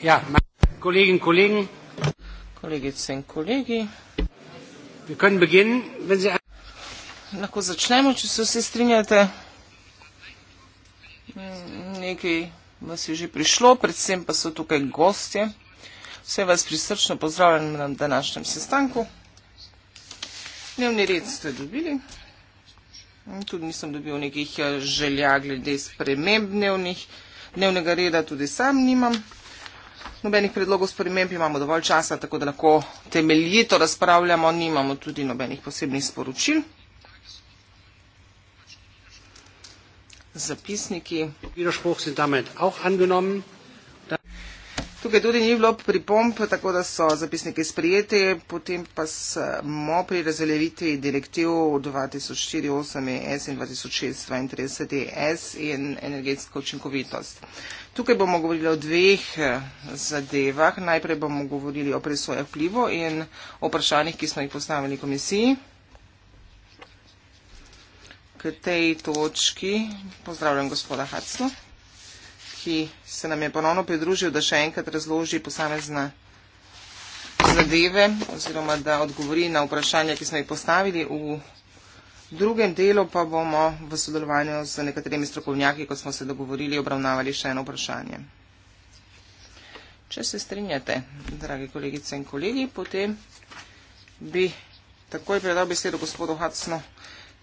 Ja, kolegin, kolegin. Kolegice in kolegi. Begin, Sie... Lahko začnemo, če se vsi strinjate. Nekaj vas je že prišlo, predvsem pa so tukaj gostje. Vse vas prisrčno pozdravljam na današnjem sestanku. Dnevni red ste dobili. Tudi nisem dobil nekih eh, želja glede sprememb dnevnih, dnevnega reda, tudi sam nimam nobenih predlogov sprememb, imamo dovolj časa, tako da lahko temeljito razpravljamo, nimamo tudi nobenih posebnih sporočil. Zapisniki. Tukaj tudi ni bilo pripomp, tako da so zapisniki sprijeti, potem pa smo pri razveljavitvi direktiv 2004-8-ES e in 2006-32-ES e in energetska učinkovitost. Tukaj bomo govorili o dveh eh, zadevah. Najprej bomo govorili o presoji vplivo in o vprašanjih, ki smo jih postavili komisiji. K tej točki pozdravljam gospoda Haclo, ki se nam je ponovno pridružil, da še enkrat razloži posamezna zadeve oziroma da odgovori na vprašanja, ki smo jih postavili v drugem delu pa bomo v sodelovanju z nekaterimi strokovnjaki, kot smo se dogovorili, obravnavali še eno vprašanje. Če se strinjate, dragi kolegice in kolegi, potem bi takoj predal besedo gospodu Hacno,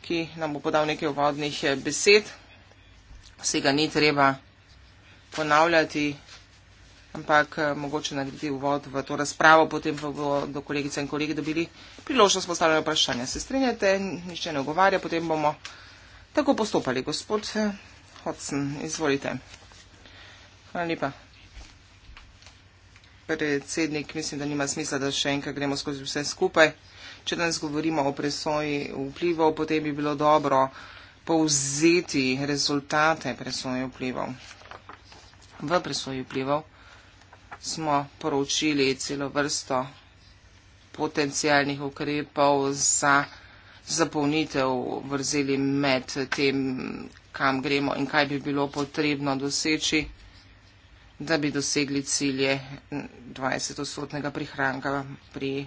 ki nam bo podal nekaj uvodnih besed. Vsega ni treba ponavljati ampak eh, mogoče narediti uvod v to razpravo, potem pa bo do kolegice in kolegi dobili priložnost postavljanja vprašanja. Se strinjate, nišče ne ogovarja, potem bomo tako postopali. Gospod eh, Hodson, izvolite. Hvala lepa. Predsednik, mislim, da nima smisla, da še enkrat gremo skozi vse skupaj. Če danes govorimo o presoji vplivov, potem bi bilo dobro povzeti rezultate presoje vplivov. V presoji vplivov smo poročili celo vrsto potencijalnih ukrepov za zapolnitev vrzeli med tem, kam gremo in kaj bi bilo potrebno doseči, da bi dosegli cilje 20-odstotnega prihranka pri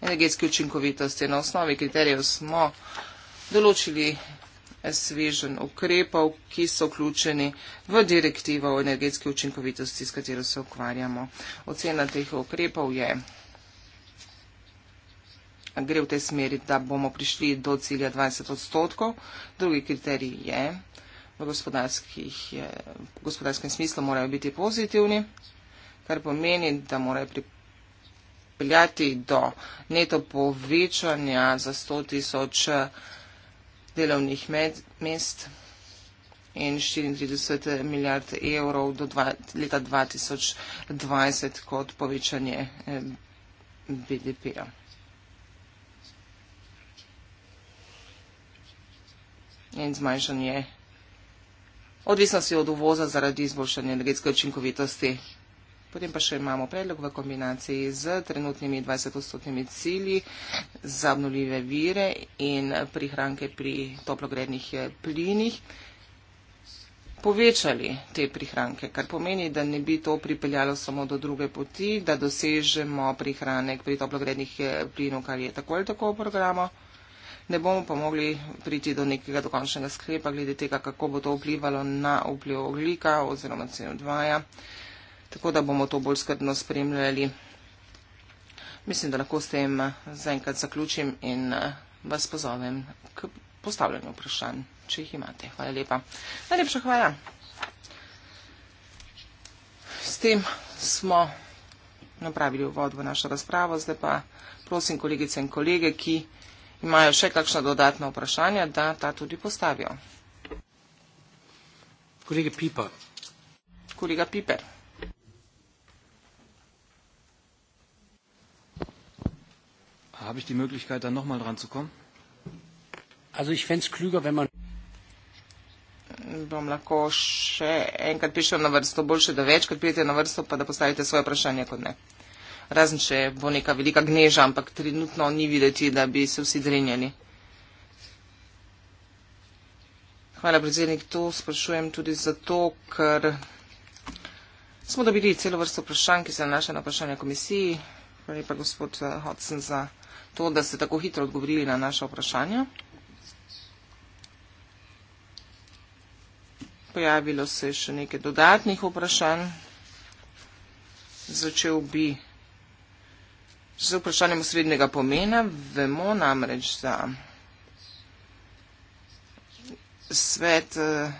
energetski učinkovitosti. Na osnovi kriterijev smo določili svežen ukrepov, ki so vključeni v direktivo o energetski učinkovitosti, s katero se ukvarjamo. Ocena teh ukrepov je, gre v tej smeri, da bomo prišli do cilja 20 odstotkov. Drugi kriterij je, v gospodarskem smislu morajo biti pozitivni, kar pomeni, da morajo pripraviti peljati do neto povečanja za 100 tisoč delovnih med, mest in 34 milijard evrov do dva, leta 2020 kot povečanje eh, BDP-ja. In zmanjšanje odvisnosti od uvoza zaradi izboljšanja energetske učinkovitosti. Potem pa še imamo predlog v kombinaciji z trenutnimi 20-odstotnimi cilji za obnovljive vire in prihranke pri toplogrednih eh, plinih. Povečali te prihranke, kar pomeni, da ne bi to pripeljalo samo do druge poti, da dosežemo prihranek pri toplogrednih eh, plinu, kar je tako ali tako v programu. Ne bomo pa mogli priti do nekega dokončnega sklepa glede tega, kako bo to vplivalo na vpliv oglika oziroma CO2. -ja tako da bomo to bolj skrbno spremljali. Mislim, da lahko s tem eh, zaenkrat zaključim in eh, vas pozovem k postavljanju vprašanj, če jih imate. Hvala lepa. Najlepša hvala. S tem smo napravili uvod v našo razpravo. Zdaj pa prosim kolegice in kolege, ki imajo še kakšna dodatna vprašanja, da ta tudi postavijo. Kolega Pipa. Kolega Piper. Habe ich die Möglichkeit, dann nochmal dran zu kommen? Also ich fände es klüger, wenn man. Bom lahko še enkrat prišel na vrsto, boljše, da večkrat pridete na vrsto, pa da postavite svoje vprašanje kot ne. Razen, če bo neka velika gneža, ampak trenutno ni videti, da bi se vsi drenjali. Hvala, predsednik. To sprašujem tudi zato, ker smo dobili celo vrsto vprašanj, ki se nanaša na vprašanje komisiji. Hvala lepa, gospod Hodson, za to, da ste tako hitro odgovorili na naše vprašanje. Pojavilo se je še nekaj dodatnih vprašanj. Začel bi z vprašanjem osrednjega pomena. Vemo namreč, da svet eh,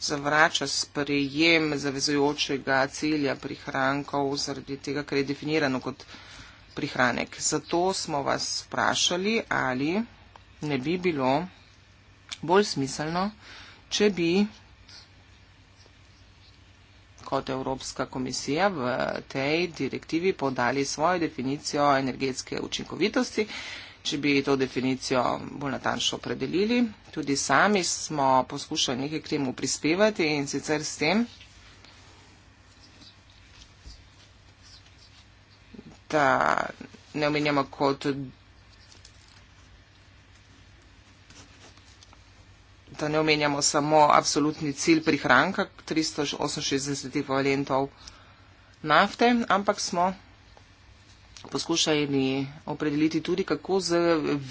zavrača sprejem zavezujočega cilja prihrankov zaradi tega, kar je definirano kot vprašanje prihranek. Zato smo vas vprašali, ali ne bi bilo bolj smiselno, če bi kot Evropska komisija v tej direktivi podali svojo definicijo energetske učinkovitosti, če bi to definicijo bolj natančno opredelili. Tudi sami smo poskušali nekaj k temu prispevati in sicer s tem, da ne omenjamo kot da ne omenjamo samo absolutni cilj prihranka 368 valentov nafte, ampak smo poskušali opredeliti tudi, kako z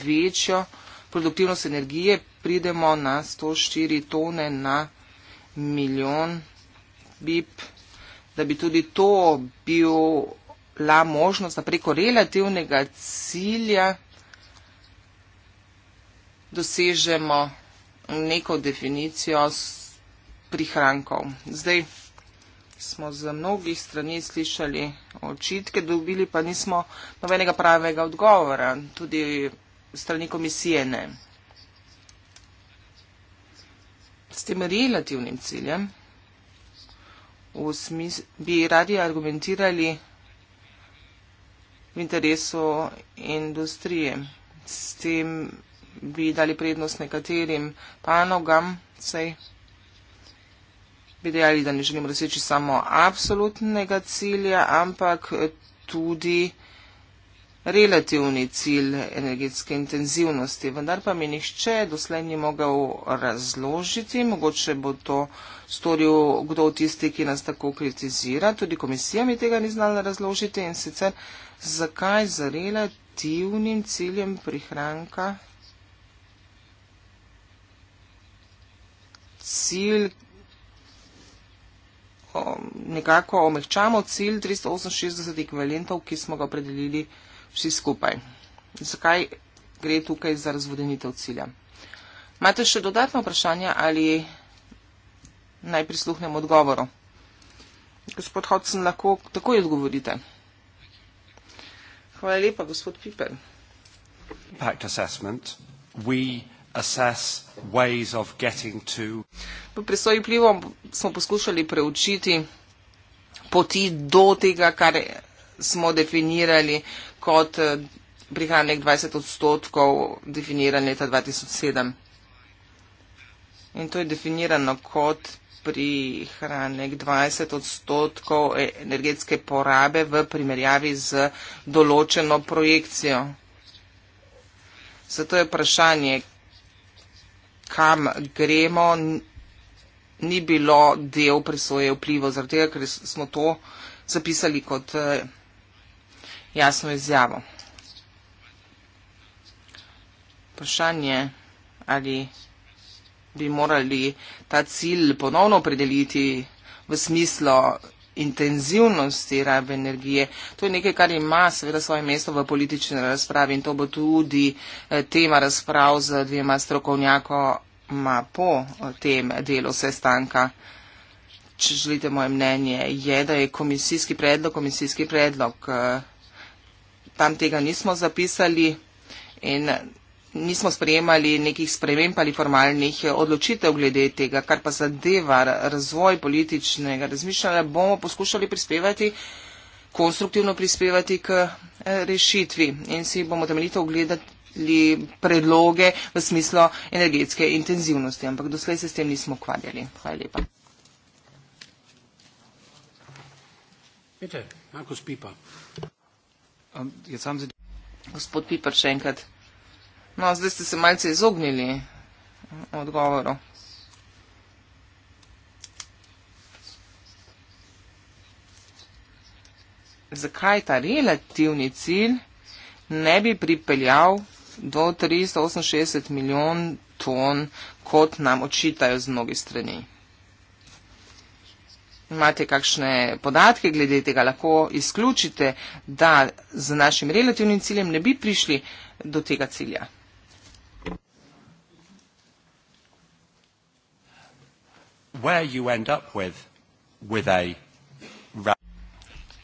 večjo produktivnost energije pridemo na 104 tone na milijon bip, da bi tudi to bil bila možnost napreko relativnega cilja dosežemo neko definicijo prihrankov. Zdaj smo z mnogih strani slišali očitke, dobili pa nismo novenega pravega odgovora, tudi strani komisije ne. S tem relativnim ciljem v smis, bi radi argumentirali v interesu industrije. S tem bi dali prednost nekaterim panogam, saj bi dejali, da ne želimo doseči samo absolutnega cilja, ampak tudi relativni cilj energetske intenzivnosti, vendar pa mi nihče doslej ni mogel razložiti, mogoče bo to storil kdo tisti, ki nas tako kritizira, tudi komisija mi tega ni znala razložiti in sicer zakaj za relativnim ciljem prihranka cilj nekako omehčamo cilj 368 ekvivalentov, ki smo ga opredelili vsi skupaj. Zakaj gre tukaj za razvodenitev cilja? Imate še dodatno vprašanje ali naj prisluhnem odgovoru? Gospod Hodson, lahko takoj odgovorite. Hvala lepa, gospod Piper. V presoji vplivom smo poskušali preučiti poti do tega, kar smo definirali kot eh, prihaja nek 20 odstotkov definiran leta 2007. In to je definirano kot prihranek 20 odstotkov e-, energetske porabe v primerjavi z določeno projekcijo. Zato je vprašanje, kam gremo, ni bilo del presoje vplivo, zaradi tega, ker smo to zapisali kot eh, jasno izjavo. Vprašanje, ali bi morali ta cilj ponovno opredeliti v smislu intenzivnosti rabe energije. To je nekaj, kar ima seveda svoje mesto v politični razpravi in to bo tudi eh, tema razprav z dvema strokovnjakoma po eh, tem delu sestanka. Če želite moje mnenje, je, da je komisijski predlog, komisijski predlog eh, tam tega nismo zapisali in nismo sprejemali nekih sprememb ali formalnih odločitev glede tega, kar pa zadeva razvoj političnega razmišljanja, bomo poskušali prispevati, konstruktivno prispevati k eh, rešitvi in si bomo temeljito ogledati predloge v smislu energetske intenzivnosti, ampak doslej se s tem nismo ukvarjali. Hvala lepa. Vete, Um, sedi... Gospod Piper, še enkrat. No, zdaj ste se malce izognili uh, odgovoru. Zakaj ta relativni cilj ne bi pripeljal do 368 milijon ton, kot nam očitajo z mnogih strani? imate kakšne podatke glede tega, lahko izključite, da z našim relativnim ciljem ne bi prišli do tega cilja.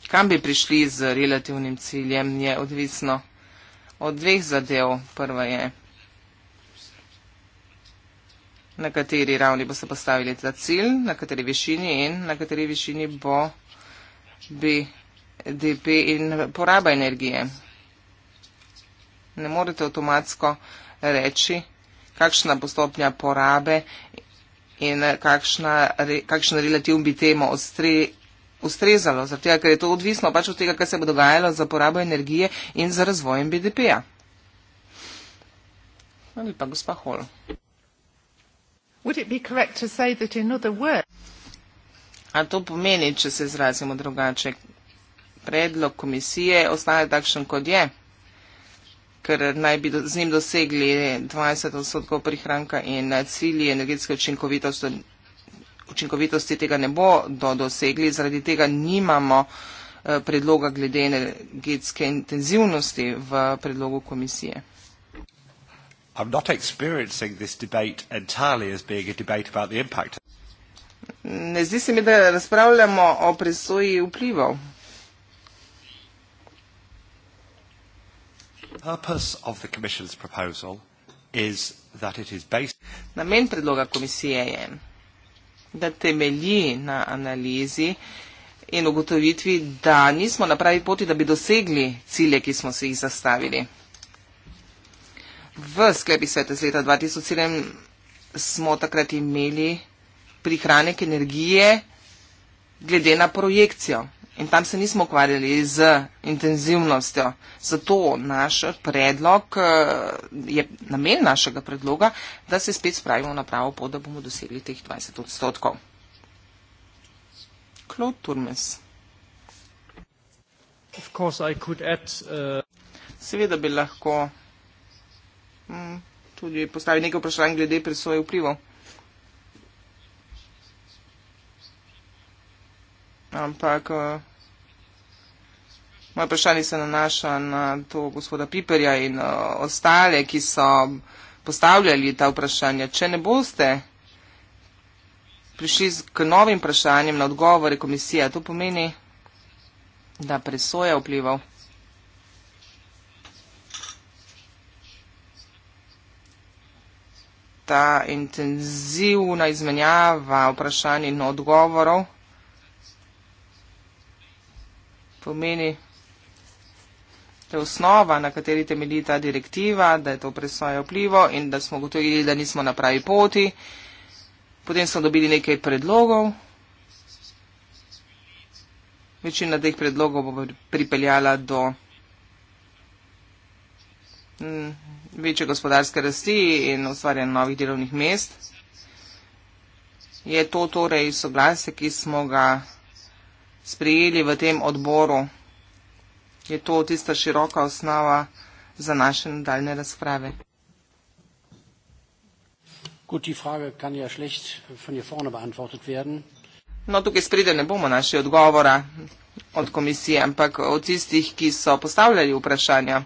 Kam bi prišli z relativnim ciljem, je odvisno od dveh zadev. Prva je na kateri ravni boste postavili ta cilj, na kateri višini in na kateri višini bo BDP in poraba energije. Ne morete avtomatsko reči, kakšna bo stopnja porabe in kakšna, kakšen relativ bi temu ostri ustrezalo, zato ker je to odvisno pač od tega, kaj se bo dogajalo za porabo energije in za razvojem BDP-ja. Ali pa gospa Hol. Would it be correct to say that in other words? A to pomeni, če se izrazimo drugače, predlog komisije ostaje takšen, kot je, ker naj bi z njim dosegli 20 odstotkov prihranka in cilji energetske učinkovitosti, učinkovitosti tega ne bo do dosegli, zaradi tega nimamo eh, predloga glede energetske intenzivnosti v predlogu komisije. I'm not experiencing this debate entirely as being a debate about the impact. Ne zdi se mi, da razpravljamo o presoji vplivov. Purpose of the Commission's proposal is that it is based. Namen predloga komisije je, da temelji na analizi in ugotovitvi, da nismo na pravi poti, da bi dosegli cilje, ki smo se jih zastavili v sklepi sveta iz leta 2007 smo takrat imeli prihranek energije glede na projekcijo. In tam se nismo ukvarjali z intenzivnostjo. Zato naš predlog eh, je namen našega predloga, da se spet spravimo na pravo pot, da bomo dosegli teh 20 odstotkov. Claude Turmes. Add, uh... Seveda bi lahko Mm, tudi postavi nekaj vprašanj glede presoje vplivov. Ampak uh, moje vprašanje se nanaša na to gospoda Piperja in uh, ostale, ki so postavljali ta vprašanja. Če ne boste prišli k novim vprašanjem na odgovore komisije, to pomeni, da presoja vplival. ta intenzivna izmenjava vprašanj in odgovorov pomeni, da je osnova, na kateri temelji ta direktiva, da je to presoja vplivo in da smo gotovili, da nismo na pravi poti. Potem smo dobili nekaj predlogov. Večina teh predlogov bo pripeljala do mm, večje gospodarske rasti in ustvarjanje novih delovnih mest. Je to torej soglasje, ki smo ga sprejeli v tem odboru? Je to tista široka osnova za naše nadaljne razprave? Ja no, tukaj spredje ne bomo našli odgovora od komisije, ampak od tistih, ki so postavljali vprašanja.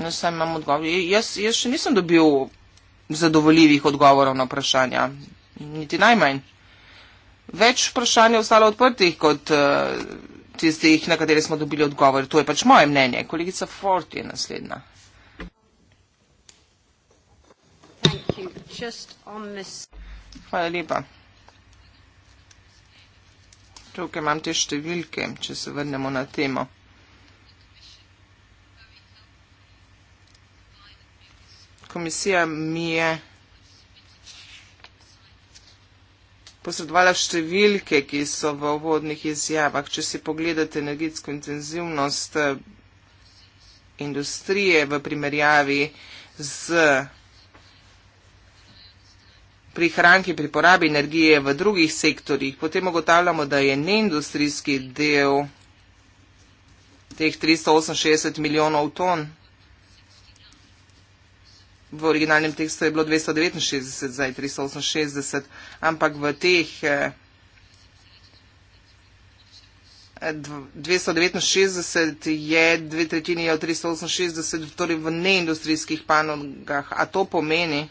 No, saj imam odgovor. Jaz, jaz še nisem dobil zadovoljivih odgovorov na vprašanja. Niti najmanj. Več vprašanj je ostalo odprtih, kot uh, tistih, na katere smo dobili odgovor. To je pač moje mnenje. Kolegica Ford je naslednja. Hvala lepa. Tukaj imam te številke, če se vrnemo na temo. komisija mi je posredovala številke, ki so v uvodnih izjavah. Če si pogledate energetsko intenzivnost eh, industrije v primerjavi z prihranki pri porabi energije v drugih sektorjih, potem ugotavljamo, da je neindustrijski del teh 368 milijonov ton v originalnem tekstu je bilo 269, zdaj 368, ampak v teh 269 eh, je dve tretjini je v 368, torej v neindustrijskih panogah. A to pomeni,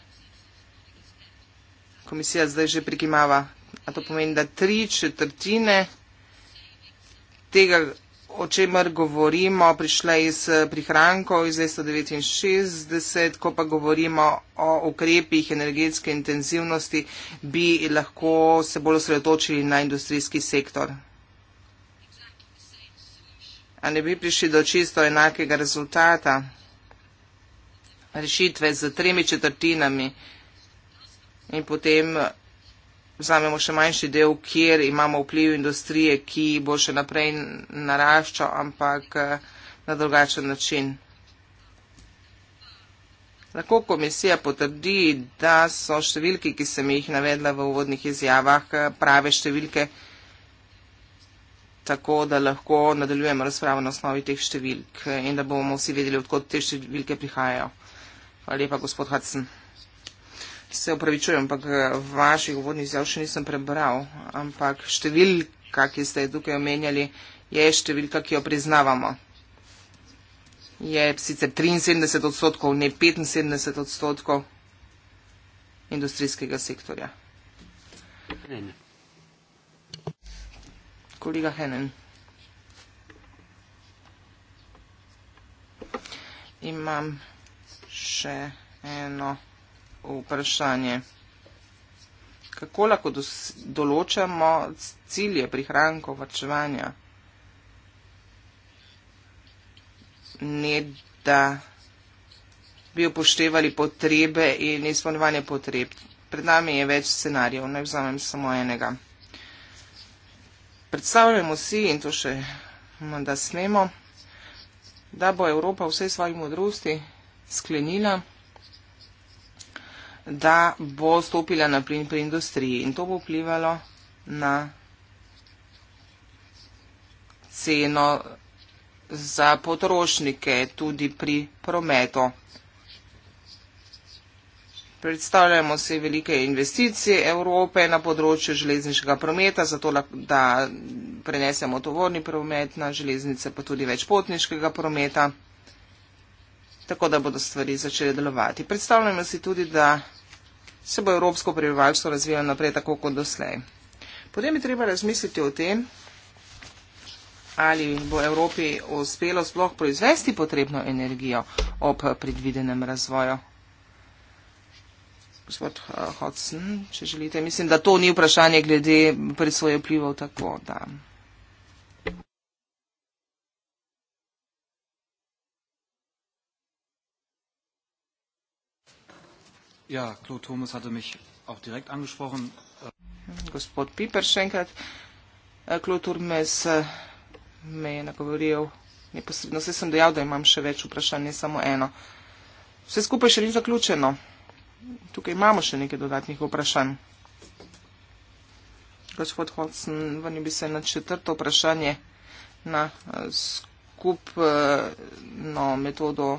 komisija zdaj že prikimava, a to pomeni, da tri četrtine tega o čemer govorimo, prišle iz eh, prihrankov iz 269, ko pa govorimo o ukrepih energetske intenzivnosti, bi lahko se bolj osredotočili na industrijski sektor. A ne bi prišli do čisto enakega rezultata? Rešitve z tremi četrtinami in potem vzamemo še manjši del, kjer imamo vpliv industrije, ki bo še naprej naraščal, ampak eh, na drugačen način. Lahko komisija potrdi, da so številke, ki sem jih navedla v uvodnih izjavah, eh, prave številke, tako da lahko nadaljujemo razpravo na osnovi teh številk eh, in da bomo vsi vedeli, odkot te številke prihajajo. Hvala lepa, gospod Hudson se upravičujem, ampak eh, vaših uvodnih izjav še nisem prebral, ampak številka, ki ste tukaj omenjali, je številka, ki jo priznavamo. Je sicer 73 odstotkov, ne 75 odstotkov industrijskega sektorja. Hene. Kolega Henen. Imam še eno vprašanje. Kako lahko določamo cilje prihrankov vrčevanja? Ne, da bi upoštevali potrebe in izpolnjevanje potreb. Pred nami je več scenarijev, ne vzamem samo enega. Predstavljamo si in to še da smemo, da bo Evropa vse svoje modrosti sklenila da bo stopila na plin pri industriji in to bo vplivalo na ceno za potrošnike tudi pri prometu. Predstavljamo se velike investicije Evrope na področju železniškega prometa, zato da prenesemo tovorni promet na železnice, pa tudi več potniškega prometa, tako da bodo stvari začele delovati. Predstavljamo si tudi, da se bo evropsko prebivalstvo razvijalo naprej tako kot doslej. Potem je treba razmisliti o tem, ali bo Evropi uspelo sploh proizvesti potrebno energijo ob predvidenem razvoju. Gospod eh, Hodson, če želite, mislim, da to ni vprašanje glede presvoje vplivov tako, da. Ja, Claude Thomas hatte mich auch direkt angesprochen. Gospod Piper, še enkrat. Eh, Claude Thomas eh, me je nagovoril neposredno. Vse sem dejal, da imam še več vprašanj, ne samo eno. Vse skupaj še ni zaključeno. Tukaj imamo še nekaj dodatnih vprašanj. Gospod Holcen, vrnil bi se na četrto vprašanje na eh, skupno metodo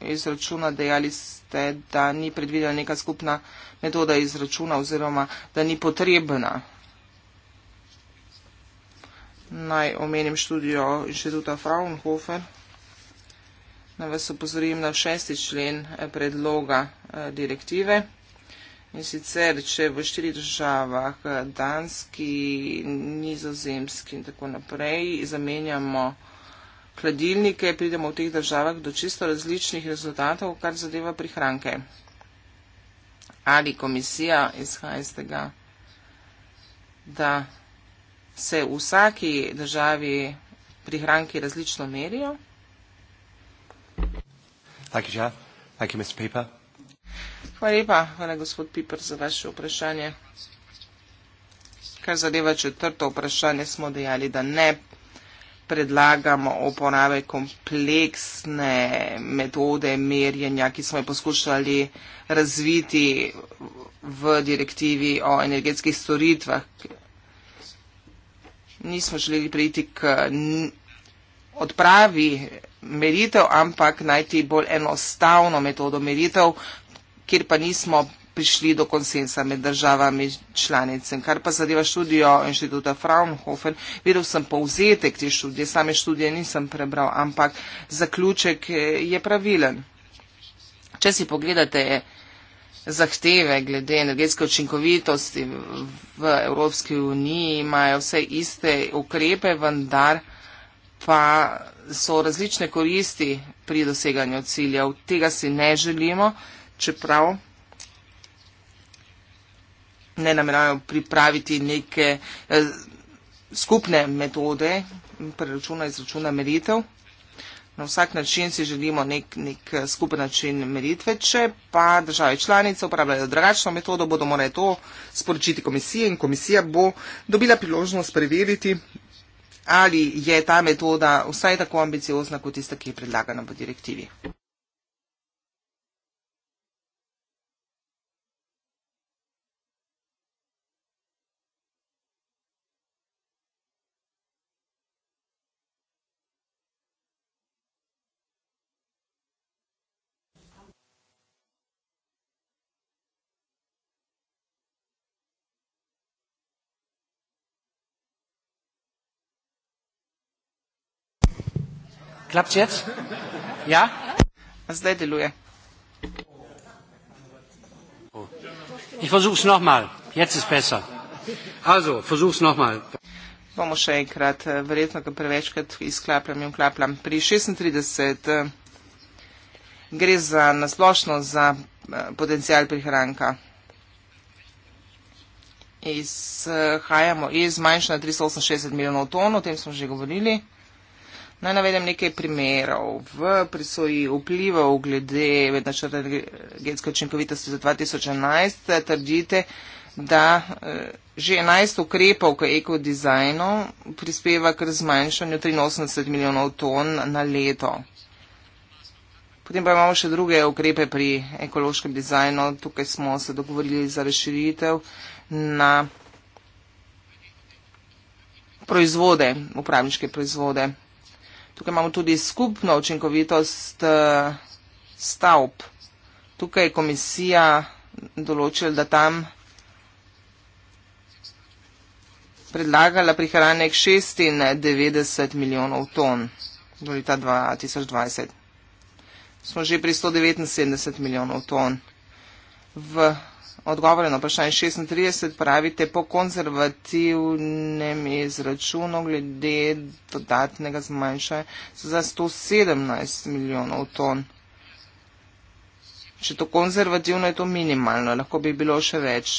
izračuna, dejali ste, da ni predvidena neka skupna metoda izračuna oziroma da ni potrebna. Naj omenim študijo inštituta Fraunhofer. Naj vas opozorim na šesti člen eh, predloga eh, direktive. In sicer, če v štirih državah, eh, Danski, Nizozemski in tako naprej, zamenjamo hladilnike, pridemo v teh državah do čisto različnih rezultatov, kar zadeva prihranke. Ali komisija izhaja iz tega, da se v vsaki državi prihranki različno merijo? Hvala lepa, hvala gospod Piper za vaše vprašanje. Kar zadeva četrto vprašanje, smo dejali, da ne predlagamo uporabe kompleksne metode merjenja, ki smo jo poskušali razviti v direktivi o energetskih storitvah. Nismo želeli priti k odpravi meritev, ampak najti bolj enostavno metodo meritev, kjer pa nismo prišli do konsensa med državami članicami. Kar pa zadeva študijo inštituta Fraunhofer, videl sem povzetek te študije, same študije nisem prebral, ampak zaključek eh, je pravilen. Če si pogledate zahteve glede energetske učinkovitosti v Evropski uniji, imajo vse iste ukrepe, vendar pa so različne koristi pri doseganju ciljev. Tega si ne želimo, čeprav ne nameravajo pripraviti neke eh, skupne metode preračuna izračuna meritev. Na vsak način si želimo nek, nek eh, skupen način meritve, če pa države članice uporabljajo drugačno metodo, bodo morali to sporočiti komisiji in komisija bo dobila priložnost preveriti, ali je ta metoda vsaj tako ambiciozna kot tista, ki je predlagana v direktivi. Klappt jetzt? Ja? Zdaj deluje. Ich versuch's nochmal. Jetzt ist besser. Also, versuch's nochmal. Bomo še enkrat, eh, verjetno, ker prevečkrat izklapljam in klapljam. Pri 36 eh, gre za nasplošno za eh, potencijal prihranka. Izhajamo iz manjšega 368 milijonov ton, o tem smo že govorili. Naj navedem nekaj primerov. V prisoji vplivov glede načrta genske učinkovitosti za 2011 trdite, da eh, že 11 ukrepov k ekodizajnu prispeva k zmanjšanju 83 milijonov ton na leto. Potem pa imamo še druge ukrepe pri ekološkem dizajnu. Tukaj smo se dogovorili za razširitev na proizvode, upravniške proizvode. Tukaj imamo tudi skupno učinkovitost eh, stavb. Tukaj je komisija določila, da tam predlagala prihranek 96 milijonov ton do leta 2020. Smo že pri 179 milijonov ton v 2020 odgovore na vprašanje 36 pravite po konzervativnem izračunu glede dodatnega zmanjšanja za 117 milijonov ton. Če to konzervativno je to minimalno, lahko bi bilo še več.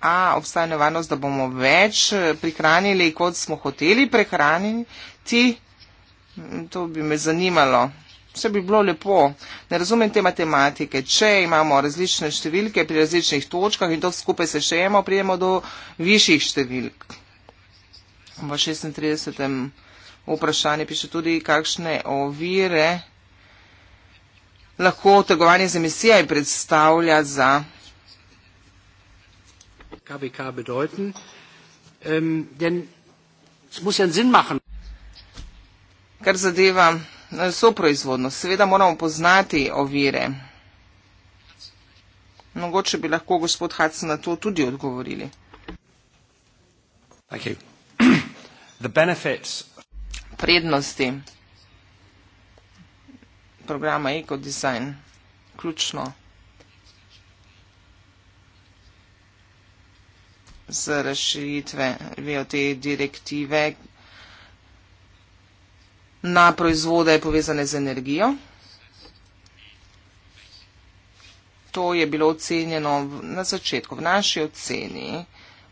A, obstaja nevarnost, da bomo več prihranili, kot smo hoteli prehraniti. To bi me zanimalo. Vse bi bilo lepo. Ne razumem te matematike. Če imamo različne številke pri različnih točkah in to skupaj se še imamo, prijemo do višjih številk. V 36. vprašanju piše tudi, kakšne ovire lahko trgovanje z emisijami predstavlja za. KBK bedeuten, um, ehm, den, ja kar zadeva so proizvodno. Seveda moramo poznati ovire. Mogoče bi lahko gospod Hac na to tudi odgovorili. Prednosti programa Eco Design. Ključno. Z razširitve te direktive, na proizvode povezane z energijo. To je bilo ocenjeno na začetku. V naši oceni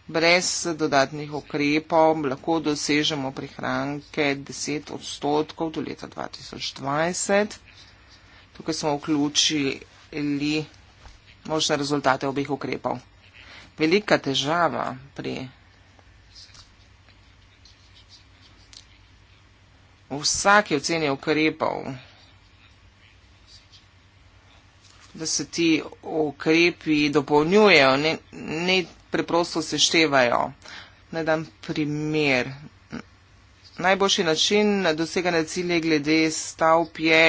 brez dodatnih okrepov lahko dosežemo prihranke 10 odstotkov do leta 2020. Tukaj smo vključili možne rezultate obih ukrepov. Velika težava pri v vsaki oceni ukrepov, da se ti ukrepi dopolnjujejo, ne, ne preprosto seštevajo. Naj dam primer. Najboljši način doseganja cilje glede stavb je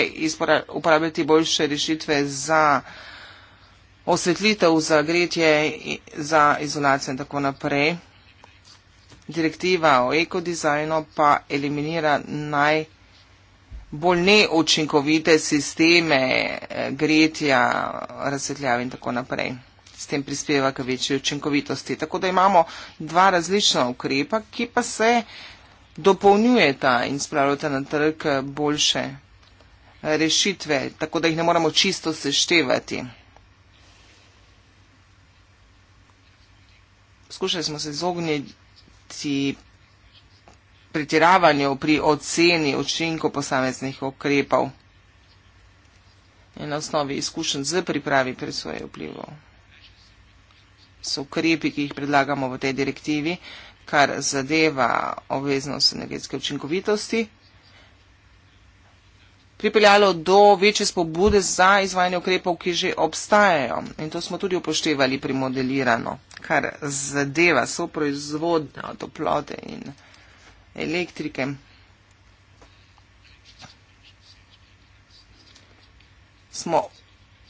uporabljati boljše rešitve za osvetlitev, za gretje, za izolacijo in tako naprej. Direktiva o ekodizajnu pa eliminira najbolj neučinkovite sisteme eh, gretja, razsvetljave in tako naprej. S tem prispeva k večji učinkovitosti. Tako da imamo dva različna ukrepa, ki pa se dopolnjujeta in spravljata na trg eh, boljše eh, rešitve, tako da jih ne moramo čisto seštevati. Skušali smo se izogniti pri pretiravanju pri oceni učinkov posameznih ukrepov in na osnovi izkušenj z pripravi presoje vplivov. So ukrepi, ki jih predlagamo v tej direktivi, kar zadeva obveznost energetske učinkovitosti pripeljalo do večje spobude za izvajanje ukrepov, ki že obstajajo. In to smo tudi upoštevali pri modelirano, kar zadeva so proizvodnja toplote in elektrike. Smo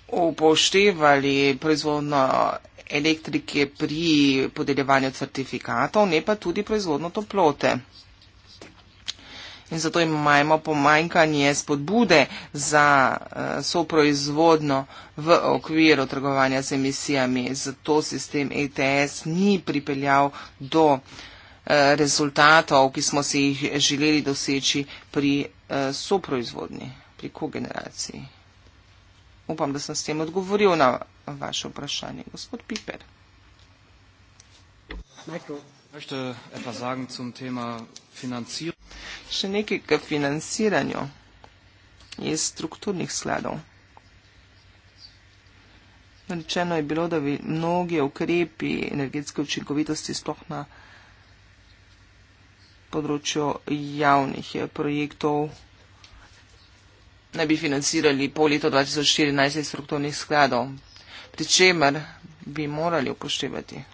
upoštevali proizvodno elektrike pri podeljevanju certifikatov, ne pa tudi proizvodno toplote in zato imamo pomanjkanje spodbude za eh, soproizvodno v okviru trgovanja z emisijami. Zato sistem ETS ni pripeljal do eh, rezultatov, ki smo si jih želeli doseči pri eh, soproizvodni, pri kogeneraciji. Upam, da sem s tem odgovoril na vaše vprašanje, gospod Piper. Michael. Möchte etwas sagen zum Thema Finanzierung. Še nekaj k financiranju iz strukturnih skladov. Rečeno je bilo, da bi mnogi ukrepi energetske učinkovitosti sploh na področju javnih eh, projektov ne bi financirali po letu 2014 iz strukturnih skladov, pri čemer bi morali upoštevati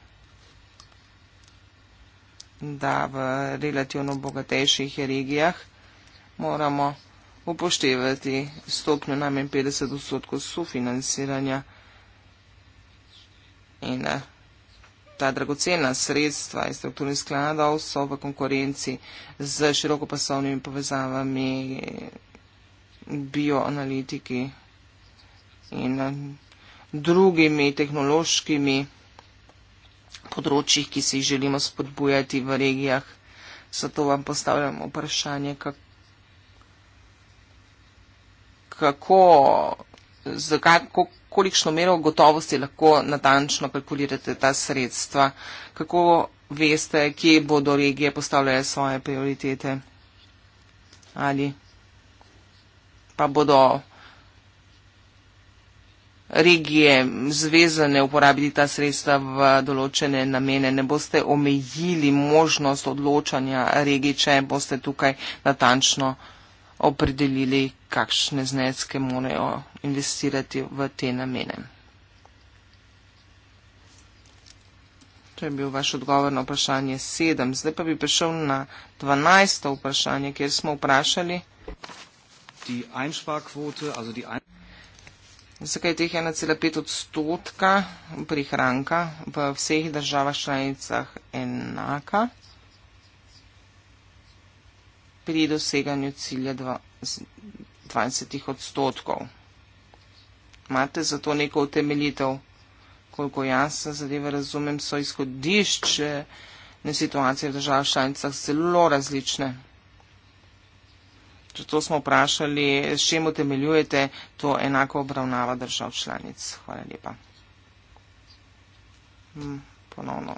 da v relativno bogatejših regijah moramo upoštevati stopnjo najmanj 50 odstotkov sofinanciranja in eh, ta dragocena sredstva iz strukturnih skladov so v konkurenci z širokopasovnimi povezavami bioanalitiki in eh, drugimi tehnološkimi področjih, ki si jih želimo spodbujati v regijah. Zato vam postavljam vprašanje, kako, kako, kolikšno mero gotovosti lahko natančno kalkulirate ta sredstva, kako veste, kje bodo regije postavljale svoje prioritete ali pa bodo regije zvezane uporabiti ta sredstva v določene namene. Ne boste omejili možnost odločanja regije, če boste tukaj natančno opredelili, kakšne zneske morajo investirati v te namene. To je bil vaš odgovor na vprašanje 7. Zdaj pa bi prišel na 12. vprašanje, kjer smo vprašali. Die Einsparquote, also die ein Zakaj teh 1,5 odstotka prihranka v vseh državah članicah enaka pri doseganju cilja 20 odstotkov? Imate za to neko utemeljitev? Koliko jaz se zadeve razumem, so izhodišče na situacije v državah članicah zelo različne. Če to smo vprašali, s čem utemeljujete to enako obravnava držav članic? Hvala lepa. Hm, ponovno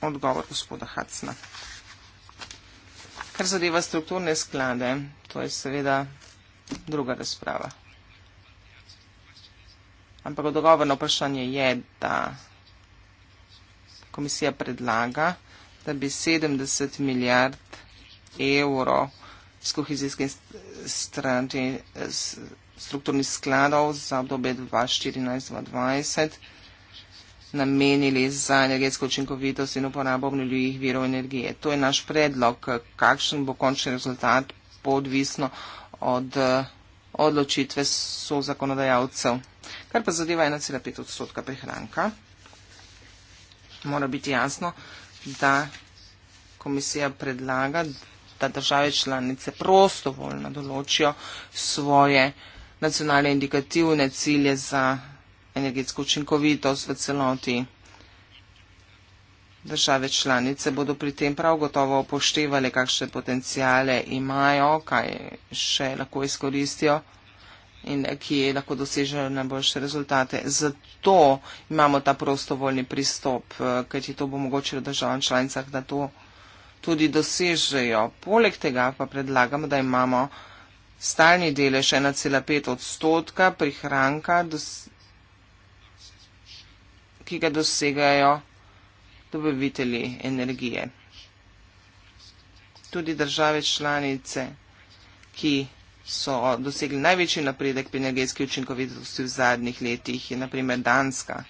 odgovor gospoda Hacna. Kar zadeva strukturne sklade, to je seveda druga razprava. Ampak odgovorno vprašanje je, da komisija predlaga, da bi 70 milijard evrov iz kohezijske strate, strukturnih skladov za obdobje 2014-2020 namenili za energetsko učinkovitost in uporabo obnovljivih virov energije. To je naš predlog, kakšen bo končni rezultat, podvisno od odločitve so zakonodajalcev. Kar pa zadeva 1,5 odstotka prihranka, mora biti jasno, da komisija predlaga da države članice prostovoljno določijo svoje nacionalne indikativne cilje za energetsko učinkovitost v celoti. Države članice bodo pri tem prav gotovo upoštevali, kakšne potencijale imajo, kaj še lahko izkoristijo in kje lahko dosežejo najboljše rezultate. Zato imamo ta prostovoljni pristop, eh, kajti to bo omogočilo državam članicah, da to tudi dosežejo. Poleg tega pa predlagamo, da imamo stalni delež 1,5 odstotka prihranka, ki ga dosegajo dobavitelji energije. Tudi države članice, ki so dosegli največji napredek pri energetski učinkovitosti v zadnjih letih, je naprimer Danska,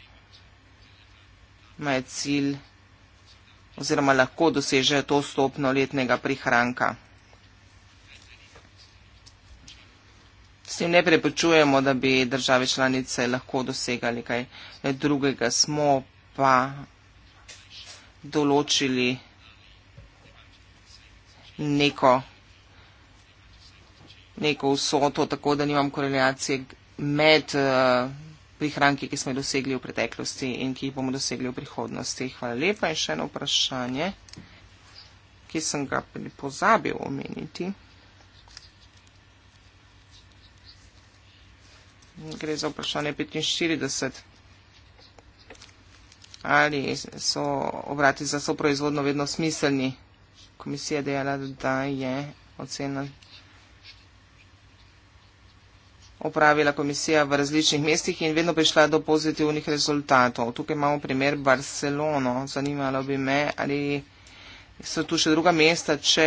ima cilj oziroma lahko dosežejo to stopno letnega prihranka. S tem ne prepričujemo, da bi države članice lahko dosegali kaj drugega. Smo pa določili neko, neko vsoto, tako da nimam korelacije med. Uh, prihranki, ki smo jih dosegli v preteklosti in ki jih bomo dosegli v prihodnosti. Hvala lepa in še eno vprašanje, ki sem ga pozabil omeniti. Gre za vprašanje 45. Ali so obrati za soproizvodno vedno smiselni? Komisija je dejala, da je ocena opravila komisija v različnih mestih in vedno prišla do pozitivnih rezultatov. Tukaj imamo primer Barcelono. Zanimalo bi me, ali so tu še druga mesta, če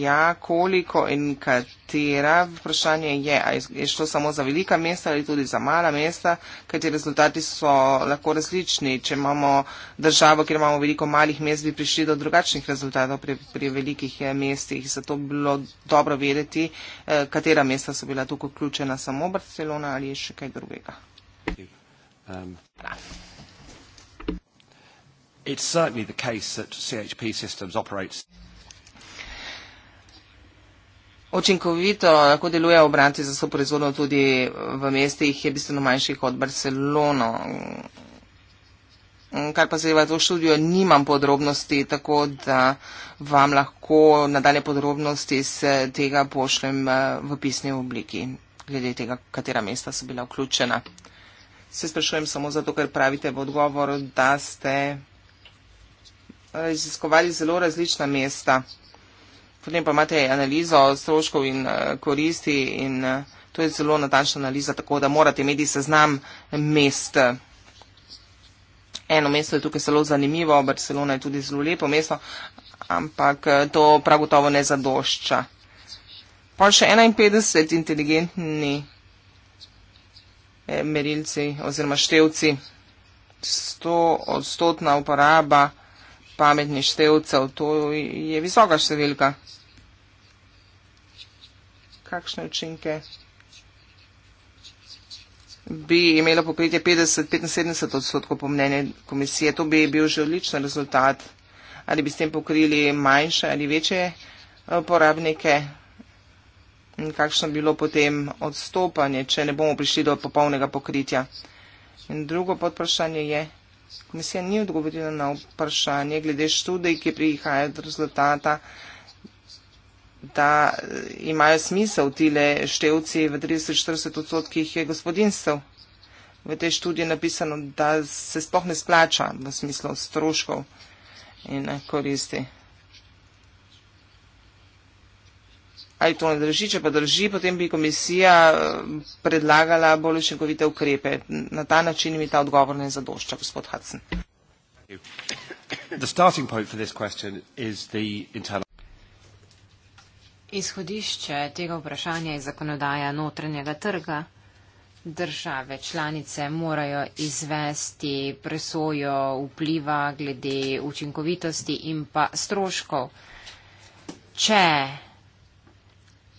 ja, koliko in katera vprašanje je, ali je šlo samo za velika mesta ali tudi za mala mesta, kajti rezultati so lahko različni. Če imamo državo, kjer imamo veliko malih mest, bi prišli do drugačnih rezultatov pri, pri velikih eh, mestih. Zato bi bilo dobro vedeti, eh, katera mesta so bila tukaj vključena, samo Barcelona ali še kaj drugega. Um. Ja it's certainly the case that CHP systems operates. Učinkovito, lahko delujejo obranci za svojo proizvodno tudi v mestih, je bistveno manjši kot Barcelona. Kar pa zdaj v to študijo, nimam podrobnosti, tako da vam lahko nadalje podrobnosti iz tega pošljem eh, v pisni obliki, glede tega, katera mesta so bila vključena. Se sprašujem samo zato, ker pravite v odgovor, da ste raziskovali zelo različna mesta. Potem pa imate analizo stroškov in eh, koristi in eh, to je zelo natančna analiza, tako da morate imeti seznam mest. Eno mesto je tukaj zelo zanimivo, Barcelona je tudi zelo lepo mesto, ampak eh, to prav gotovo ne zadošča. Pa še 51 inteligentni merilci oziroma števci, 100 odstotna uporaba pametnih števcev, to je visoka številka. Kakšne učinke bi imelo pokritje 50-75 odstotkov po mnenju komisije? To bi bil že odličen rezultat. Ali bi s tem pokrili manjše ali večje uporabnike? Eh, In kakšno bi bilo potem odstopanje, če ne bomo prišli do popolnega pokritja? In drugo podprašanje je. Komisija ni odgovorila na vprašanje glede študij, ki prihajajo od rezultata, da eh, imajo smisel tile števci v 30-40 odstotkih gospodinstv. V tej študiji je napisano, da se spohne splača v smislu stroškov in koristi. ali to ne drži, če pa drži, potem bi komisija eh, predlagala bolj učinkovite ukrepe. Na ta način mi ta odgovor ne zadošča, gospod Hudson. Izhodišče tega vprašanja je zakonodaja notranjega trga. Države članice morajo izvesti presojo vpliva glede učinkovitosti in pa stroškov. Če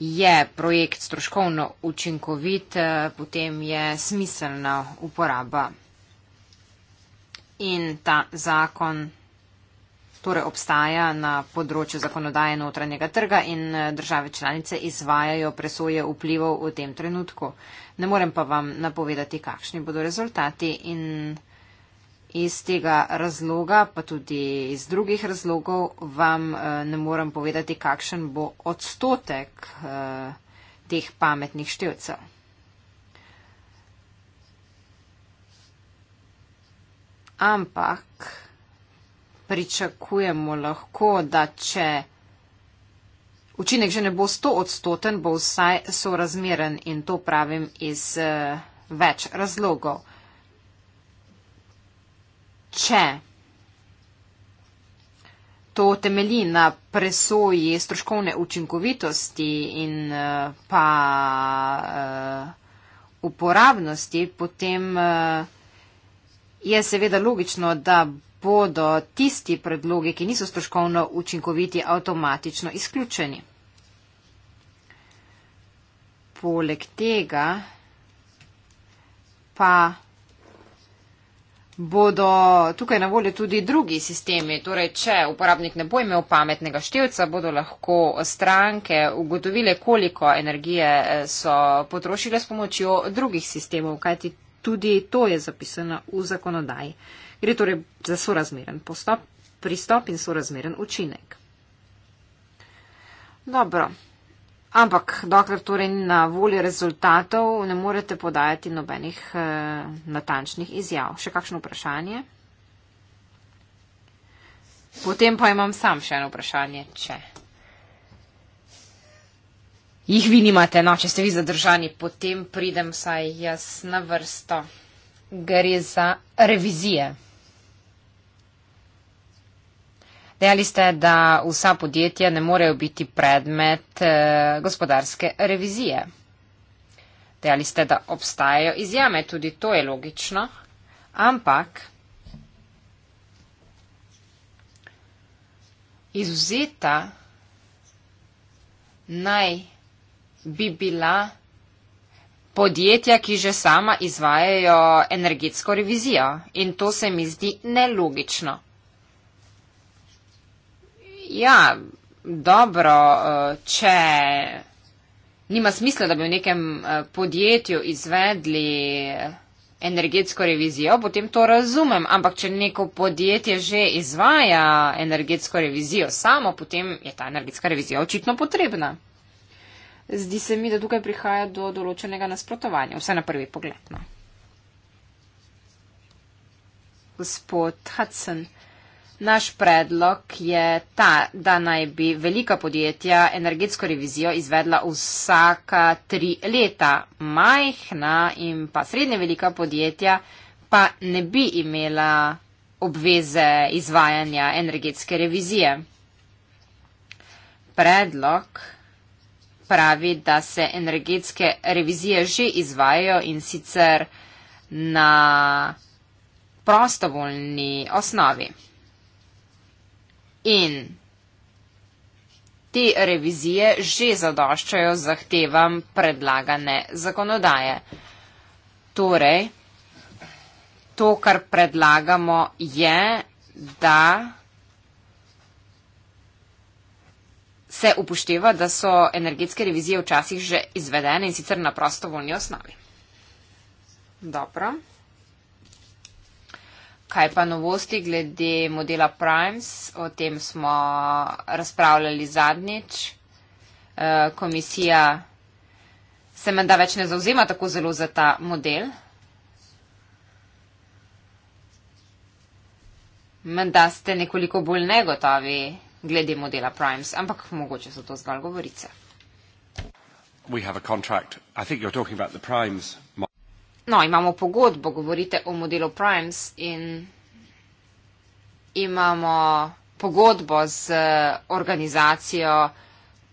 je projekt stroškovno učinkovit, eh, potem je smiselna uporaba. In ta zakon torej obstaja na področju zakonodaje notranjega trga in eh, države članice izvajajo presoje vplivov v tem trenutku. Ne morem pa vam napovedati, kakšni bodo rezultati in. Iz tega razloga, pa tudi iz drugih razlogov, vam eh, ne morem povedati, kakšen bo odstotek eh, teh pametnih števcev. Ampak pričakujemo lahko, da če učinek že ne bo 100 odstoten, bo vsaj sorazmeren in to pravim iz eh, več razlogov če to temelji na presoji stroškovne učinkovitosti in eh, pa eh, uporabnosti, potem eh, je seveda logično, da bodo tisti predlogi, ki niso stroškovno učinkoviti, avtomatično izključeni. Poleg tega pa bodo tukaj na voljo tudi drugi sistemi. Torej, če uporabnik ne bo imel pametnega števca, bodo lahko stranke ugotovile, koliko energije eh, so potrošile s pomočjo drugih sistemov, kajti tudi to je zapisano v zakonodaji. Gre torej za sorazmeren postop, pristop in sorazmeren učinek. Dobro. Ampak, dokler torej ni na voljo rezultatov, ne morete podajati nobenih e, natančnih izjav. Še kakšno vprašanje? Potem pa imam sam še eno vprašanje, če. Jih vi nimate, no, če ste vi zadržani, potem pridem saj jaz na vrsto. Gre za revizije. Dejali ste, da vsa podjetja ne morejo biti predmet eh, gospodarske revizije. Dejali ste, da obstajajo izjame, tudi to je logično, ampak izuzeta naj bi bila podjetja, ki že sama izvajajo energetsko revizijo. In to se mi zdi nelogično ja, dobro, eh, če nima smisla, da bi v nekem eh, podjetju izvedli energetsko revizijo, potem to razumem. Ampak, če neko podjetje že izvaja energetsko revizijo samo, potem je ta energetska revizija očitno potrebna. Zdi se mi, da tukaj prihaja do določenega nasprotovanja, vse na prvi pogled. No. Gospod Hudson. Naš predlog je ta, da naj bi velika podjetja energetsko revizijo izvedla vsaka tri leta. Majhna in pa srednje velika podjetja pa ne bi imela obveze izvajanja energetske revizije. Predlog pravi, da se energetske revizije že izvajajo in sicer na prostovoljni osnovi in te revizije že zadoščajo zahtevam predlagane zakonodaje. Torej, to, kar predlagamo, je, da se upošteva, da so energetske revizije včasih že izvedene in sicer na prosto volni osnovi. Dobro. Kaj pa novosti glede modela Primes? O tem smo razpravljali zadnjič. Eh, komisija se menda več ne zauzema tako zelo za ta model. Menda ste nekoliko bolj negotovi glede modela Primes, ampak mogoče so to zgolj govorice. We have a contract. I think you're talking about the primes. No, imamo pogodbo, govorite o modelu Primes in imamo pogodbo z organizacijo,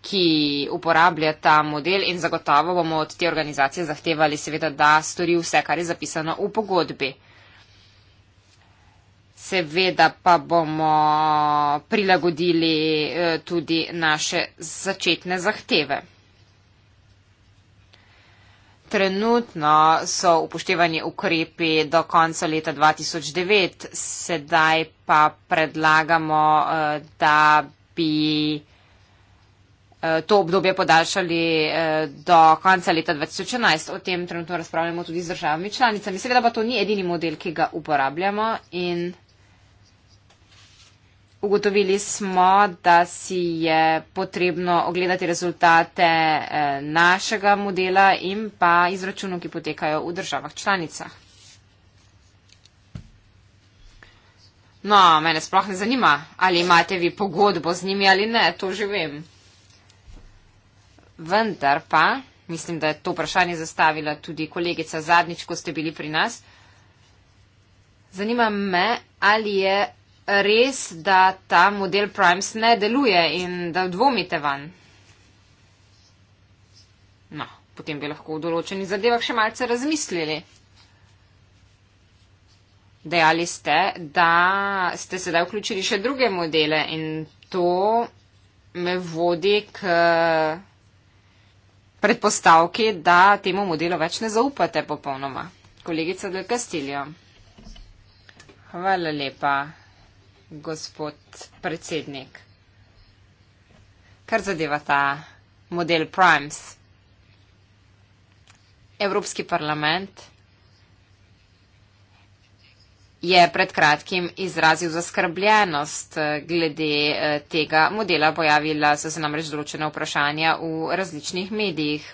ki uporablja ta model in zagotovo bomo od te organizacije zahtevali seveda, da stori vse, kar je zapisano v pogodbi. Seveda pa bomo prilagodili eh, tudi naše začetne zahteve. Trenutno so upoštevani ukrepi do konca leta 2009, sedaj pa predlagamo, eh, da bi eh, to obdobje podaljšali eh, do konca leta 2011. O tem trenutno razpravljamo tudi z državami članicami. Seveda pa to ni edini model, ki ga uporabljamo in Ugotovili smo, da si je potrebno ogledati rezultate eh, našega modela in pa izračunov, ki potekajo v državah članicah. No, mene sploh ne zanima, ali imate vi pogodbo z njimi ali ne, to že vem. Vendar pa, mislim, da je to vprašanje zastavila tudi kolegica zadnjič, ko ste bili pri nas, zanima me, ali je res, da ta model Primes ne deluje in da dvomite van. No, potem bi lahko v določenih zadevah še malce razmislili. Dejali ste, da ste sedaj vključili še druge modele in to me vodi k predpostavki, da temu modelu več ne zaupate popolnoma. Kolegica Del Castillo. Hvala lepa gospod predsednik. Kar zadeva ta model Primes, Evropski parlament je pred kratkim izrazil zaskrbljenost eh, glede eh, tega modela. Pojavila so se namreč določena vprašanja v različnih medijih.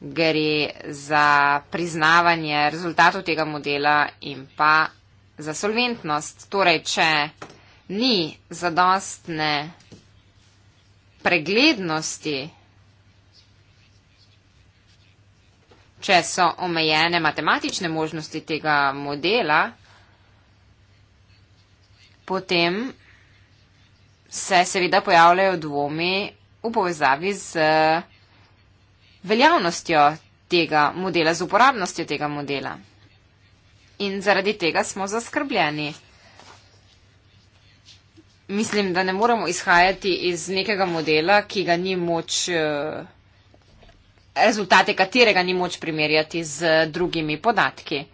gre za priznavanje rezultatov tega modela in pa za solventnost. Torej, če ni zadostne preglednosti, če so omejene matematične možnosti tega modela, potem se seveda pojavljajo dvomi v povezavi z veljavnostjo tega modela, z uporabnostjo tega modela. In zaradi tega smo zaskrbljeni. Mislim, da ne moremo izhajati iz nekega modela, ki ga ni moč, eh, rezultate katerega ni moč primerjati z drugimi podatki.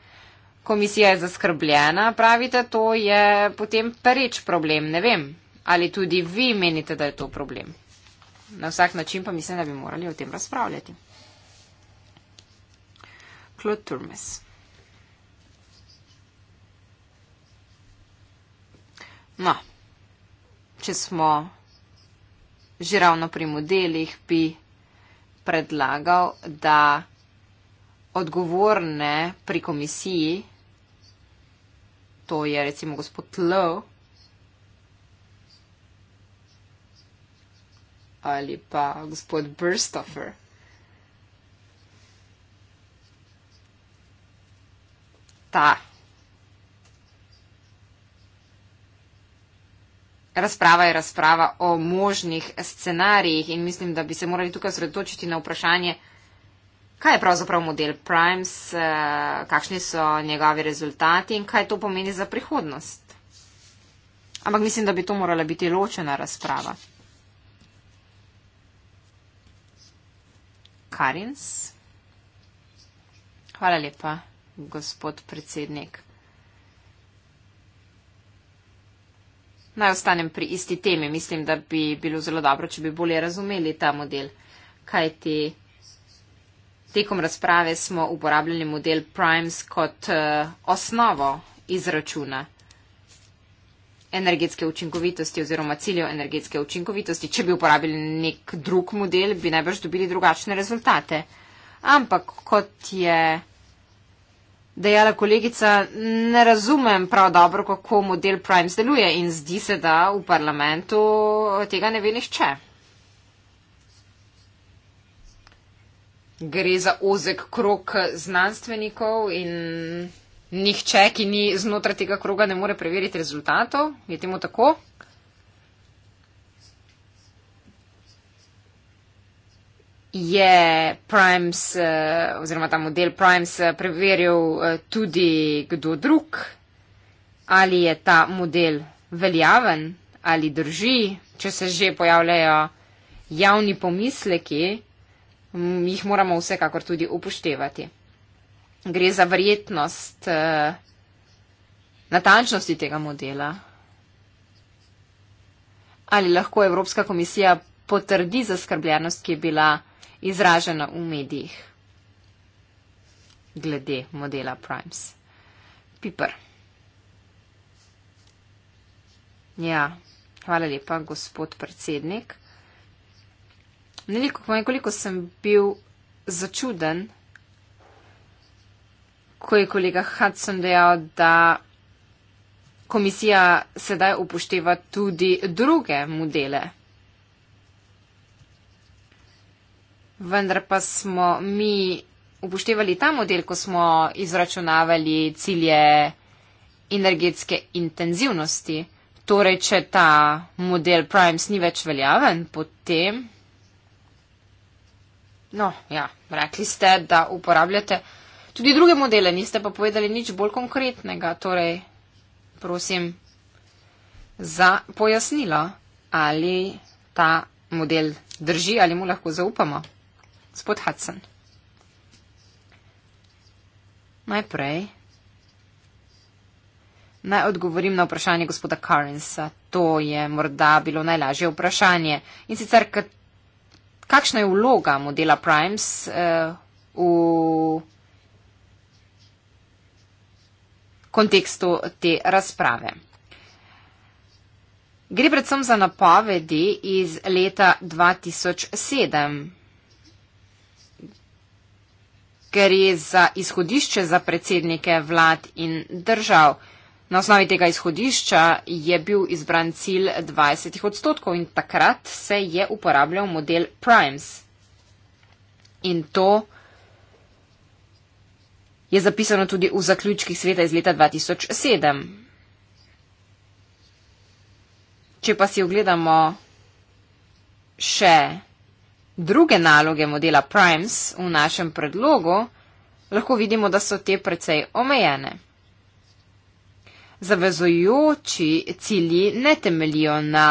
Komisija je zaskrbljena, pravite, to je potem pereč problem, ne vem. Ali tudi vi menite, da je to problem? Na vsak način pa mislim, da bi morali o tem razpravljati. Klod Turmes. No, če smo že ravno pri modelih, bi predlagal, da odgovorne pri komisiji, to je recimo gospod Lowe, ali pa gospod Burstofer. Ta razprava je razprava o možnih scenarijih in mislim, da bi se morali tukaj sredotočiti na vprašanje, kaj je pravzaprav model Primes, eh, kakšni so njegovi rezultati in kaj to pomeni za prihodnost. Ampak mislim, da bi to morala biti ločena razprava. Karins. Hvala lepa, gospod predsednik. Naj ostanem pri isti temi. Mislim, da bi bilo zelo dobro, če bi bolje razumeli ta model. Kaj ti tekom razprave smo uporabljali model Primes kot uh, osnovo izračuna energetske učinkovitosti oziroma ciljev energetske učinkovitosti. Če bi uporabili nek drug model, bi najbrž dobili drugačne rezultate. Ampak kot je dejala kolegica, ne razumem prav dobro, kako model Prime deluje in zdi se, da v parlamentu tega ne ve nišče. Gre za ozek krok znanstvenikov in nihče, ki ni znotraj tega kroga, ne more preveriti rezultatov. Je temu tako? Je Primes eh, oziroma ta model Primes eh, preveril eh, tudi kdo drug, ali je ta model veljaven ali drži, če se že pojavljajo javni pomisleki, jih moramo vsekakor tudi upoštevati gre za verjetnost uh, natančnosti tega modela. Ali lahko Evropska komisija potrdi zaskrbljenost, ki je bila izražena v medijih glede modela Primes. Piper. Ja, hvala lepa, gospod predsednik. Nekoliko sem bil začuden, ko je kolega Hudson dejal, da komisija sedaj upošteva tudi druge modele. Vendar pa smo mi upoštevali ta model, ko smo izračunavali cilje energetske intenzivnosti. Torej, če ta model Primes ni več veljaven, potem. No, ja, rekli ste, da uporabljate Tudi druge modele niste pa povedali nič bolj konkretnega, torej, prosim, za pojasnilo, ali ta model drži, ali mu lahko zaupamo. Spod Hudson. Najprej. Naj odgovorim na vprašanje gospoda Karensa. To je morda bilo najlažje vprašanje. In sicer, kakšna je vloga modela Primes uh, v kontekstu te razprave. Gre predvsem za napovedi iz leta 2007, ker je za izhodišče za predsednike vlad in držav. Na osnovi tega izhodišča je bil izbran cilj 20 odstotkov in takrat se je uporabljal model Primes. In to je zapisano tudi v zaključkih sveta iz leta 2007. Če pa si ogledamo še druge naloge modela Primes v našem predlogu, lahko vidimo, da so te precej omejene. Zavezojoči cilji ne temelijo na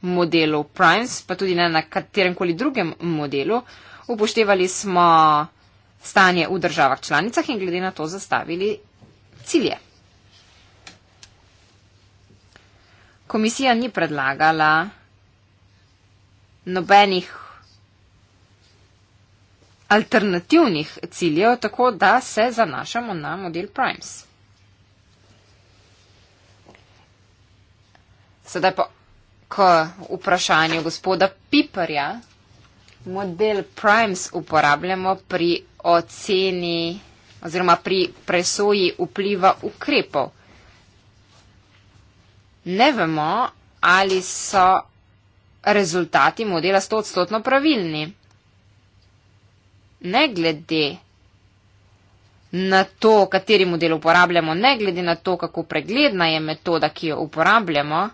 modelu Primes, pa tudi ne na kateremkoli drugem modelu. Upoštevali smo stanje v državah članicah in glede na to zastavili cilje. Komisija ni predlagala nobenih alternativnih ciljev, tako da se zanašamo na model Primes. Sedaj pa k vprašanju gospoda Piperja model Primes uporabljamo pri oceni oziroma pri presoji vpliva ukrepov. Ne vemo, ali so rezultati modela 100-odstotno pravilni. Ne glede na to, kateri model uporabljamo, ne glede na to, kako pregledna je metoda, ki jo uporabljamo,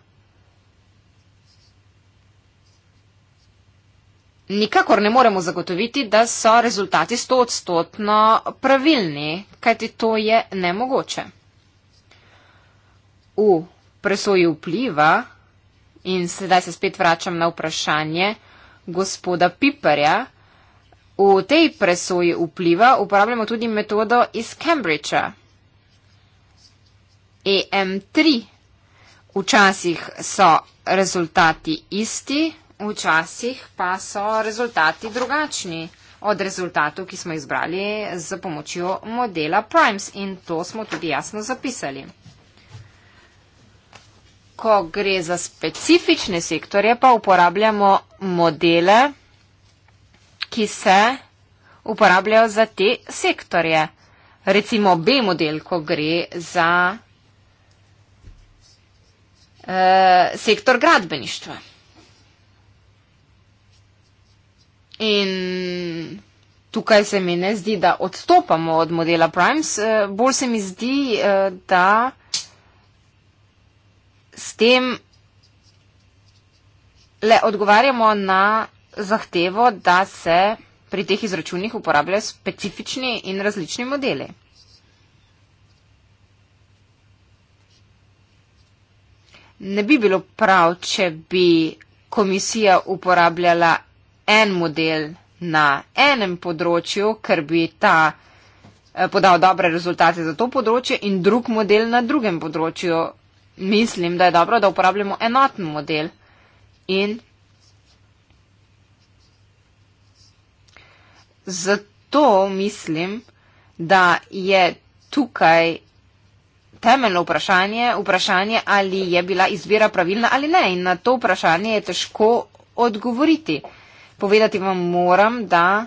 nikakor ne moremo zagotoviti, da so rezultati stoodstotno pravilni, kajti to je nemogoče. V presoji vpliva in sedaj se spet vračam na vprašanje gospoda Piperja, v tej presoji vpliva uporabljamo tudi metodo iz Cambridgea. EM3. Včasih so rezultati isti, včasih pa so rezultati drugačni od rezultatov, ki smo jih zbrali z pomočjo modela Primes in to smo tudi jasno zapisali. Ko gre za specifične sektorje, pa uporabljamo modele, ki se uporabljajo za te sektorje. Recimo B model, ko gre za eh, sektor gradbeništva. In tukaj se mi ne zdi, da odstopamo od modela Primes, eh, bolj se mi zdi, eh, da s tem le odgovarjamo na zahtevo, da se pri teh izračunih uporabljajo specifični in različni modeli. Ne bi bilo prav, če bi komisija uporabljala en model na enem področju, ker bi ta eh, podal dobre rezultate za to področje in drug model na drugem področju. Mislim, da je dobro, da uporabljamo enoten model. In zato mislim, da je tukaj temeljno vprašanje, vprašanje, ali je bila izbira pravilna ali ne. In na to vprašanje je težko odgovoriti. Uh, Povedati vam moram, da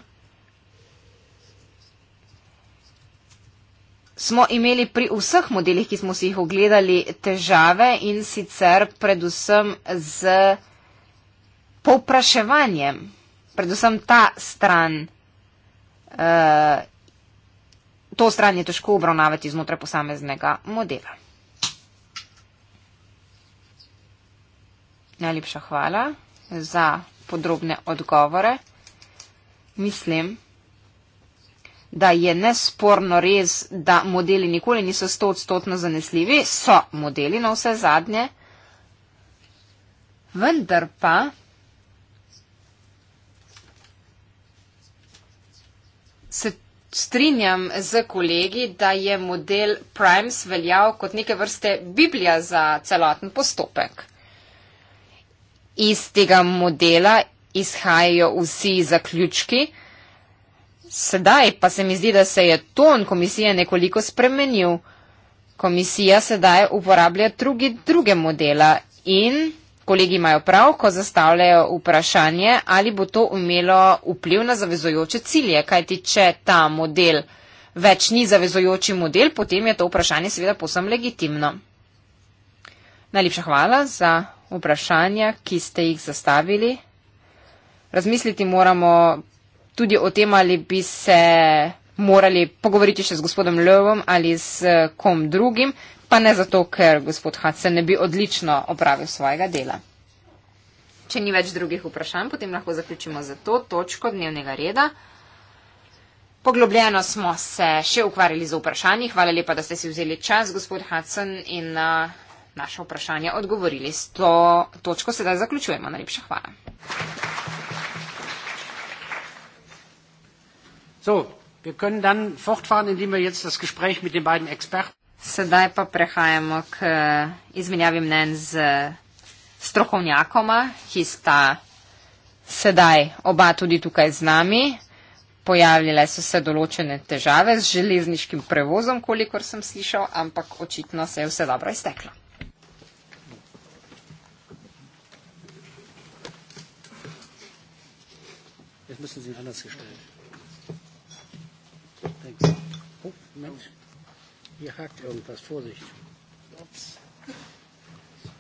smo imeli pri vseh modelih, ki smo si jih ogledali, težave in sicer predvsem z povpraševanjem, predvsem ta stran. Uh, to stran je težko obravnavati znotraj posameznega modela. Najlepša hvala za podrobne odgovore. Mislim, da je nesporno res, da modeli nikoli niso sto odstotno zanesljivi, so modeli na vse zadnje, vendar pa. Se strinjam z kolegi, da je model Primes veljal kot neke vrste Biblija za celoten postopek iz tega modela izhajajo vsi zaključki. Sedaj pa se mi zdi, da se je ton komisije nekoliko spremenil. Komisija sedaj uporablja drugi, druge modela in kolegi imajo prav, ko zastavljajo vprašanje, ali bo to imelo vpliv na zavezojoče cilje, kajti če ta model več ni zavezojoči model, potem je to vprašanje seveda posem legitimno. Najlepša hvala za vprašanja, ki ste jih zastavili. Razmisliti moramo tudi o tem, ali bi se morali pogovoriti še z gospodom Lövom ali z kom drugim, pa ne zato, ker gospod Hudson ne bi odlično opravil svojega dela. Če ni več drugih vprašanj, potem lahko zaključimo za to točko dnevnega reda. Poglobljeno smo se še ukvarjali z vprašanji. Hvala lepa, da ste si vzeli čas, gospod Hudson. In, uh, naše vprašanje odgovorili. S to točko sedaj zaključujemo. Najlepša hvala. So, Sedaj pa prehajamo k eh, izmenjavi mnen z eh, strokovnjakoma, ki sta sedaj oba tudi tukaj z nami. Pojavljale so se določene težave z železniškim prevozom, kolikor sem slišal, ampak očitno se je vse dobro izteklo. müssen Sie anders gestellt. Thanks. Oh, Mensch, hier hakt irgendwas. Vorsicht. Ups.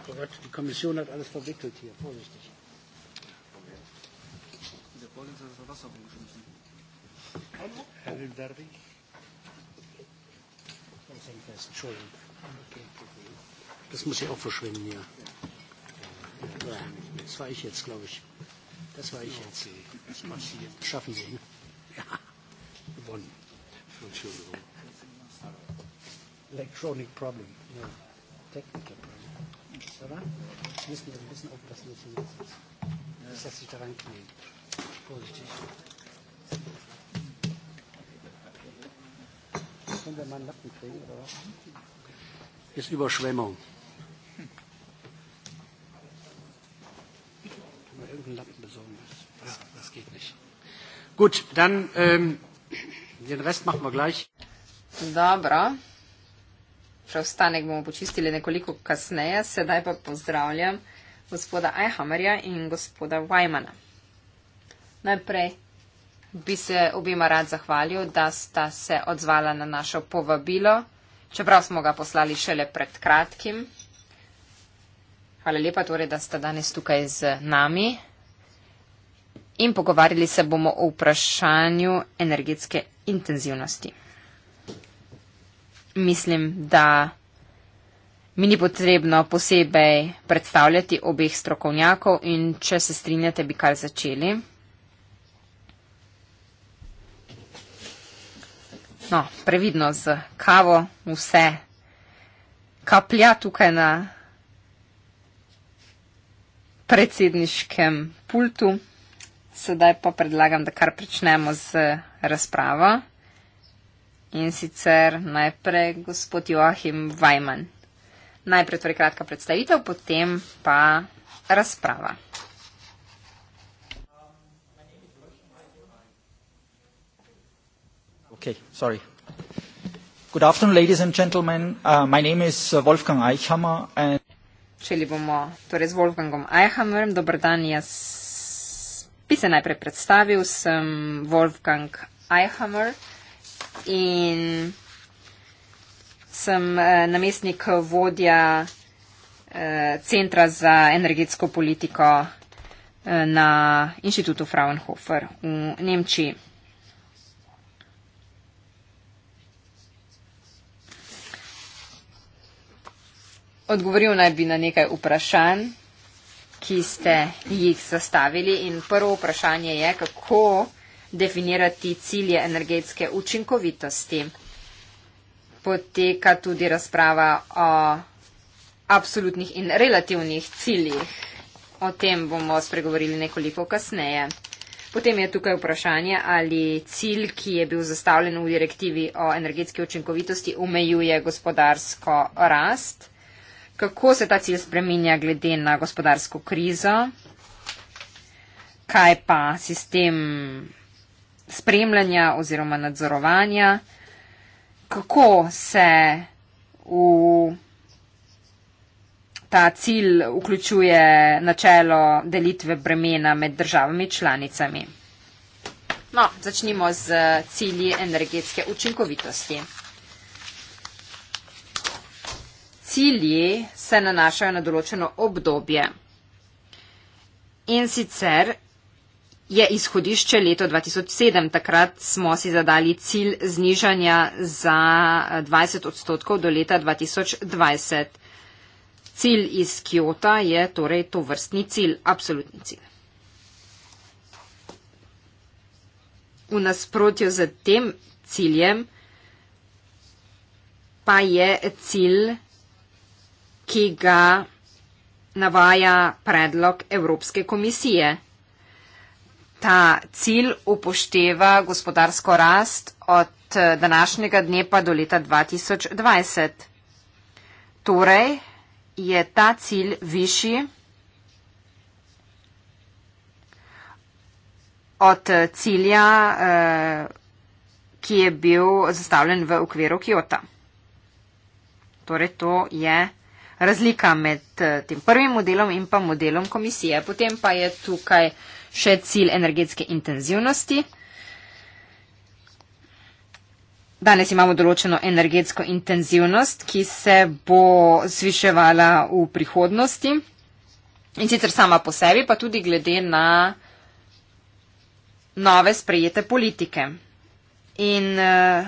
Oh Gott, die Kommission hat alles verwickelt hier. Vorsichtig. Der Vorsitzende hat das Wasser umgeschmissen. Hallo? Herr Lindberg. Das hängt fest. Entschuldigung. Das muss ja auch verschwinden hier. Ja, das war ich jetzt, glaube ich. Das war ich jetzt. Das passiert. Schaffen Sie. Ja, gewonnen. Entschuldigung. Electronic problem. Ja. Technical problem. Oder? Wir müssen ein bisschen aufpassen, dass Sie jetzt Nicht, dass Sie da reinknien. Vorsichtig. Können wir mal einen Lappen kriegen? Oder? Ist Überschwemmung. irgendein Lappen besorgen muss. Ja. Das, ja. das geht nicht. Gut, dann ähm, den Rest machen wir gleich. Dobro. Preostanek bomo počistili nekoliko kasneje, sedaj pa pozdravljam gospoda Eihamerja in gospoda Weimana. Najprej bi se obima rad zahvalil, da sta se odzvala na našo povabilo, čeprav smo ga poslali šele pred kratkim. Hvala lepa, torej, da ste danes tukaj z nami. In pogovarjali se bomo o vprašanju energetske intenzivnosti. Mislim, da mi ni potrebno posebej predstavljati obeh strokovnjakov in če se strinjate, bi kar začeli. No, previdno z kavo, vse kaplja tukaj na predsedniškem pultu. Sedaj pa predlagam, da kar pričnemo z razpravo. In sicer najprej gospod Joachim Weiman. Najprej torej kratka predstavitev, potem pa razprava. Okay, sorry. Good afternoon, ladies and gentlemen. Uh, my name is uh, Wolfgang Eichhammer. And začeli bomo torej z Wolfgangom Eichhammerem. Dobr dan, jaz bi se najprej predstavil, sem Wolfgang Eichhammer in sem eh, namestnik vodja eh, Centra za energetsko politiko eh, na inštitutu Fraunhofer v Nemčiji. Odgovoril naj bi na nekaj vprašanj, ki ste jih zastavili. In prvo vprašanje je, kako definirati cilje energetske učinkovitosti. Poteka tudi razprava o absolutnih in relativnih ciljih. O tem bomo spregovorili nekoliko kasneje. Potem je tukaj vprašanje, ali cilj, ki je bil zastavljen v direktivi o energetski učinkovitosti, omejuje gospodarsko rast kako se ta cilj spreminja glede na gospodarsko krizo, kaj pa sistem spremljanja oziroma nadzorovanja, kako se v ta cilj vključuje načelo delitve bremena med državami članicami. No, začnimo z cilji energetske učinkovitosti. cilji se nanašajo na določeno obdobje. In sicer je izhodišče leto 2007. Takrat smo si zadali cilj znižanja za 20 odstotkov do leta 2020. Cilj iz Kyoto je torej to vrstni cilj, absolutni cilj. V nasprotju z tem ciljem pa je cilj ki ga navaja predlog Evropske komisije. Ta cilj upošteva gospodarsko rast od današnjega dne pa do leta 2020. Torej je ta cilj višji od cilja, eh, ki je bil zastavljen v okviru Kyoto. Torej to je razlika med eh, tem prvim modelom in pa modelom komisije. Potem pa je tukaj še cilj energetske intenzivnosti. Danes imamo določeno energetsko intenzivnost, ki se bo zviševala v prihodnosti in sicer sama po sebi, pa tudi glede na nove sprejete politike. In uh,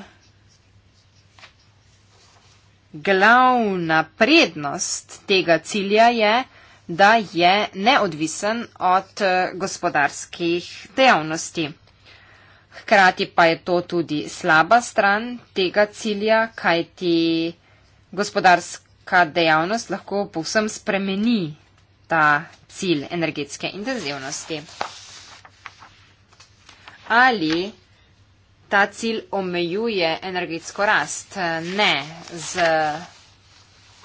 glavna prednost tega cilja je, da je neodvisen od eh, gospodarskih dejavnosti. Hkrati pa je to tudi slaba stran tega cilja, kajti gospodarska dejavnost lahko povsem spremeni ta cilj energetske intenzivnosti. Ali ta cilj omejuje energetsko rast? Ne. Z,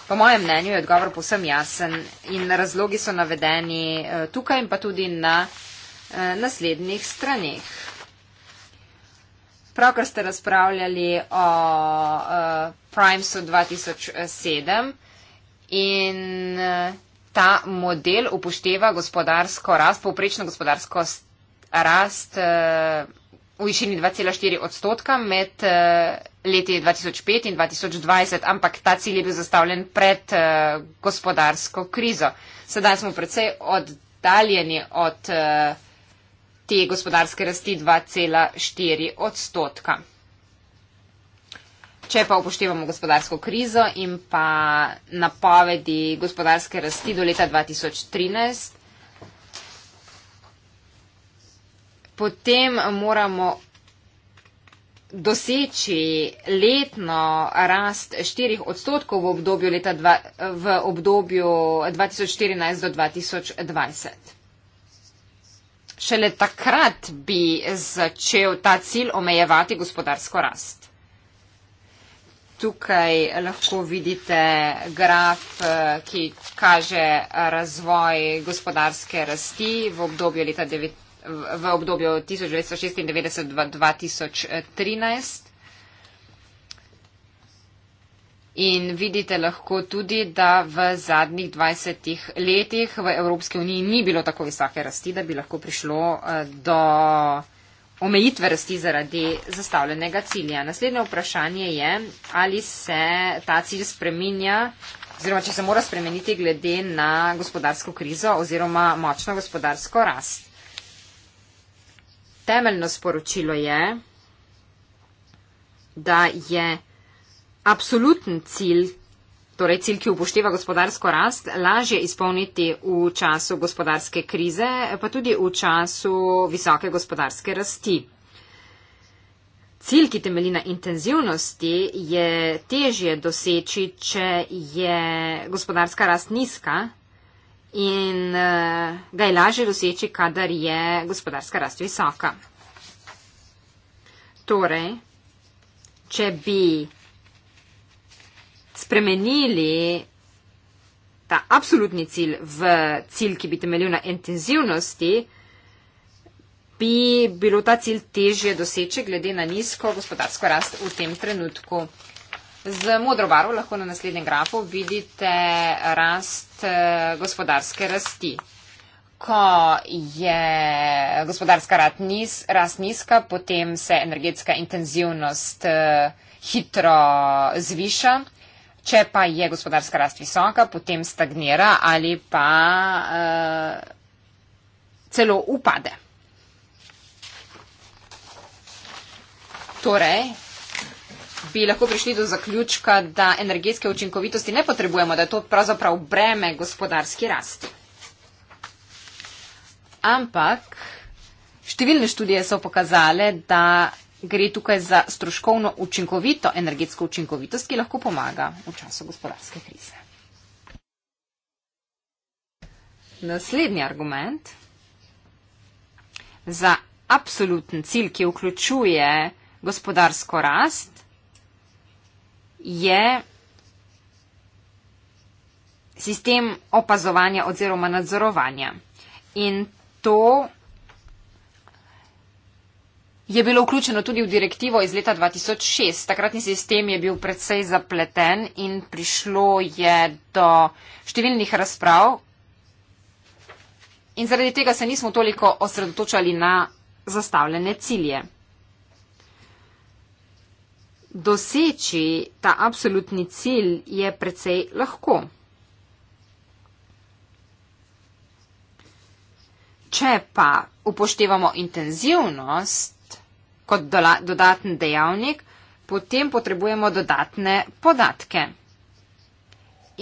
po mojem mnenju je odgovor posem jasen in razlogi so navedeni eh, tukaj in pa tudi na eh, naslednjih stranih. Pravkar ste razpravljali o uh, Primesu 2007 in uh, ta model upošteva gospodarsko rast, povprečno gospodarsko rast uh, v višini 2,4 odstotka med eh, leti 2005 in 2020, ampak ta cilj je bil zastavljen pred eh, gospodarsko krizo. Sedaj smo precej oddaljeni od eh, te gospodarske rasti 2,4 odstotka. Če pa upoštevamo gospodarsko krizo in pa napovedi gospodarske rasti do leta 2013, potem moramo doseči letno rast 4 odstotkov v obdobju, leta, v obdobju 2014 do 2020. Šele takrat bi začel ta cilj omejevati gospodarsko rast. Tukaj lahko vidite graf, ki kaže razvoj gospodarske rasti v obdobju leta 2019 v obdobju 1996-2013. In vidite lahko tudi, da v zadnjih 20 letih v Evropski uniji ni bilo tako visoke rasti, da bi lahko prišlo eh, do omejitve rasti zaradi zastavljenega cilja. Naslednje vprašanje je, ali se ta cilj spreminja oziroma če se mora spremeniti glede na gospodarsko krizo oziroma močno gospodarsko rast temeljno sporočilo je, da je absoluten cilj, torej cilj, ki upošteva gospodarsko rast, lažje izpolniti v času gospodarske krize, pa tudi v času visoke gospodarske rasti. Cilj, ki temelji na intenzivnosti, je težje doseči, če je gospodarska rast nizka, in uh, ga je lažje doseči, kadar je gospodarska rast visoka. Torej, če bi spremenili ta absolutni cilj v cilj, ki bi temeljil na intenzivnosti, bi bilo ta cilj težje doseči glede na nizko gospodarsko rast v tem trenutku. Z modro barvo lahko na naslednjem grafu vidite rast eh, gospodarske rasti. Ko je gospodarska rast, niz, rast nizka, potem se energetska intenzivnost eh, hitro zviša. Če pa je gospodarska rast visoka, potem stagnira ali pa uh, celo upade. Torej, bi lahko prišli do zaključka, da energetske učinkovitosti ne potrebujemo, da je to pravzaprav breme gospodarski rasti. Ampak številne študije so pokazale, da gre tukaj za stroškovno učinkovito energetsko učinkovitost, ki lahko pomaga v času gospodarske krize. Naslednji argument za absoluten cilj, ki vključuje gospodarsko rast, je sistem opazovanja oziroma nadzorovanja. In to je bilo vključeno tudi v direktivo iz leta 2006. Takratni sistem je bil predvsej zapleten in prišlo je do številnih razprav. In zaradi tega se nismo toliko osredotočali na zastavljene cilje. Doseči ta absolutni cilj je precej lahko. Če pa upoštevamo intenzivnost kot dodaten dejavnik, potem potrebujemo dodatne podatke.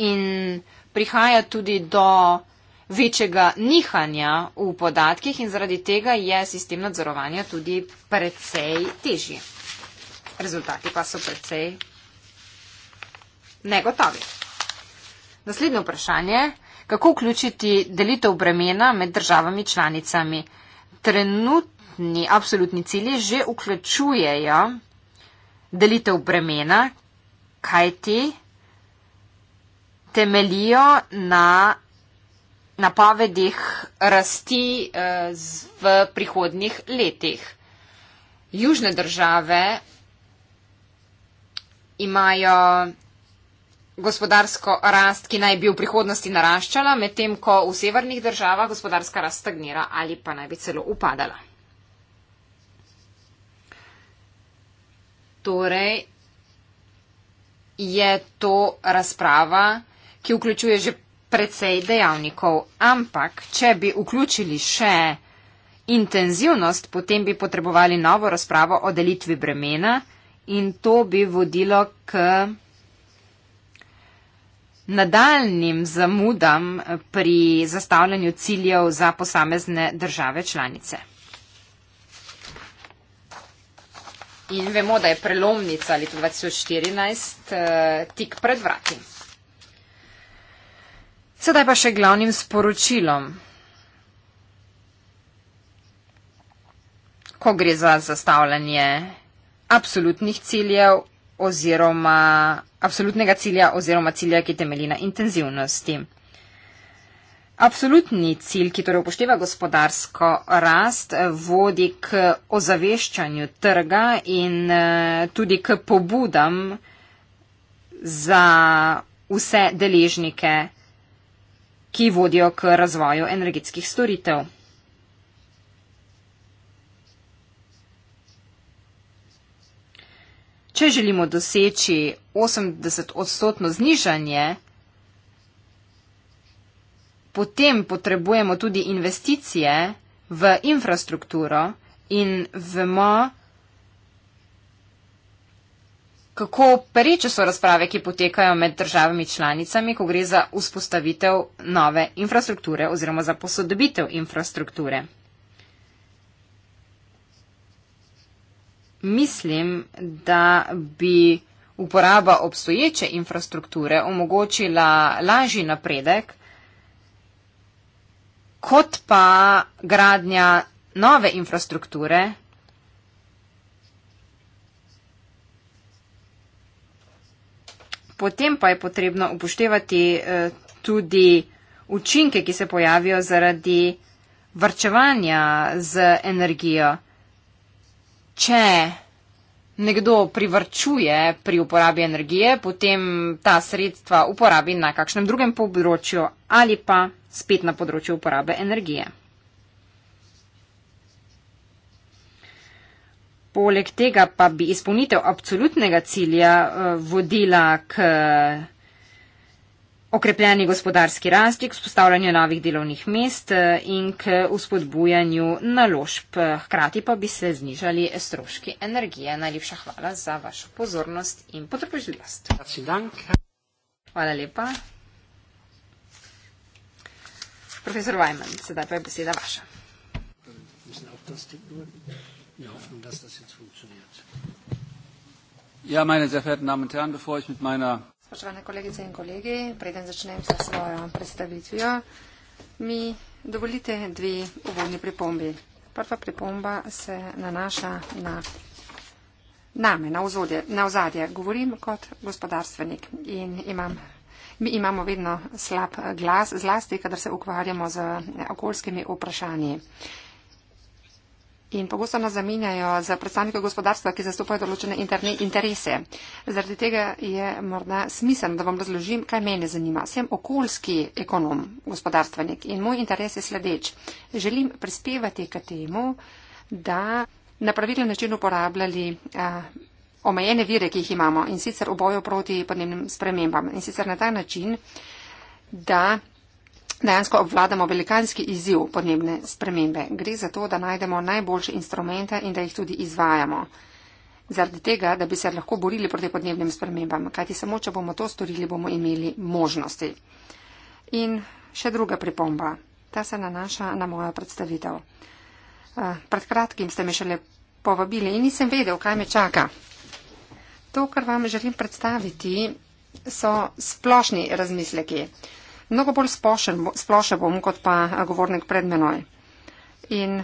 In prihaja tudi do večjega nihanja v podatkih in zaradi tega je sistem nadzorovanja tudi precej težji rezultati pa so precej negotovi. Naslednje vprašanje. Kako vključiti delitev bremena med državami članicami? Trenutni absolutni cilji že vključujejo delitev bremena, kajti temelijo na napovedih rasti eh, v prihodnih letih. Južne države imajo gospodarsko rast, ki naj bi v prihodnosti naraščala, medtem ko v severnih državah gospodarska rast stagnira ali pa naj bi celo upadala. Torej je to razprava, ki vključuje že precej dejavnikov, ampak če bi vključili še intenzivnost, potem bi potrebovali novo razpravo o delitvi bremena, in to bi vodilo k nadaljnim zamudam pri zastavljanju ciljev za posamezne države članice. In vemo, da je prelomnica leta 2014 eh, tik pred vrati. Sedaj pa še glavnim sporočilom. Ko gre za zastavljanje absolutnih ciljev oziroma absolutnega cilja oziroma cilja, ki temelji na intenzivnosti. Absolutni cilj, ki torej upošteva gospodarsko rast, vodi k ozaveščanju trga in eh, tudi k pobudam za vse deležnike, ki vodijo k razvoju energetskih storitev. če želimo doseči 80 odstotno znižanje, potem potrebujemo tudi investicije v infrastrukturo in vemo, kako pereče so razprave, ki potekajo med državami članicami, ko gre za vzpostavitev nove infrastrukture oziroma za posodobitev infrastrukture. mislim, da bi uporaba obstoječe infrastrukture omogočila lažji napredek, kot pa gradnja nove infrastrukture. Potem pa je potrebno upoštevati eh, tudi učinke, ki se pojavijo zaradi vrčevanja z energijo če nekdo privrčuje pri uporabi energije, potem ta sredstva uporabi na kakšnem drugem področju ali pa spet na področju uporabe energije. Poleg tega pa bi izpolnitev absolutnega cilja eh, vodila k okrepljeni gospodarski rasti, k spostavljanju novih delovnih mest eh, in k uspodbujanju naložb. Hkrati pa bi se znižali stroški energije. Najlepša hvala za vašo pozornost in potrpežljivost. Hvala lepa. Profesor Weiman, sedaj pa je beseda vaša. Ja, meine sehr verehrten Damen und Herren, bevor ich mit meiner Spoštovane kolegice in kolegi, preden začnem sa svojo predstavitvijo, mi dovolite dve uvodni pripombi. Prva pripomba se nanaša na name, na, vzodje, na ozadje. Govorim kot gospodarstvenik in imam. Mi imamo vedno slab glas, zlasti, kadar se ukvarjamo z okoljskimi vprašanji in pogosto nas zamenjajo za predstavnike gospodarstva, ki zastopajo določene interne interese. Zaradi tega je morda smiselno, da vam razložim, kaj mene zanima. Sem okoljski ekonom, gospodarstvenik in moj interes je sledeč. Želim prispevati k temu, da na pravilen način uporabljali. A, omejene vire, ki jih imamo in sicer v boju proti podnebnim spremembam in sicer na ta način, da dejansko obvladamo velikanski izziv podnebne spremembe. Gre za to, da najdemo najboljše instrumente in da jih tudi izvajamo. Zaradi tega, da bi se lahko borili proti podnebnim spremembam, kajti samo, če bomo to storili, bomo imeli možnosti. In še druga pripomba. Ta se nanaša na mojo predstavitev. Eh, pred kratkim ste me šele povabili in nisem vedel, kaj me čaka. To, kar vam želim predstaviti, so splošni razmisleki. Mnogo bolj splošen, splošen bom, kot pa eh, govornik pred menoj. In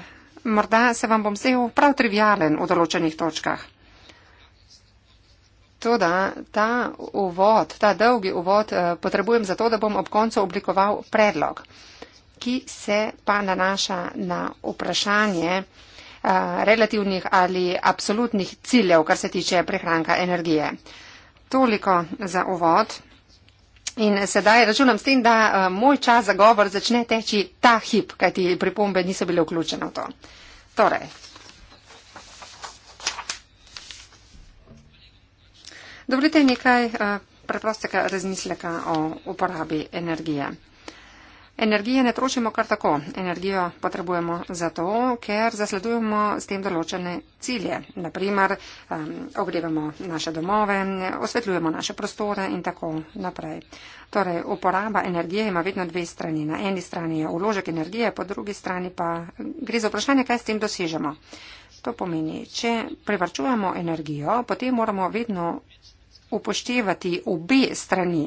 morda se vam bom zdel prav trivialen v določenih točkah. Toda ta uvod, ta dolgi uvod eh, potrebujem zato, da bom ob koncu oblikoval predlog, ki se pa nanaša na vprašanje eh, relativnih ali absolutnih ciljev, kar se tiče prehranka energije. Toliko za uvod. In sedaj računam s tem, da uh, moj čas za govor začne teči ta hip, kajti pripombe niso bile vključene v to. Torej. Dovolite nekaj uh, preprostega razmisleka o uporabi energije. Energije ne trošimo kar tako. Energijo potrebujemo zato, ker zasledujemo s tem določene cilje. Naprimer, um, ogrevamo naše domove, osvetljujemo naše prostore in tako naprej. Torej, uporaba energije ima vedno dve strani. Na eni strani je uložek energije, po drugi strani pa gre za vprašanje, kaj s tem dosežemo. To pomeni, če privrčujemo energijo, potem moramo vedno upoštevati obe strani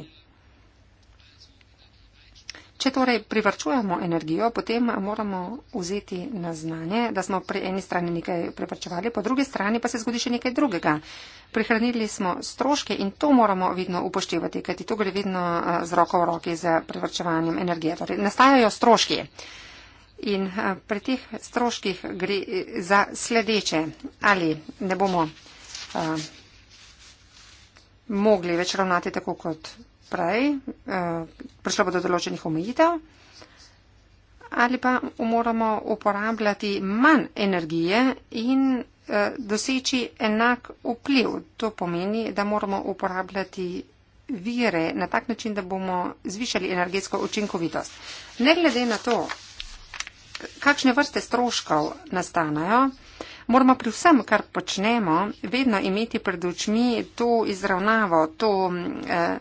Če torej privrčujemo energijo, potem moramo vzeti na znanje, da smo pri eni strani nekaj privrčevali, po drugi strani pa se zgodi še nekaj drugega. Prihranili smo stroške in to moramo vidno upoštevati, kajti to gre vidno z roko v roki z privrčevanjem energije. Torej, nastajajo stroški. In pri teh stroških gre e, za sledeče. Ali ne bomo uh, mogli več ravnati tako kot prej, eh, prišlo bo do določenih omejitev ali pa moramo uporabljati manj energije in eh, doseči enak vpliv. To pomeni, da moramo uporabljati vire na tak način, da bomo zvišali energetsko učinkovitost. Ne glede na to, kakšne vrste stroškov nastanajo, moramo pri vsem, kar počnemo, vedno imeti pred očmi to izravnavo, to, eh,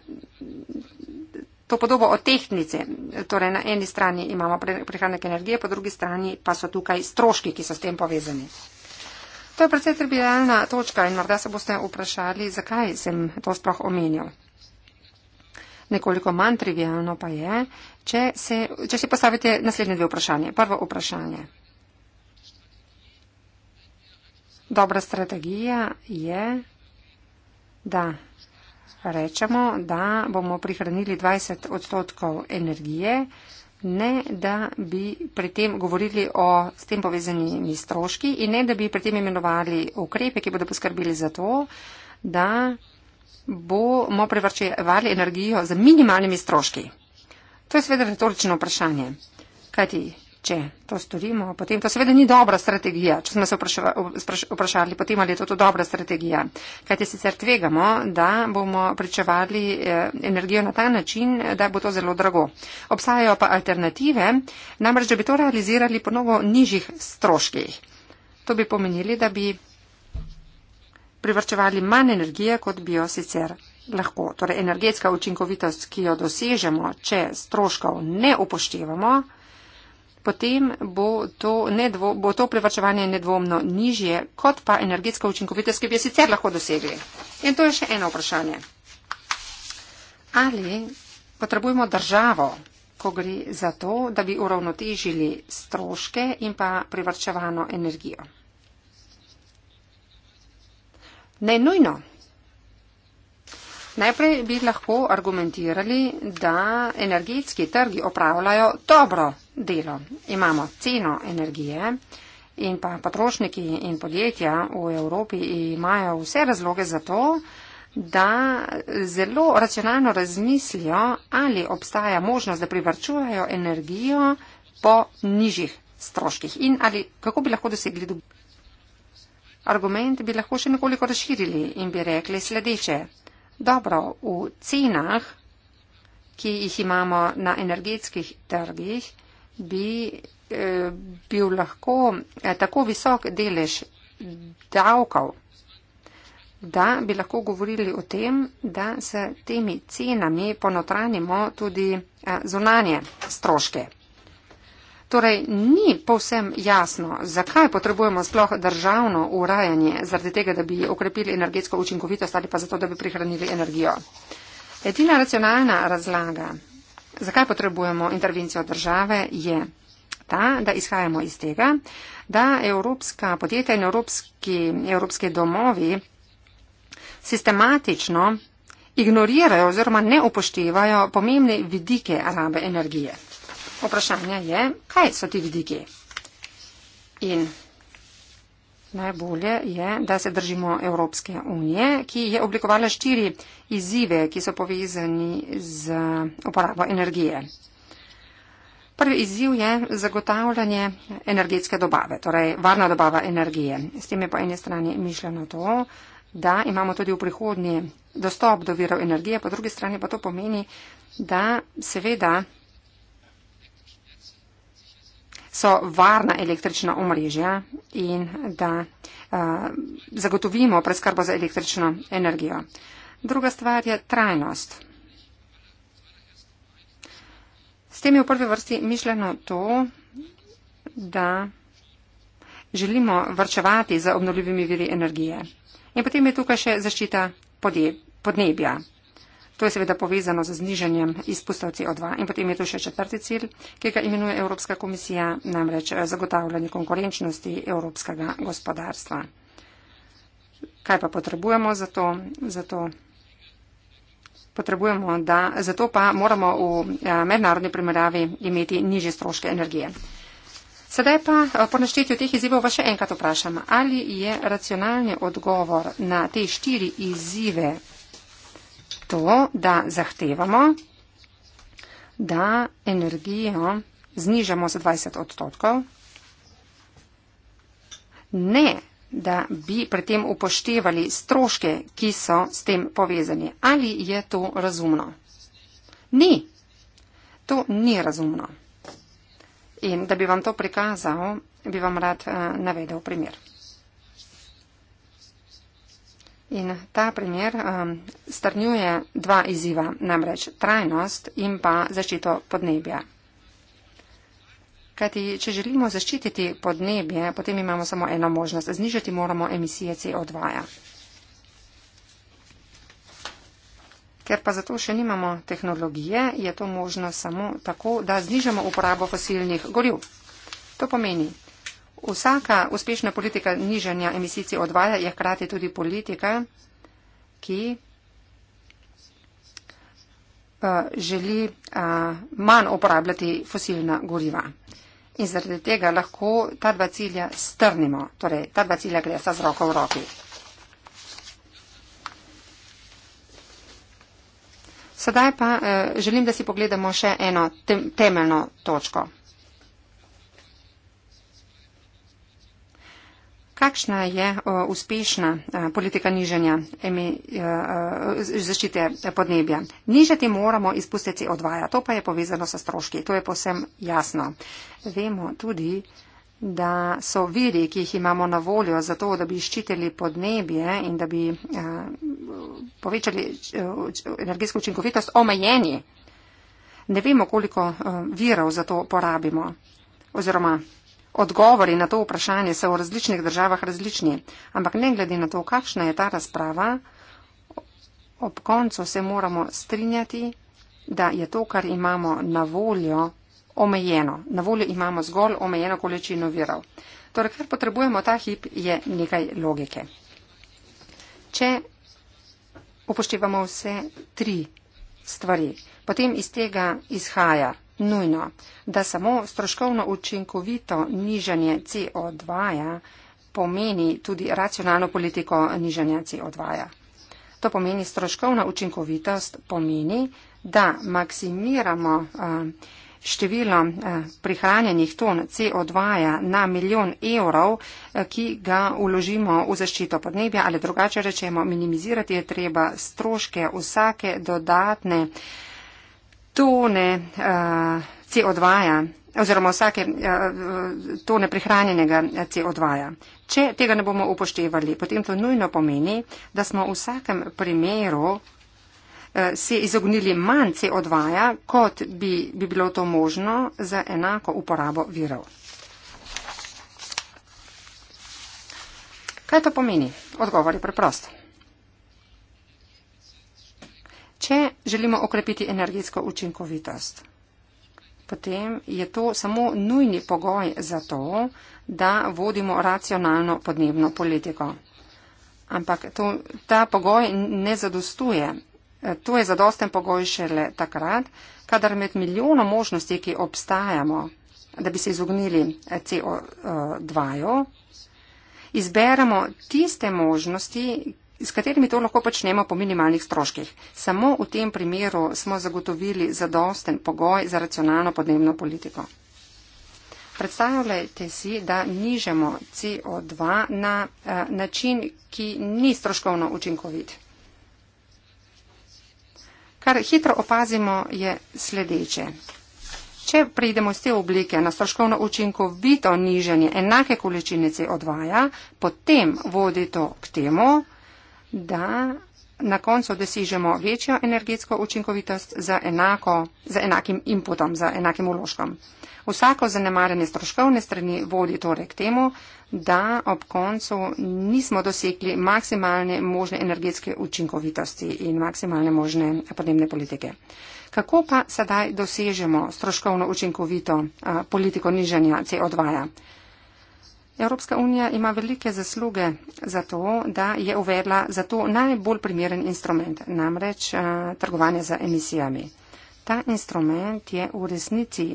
to podobo o tehnici. Torej, na eni strani imamo prihranek energije, po drugi strani pa so tukaj stroški, ki so s tem povezani. To je predvsej trivialna točka in morda se boste vprašali, zakaj sem to sploh omenil. Nekoliko manj trivialno pa je, če si postavite naslednje dve vprašanje. Prvo vprašanje. Dobra strategija je, da rečemo, da bomo prihranili 20 odstotkov energije, ne da bi pri tem govorili o s tem povezanimi stroški in ne da bi pri tem imenovali ukrepe, ki bodo poskrbeli za to, da bomo privrčevali energijo z minimalnimi stroški. To je seveda retorično vprašanje. Kajti če to storimo, potem to seveda ni dobra strategija, če smo se vprašali potem, ali je to, to dobra strategija. Kajti sicer tvegamo, da bomo pričevali eh, energijo na ta način, da bo to zelo drago. Obstajajo pa alternative, namreč, da bi to realizirali po novo nižjih stroških. To bi pomenili, da bi privrčevali manj energije, kot bi jo sicer. Lahko. Torej, energetska učinkovitost, ki jo dosežemo, če stroškov ne upoštevamo, potem bo to, nedvo, bo to privrčevanje nedvomno nižje, kot pa energetska učinkovitost, ki bi jo sicer lahko dosegli. In to je še eno vprašanje. Ali potrebujemo državo, ko gre za to, da bi uravnotežili stroške in pa privrčevano energijo? Ne nujno. Najprej bi lahko argumentirali, da energetski trgi opravljajo dobro delo. Imamo ceno energije in pa potrošniki in podjetja v Evropi imajo vse razloge za to, da zelo racionalno razmislijo, ali obstaja možnost, da privrčujejo energijo po nižjih stroških in ali kako bi lahko dosegli dobiček. Argument bi lahko še nekoliko razširili in bi rekli sledeče. Dobro, v cenah, ki jih imamo na energetskih trgih, bi eh, bil lahko eh, tako visok delež davkov, da bi lahko govorili o tem, da se temi cenami ponotranimo tudi eh, zunanje stroške. Torej, ni povsem jasno, zakaj potrebujemo sploh državno urajanje, zaradi tega, da bi okrepili energetsko učinkovitost ali pa zato, da bi prihranili energijo. Edina racionalna razlaga zakaj potrebujemo intervencijo države, je ta, da izhajamo iz tega, da evropska podjetja in evropski, evropski domovi sistematično ignorirajo oziroma ne upoštevajo pomembne vidike rabe energije. Vprašanje je, kaj so ti vidiki? In Najbolje je, da se držimo Evropske unije, ki je oblikovala štiri izzive, ki so povezani z uporabo energije. Prvi izziv je zagotavljanje energetske dobave, torej varna dobava energije. S tem je po eni strani mišljeno to, da imamo tudi v prihodnje dostop do virov energije, po drugi strani pa to pomeni, da seveda so varna električna omrežja in da uh, zagotovimo preskrbo za električno energijo. Druga stvar je trajnost. S tem je v prvi vrsti mišljeno to, da želimo vrčevati za obnovljivimi viri energije. In potem je tukaj še zaščita podnebja. To je seveda povezano z zniženjem izpustov CO2. In potem je tu še četrti cilj, ki ga imenuje Evropska komisija, namreč eh, zagotavljanje konkurenčnosti evropskega gospodarstva. Kaj pa potrebujemo za to? Za to? Potrebujemo, da zato pa moramo v eh, mednarodni primerjavi imeti niže stroške energije. Sedaj pa eh, po naštetju teh izzivov vas še enkrat vprašam, ali je racionalni odgovor na te štiri izzive to, da zahtevamo, da energijo znižamo za 20 odstotkov. Ne, da bi pri tem upoštevali stroške, ki so s tem povezani. Ali je to razumno? Ni. To ni razumno. In da bi vam to prikazal, bi vam rad uh, navedel primer. In ta primer um, strnjuje dva izziva, namreč trajnost in pa zaščito podnebja. Kajti, če želimo zaščititi podnebje, potem imamo samo eno možnost, znižati moramo emisije CO2. -ja. Ker pa zato še nimamo tehnologije, je to možno samo tako, da znižamo uporabo fosilnih goriv. To pomeni, Vsaka uspešna politika nižanja emisij CO2 je hkrati tudi politika, ki eh, želi eh, manj uporabljati fosilna goriva. In zaradi tega lahko ta dva cilja strnimo, torej ta dva cilja gre sta z roko v roki. Sedaj pa eh, želim, da si pogledamo še eno temeljno točko. Kakšna je uspešna politika nižanja zaščite podnebja? Nižati moramo izpuste CO2, to pa je povezano sa stroški, to je posem jasno. Vemo tudi, da so viri, ki jih imamo na voljo za to, da bi ščitili podnebje in da bi povečali energetsko učinkovitost, omejeni. Ne vemo, koliko virov za to porabimo oziroma Odgovori na to vprašanje so v različnih državah različni, ampak ne glede na to, kakšna je ta razprava, ob koncu se moramo strinjati, da je to, kar imamo na voljo, omejeno. Na voljo imamo zgolj omejeno količino virov. Torej, kar potrebujemo ta hip, je nekaj logike. Če upoštevamo vse tri stvari, potem iz tega izhaja nujno, da samo stroškovno učinkovito nižanje CO2 -ja pomeni tudi racionalno politiko nižanja CO2. -ja. To pomeni stroškovna učinkovitost, pomeni, da maksimiramo eh, število eh, prihranjenih ton CO2 -ja na milijon evrov, eh, ki ga uložimo v zaščito podnebja ali drugače rečemo, minimizirati je treba stroške vsake dodatne tone uh, eh, CO2, ja, oziroma vsake uh, tone prihranjenega eh, CO2. Ja. Če tega ne bomo upoštevali, potem to nujno pomeni, da smo v vsakem primeru se izognili manj CO2, ja, kot bi, bi bilo to možno za enako uporabo virov. Kaj to pomeni? Odgovor je preprosto. če želimo okrepiti energetsko učinkovitost. Potem je to samo nujni pogoj za to, da vodimo racionalno podnebno politiko. Ampak to, ta pogoj ne zadostuje. To je zadosten pogoj šele takrat, kadar med milijonom možnosti, ki obstajamo, da bi se izognili CO2, eh, izberemo tiste možnosti, s katerimi to lahko počnemo po minimalnih stroških. Samo v tem primeru smo zagotovili zadosten pogoj za racionalno podnebno politiko. Predstavljajte si, da nižemo CO2 na eh, način, ki ni stroškovno učinkovit. Kar hitro opazimo je sledeče. Če preidemo iz te oblike na stroškovno učinkovito nižanje enake količine CO2, potem vodi to k temu, da na koncu dosižemo večjo energetsko učinkovitost za, enako, za enakim inputom, za enakim uložkom. Vsako zanemarjanje stroškovne strani vodi torej k temu, da ob koncu nismo dosegli maksimalne možne energetske učinkovitosti in maksimalne možne podnebne politike. Kako pa sedaj dosežemo stroškovno učinkovito a, politiko nižanja CO2? -ja? Evropska unija ima velike zasluge za to, da je uvedla za to najbolj primeren instrument, namreč a, eh, trgovanje z emisijami. Ta instrument je v resnici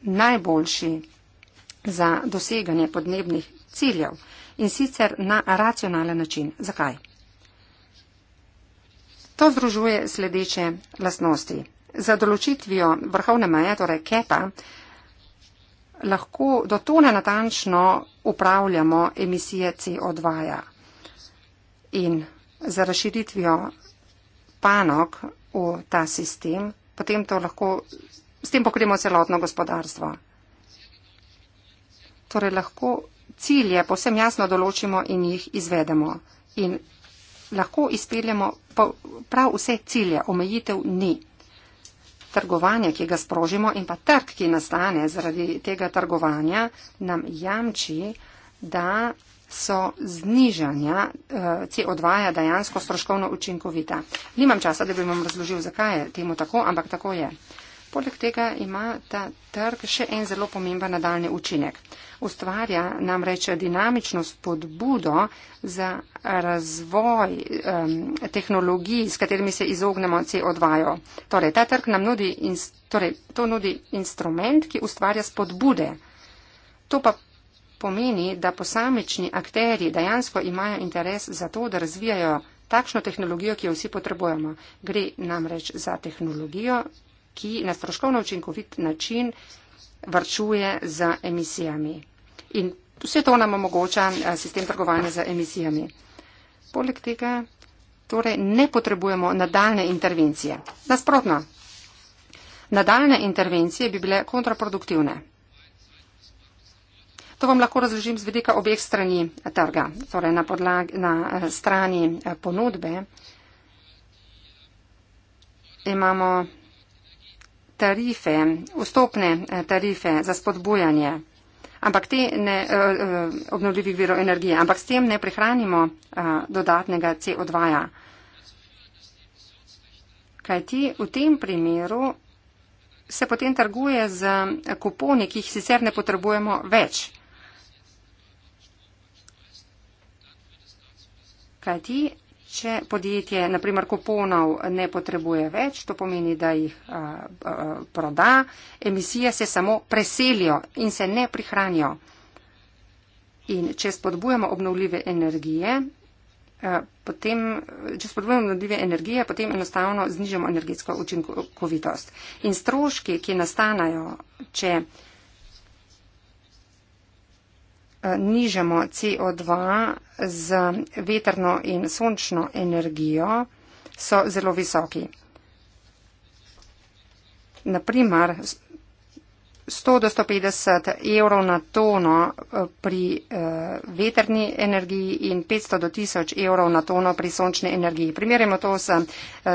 najboljši za doseganje podnebnih ciljev in sicer na racionalen način. Zakaj? To združuje sledeče lastnosti. Za določitvijo vrhovne meje, torej kepa, lahko do tone natančno upravljamo emisije CO2. -ja. In za razširitvijo panog v ta sistem, potem to lahko, s tem pokrijemo celotno gospodarstvo. Torej lahko cilje posem jasno določimo in jih izvedemo. In lahko izpeljemo prav vse cilje, omejitev ni trgovanja, ki ga sprožimo in pa trg, ki nastane zaradi tega trgovanja, nam jamči, da so znižanja eh, CO2 ja dejansko stroškovno učinkovita. Nimam časa, da bi vam razložil, zakaj je temu tako, ampak tako je. Poleg tega ima ta trg še en zelo pomemben nadaljni učinek. Ustvarja namreč dinamično spodbudo za razvoj um, tehnologij, s katerimi se izognemo CO2-jo. Torej, ta trg nam nudi, torej, to nudi instrument, ki ustvarja spodbude. To pa pomeni, da posamični akteri dejansko imajo interes za to, da razvijajo takšno tehnologijo, ki jo vsi potrebujemo. Gre namreč za tehnologijo, ki na stroškovno učinkovit način varčuje z emisijami. In vse to nam omogoča eh, sistem trgovanja z emisijami. Poleg tega torej ne potrebujemo nadaljne intervencije. Nasprotno, nadaljne intervencije bi bile kontraproduktivne. To vam lahko razložim z vedika obeh strani eh, trga, torej na, podlag, na eh, strani ponudbe. Imamo tarife, vstopne eh, tarife za spodbujanje ampak te ne eh, eh, obnovljivih virov energije, ampak s tem ne prihranimo dodatnega CO2-ja. Kaj ti v tem primeru se potem trguje z kuponi, ki jih sicer ne potrebujemo več. Kaj ti če podjetje, naprimer, kuponov ne potrebuje več, to pomeni, da jih a, a, proda, emisije se samo preselijo in se ne prihranijo. In če spodbujamo obnovljive energije, Potem, če spodbujamo obnovljive energije, potem enostavno znižamo energetsko učinkovitost. In stroški, ki nastanajo, če uh, nižamo CO2 z vetrno in sončno energijo, so zelo visoki. Naprimer, 100 do 150 evrov na tono eh, pri uh, eh, veterni energiji in 500 do 1000 evrov na tono pri sončni energiji. Primerjamo to s uh,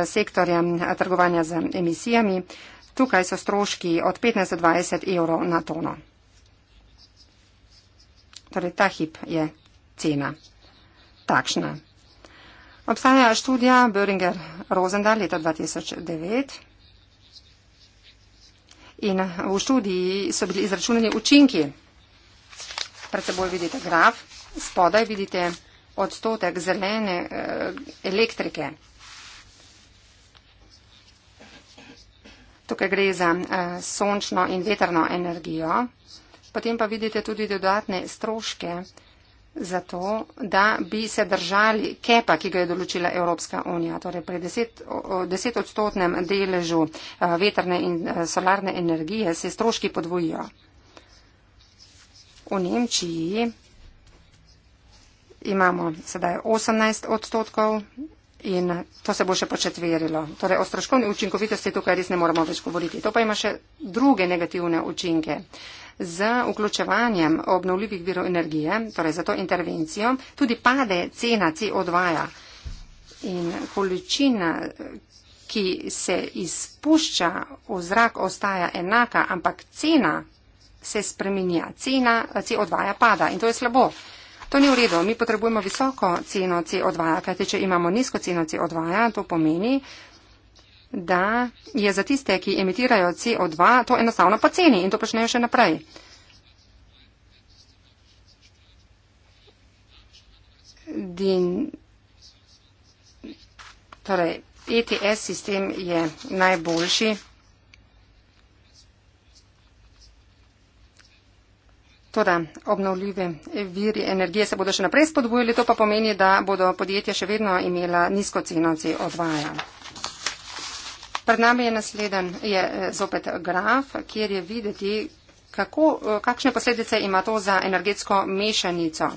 sektorjem trgovanja z emisijami. Tukaj so stroški od 15 do 20 evrov na tono torej ta hip je cena takšna. Obstaja študija Böringer Rosendal leta 2009 in v študiji so bili izračunani učinki. Pred seboj vidite graf, spodaj vidite odstotek zelene eh, elektrike. Tukaj gre za eh, sončno in veterno energijo. Potem pa vidite tudi dodatne stroške za to, da bi se držali kepa, ki ga je določila Evropska unija, torej pri deset, desetodstotnem deležu eh, vetrne in eh, solarne energije se stroški podvojijo. V Nemčiji imamo sedaj 18 odstotkov in to se bo še početverilo. Torej o stroškovni učinkovitosti tukaj res ne moramo več govoriti. To pa ima še druge negativne učinke. Uh, z vključevanjem obnovljivih virov energije, torej za to intervencijo, tudi pade cena CO2 -ja in količina, ki se izpušča v zrak, ostaja enaka, ampak cena se spremenja, cena eh, CO2 -ja pada in to je slabo. To ni v redu, mi potrebujemo visoko ceno CO2, -ja, kajte če imamo nizko ceno CO2, -ja, to pomeni, da je za tiste, ki emitirajo CO2, to enostavno poceni in to počnejo še naprej. Din, torej, ETS sistem je najboljši. Torej, obnovljive viri energije se bodo še naprej spodbujali, to pa pomeni, da bodo podjetja še vedno imela nizko ceno CO2. Pred nami je nasleden je eh, zopet graf, kjer je videti, kako, eh, kakšne posledice ima to za energetsko mešanico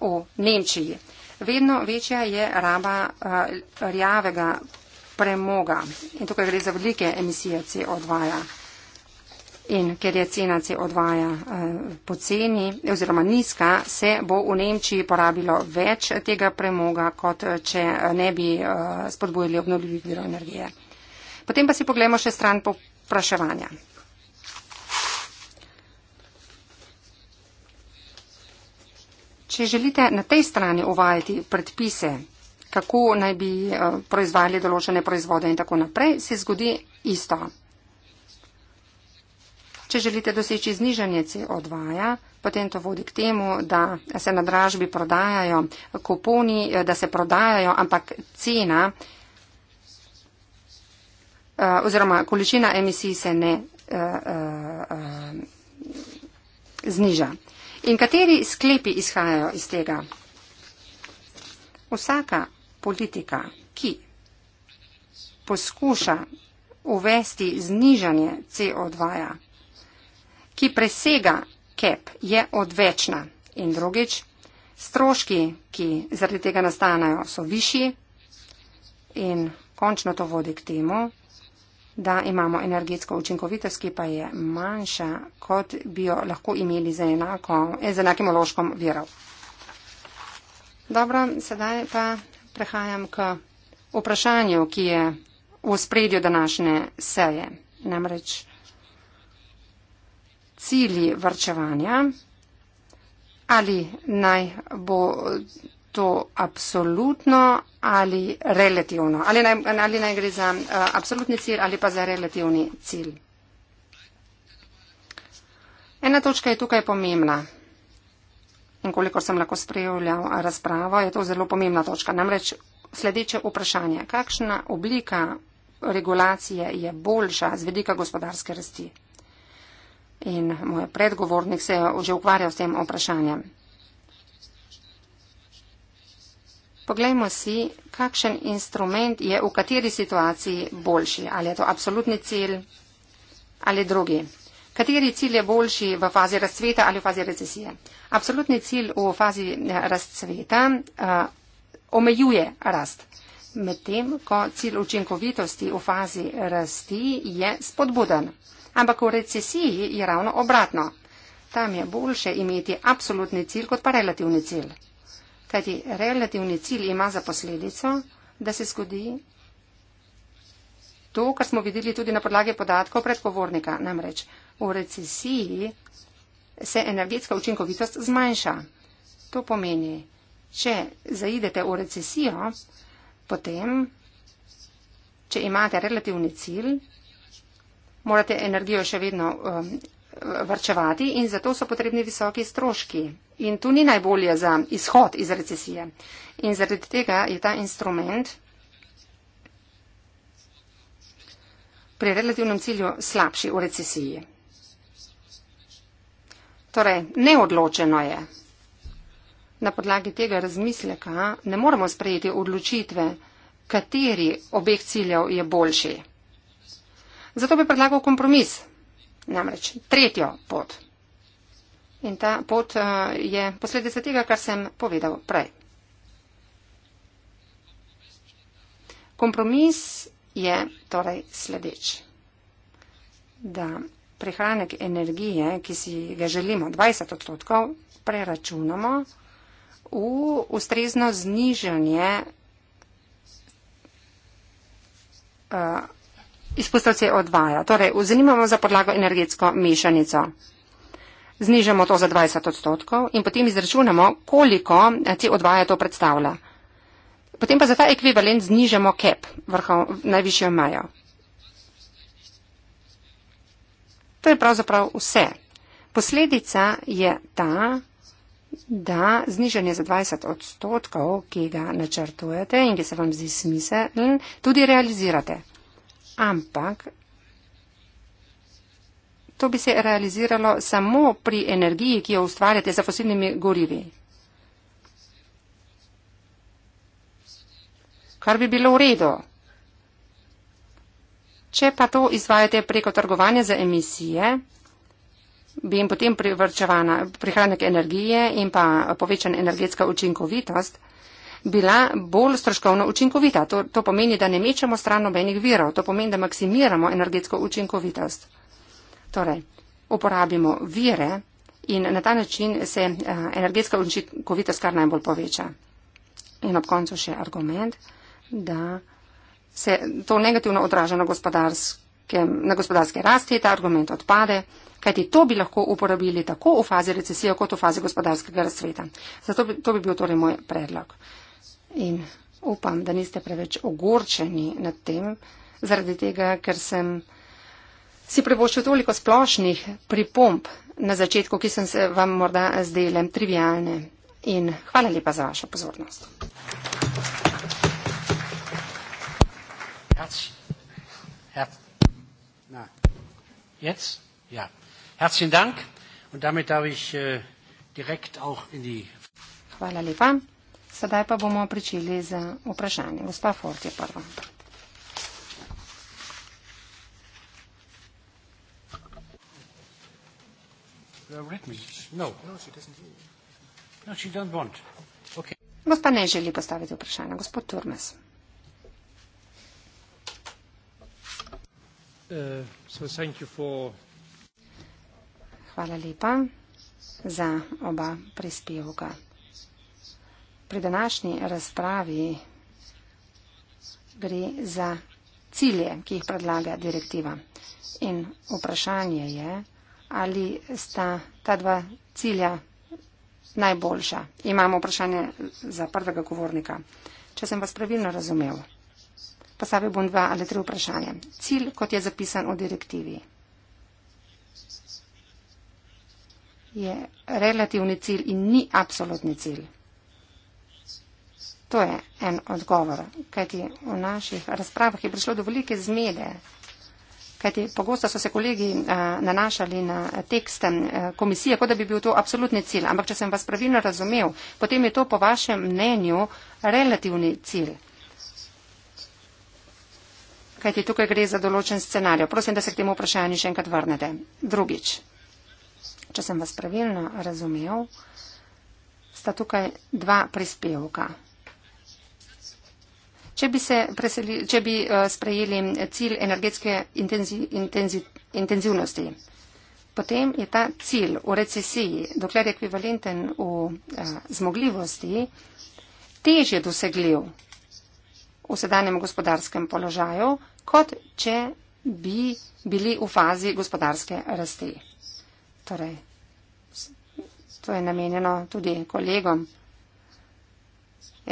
v Nemčiji. Vedno večja je raba eh, rjavega premoga in tukaj gre za velike emisije CO2. -ja. In ker je cena CO2 poceni oziroma nizka, se bo v Nemčiji porabilo več tega premoga, kot če ne bi spodbojili obnovljivih virov energije. Potem pa si pogledamo še stran popraševanja. Če želite na tej strani uvajati predpise, kako naj bi eh, proizvajali določene proizvode in tako naprej, se zgodi isto. Če želite doseči znižanje CO2, ja, potem to vodi k temu, da se na dražbi prodajajo kuponi, eh, da se prodajajo, ampak cena Eh, oziroma količina emisij se ne uh, uh, zniža. In kateri sklepi izhajajo iz tega? Vsaka politika, ki poskuša uvesti znižanje CO2, ki presega CAP, je odvečna. In drugič, stroški, ki zaradi tega nastanajo, so višji in končno to vodi k temu, da imamo energetsko učinkovitost, ki pa je manjša, kot bi jo lahko imeli z, enako, z enakim ološkom virov. Dobro, sedaj pa prehajam k vprašanju, ki je v spredju današnje seje. Namreč cilji vrčevanja ali naj bo to absolutno ali relativno? Ali naj, ali naj gre za uh, absolutni cilj ali pa za relativni cilj? Ena točka je tukaj pomembna. In kolikor sem lahko sprejeljal razpravo, je to zelo pomembna točka. Namreč sledeče vprašanje. Kakšna oblika regulacije je boljša z vedika gospodarske rasti? In moj predgovornik se je že ukvarjal s tem vprašanjem. Poglejmo si, kakšen instrument je v kateri situaciji boljši. Ali je to absolutni cilj ali drugi. Kateri cilj je boljši v fazi razcveta ali v fazi recesije? Absolutni cilj v fazi eh, razcveta uh, omejuje rast. Medtem, ko cilj učinkovitosti v fazi rasti je spodbuden. Ampak v recesiji je ravno obratno. Tam je boljše imeti absolutni cilj kot pa relativni cilj. Kajti relativni cilj ima za posledico, da se zgodi to, kar smo videli tudi na podlagi podatkov predgovornika. Namreč v recesiji se energetska učinkovitost zmanjša. To pomeni, če zaidete v recesijo, potem, če imate relativni cilj, morate energijo še vedno um, varčevati in zato so potrebni visoki stroški. In tu ni najbolje za izhod iz recesije. In zaradi tega je ta instrument pri relativnem cilju slabši v recesiji. Torej, neodločeno je. Na podlagi tega razmisleka ne moremo sprejeti odločitve, kateri obeh ciljev je boljši. Zato bi predlagal kompromis namreč tretjo pot. In ta pot eh, je posledica tega, kar sem povedal prej. Kompromis je torej sledeč, da prihranek energije, ki si ga želimo 20 odstotkov, preračunamo v ustrezno znižanje uh, izpustov CO2, torej vzanimamo za podlago energetsko mešanico. Znižamo to za 20 odstotkov in potem izračunamo, koliko CO2 eh, to predstavlja. Potem pa za ta ekvivalent znižamo CAP, vrhov, najvišjo majo. To je pravzaprav vse. Posledica je ta, da znižanje za 20 odstotkov, ki ga načrtujete in ki se vam zdi smiselno, tudi realizirate ampak to bi se realiziralo samo pri energiji, ki jo ustvarjate za fosilnimi gorivi. Kar bi bilo v redu. Če pa to izvajate preko trgovanja za emisije, bi jim potem privrčevana prihranek energije in pa povečana energetska učinkovitost, bila bolj stroškovno učinkovita. To, to pomeni, da ne mečemo stran obenih virov, to pomeni, da maksimiramo energetsko učinkovitost. Torej, uporabimo vire in na ta način se eh, energetska učinkovitost kar najbolj poveča. In ob koncu še argument, da se to negativno odraža na gospodarske, na gospodarske rasti, ta argument odpade, kajti to bi lahko uporabili tako v fazi recesije, kot v fazi gospodarskega razsveta. Zato bi, to bi bil torej moj predlog in upam, da niste preveč ogorčeni nad tem, zaradi tega, ker sem si prevoščil toliko splošnih pripomp na začetku, ki sem se vam morda zdelem trivialne. In hvala lepa za vašo pozornost. Ja. Äh, hvala lepa. Sedaj pa bomo pričeli z vprašanjem. Gospa Fort je prva. No. No, no, Gospa ne želi postaviti vprašanja. Gospod Turmes. Uh, Hvala lepa za oba prispevka pri današnji razpravi gre za cilje, ki jih predlaga direktiva. In vprašanje je, ali sta ta dva cilja najboljša. Imamo vprašanje za prvega govornika. Če sem vas pravilno razumel, postavil bom dva ali tri vprašanja. Cilj, kot je zapisan v direktivi, je relativni cilj in ni absolutni cilj. To je en odgovor, kajti v naših razpravah je prišlo do velike zmede, kajti pogosto so se kolegi eh, nanašali na tekste eh, komisije, kot da bi bil to absolutni cilj. Ampak, če sem vas pravilno razumel, potem je to po vašem mnenju relativni cilj. Kajti tukaj gre za določen scenarij. Prosim, da se k temu vprašanju še enkrat vrnete. Drugič, če sem vas pravilno razumel, sta tukaj dva prispevka. Če bi, preseli, če bi eh, sprejeli cilj energetske intenzi, intenzi, intenzivnosti, potem je ta cilj v recesiji, dokler je ekvivalenten v eh, zmogljivosti, težje dosegljiv v sedanjem gospodarskem položaju, kot če bi bili v fazi gospodarske rasti. Torej, to je namenjeno tudi kolegom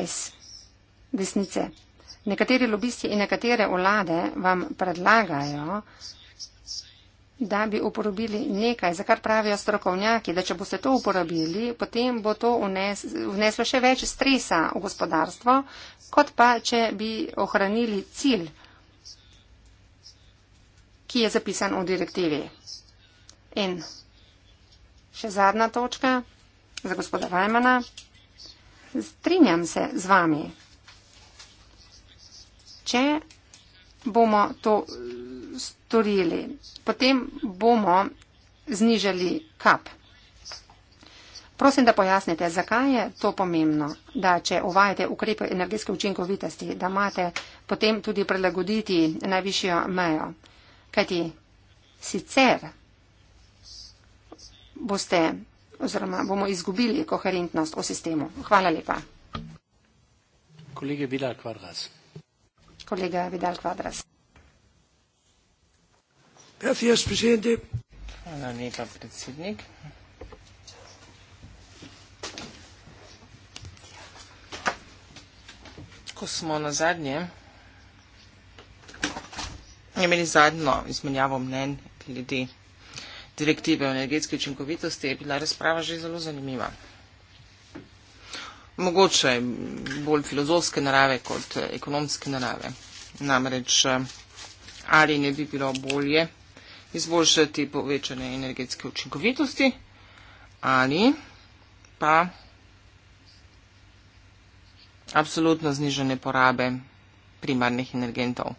iz desnice. Nekateri lobisti in nekatere vlade vam predlagajo, da bi uporabili nekaj, za kar pravijo strokovnjaki, da če boste to uporabili, potem bo to vnes, vneslo še več stresa v gospodarstvo, kot pa če bi ohranili cilj, ki je zapisan v direktivi. In še zadnja točka za gospoda Vajmana. Strinjam se z vami, če bomo to storili, potem bomo znižali kap. Prosim, da pojasnite, zakaj je to pomembno, da če uvajate ukrepe energetske učinkovitosti, da imate potem tudi prilagoditi najvišjo mejo. Kajti sicer boste oziroma bomo izgubili koherentnost v sistemu. Hvala lepa. Kolege Vila Kvadras. Colega Vidal Quadras. Gracias, presidente. Hvala lepa, predsednik. Ko smo na zadnje, imeli zadnjo izmenjavo mnen glede direktive o energetski učinkovitosti, je bila razprava že zelo zanimiva mogoče bolj filozofske narave kot ekonomske narave. Namreč, eh, ali ne bi bilo bolje izboljšati povečanje energetske učinkovitosti, ali pa absolutno znižanje porabe primarnih energentov.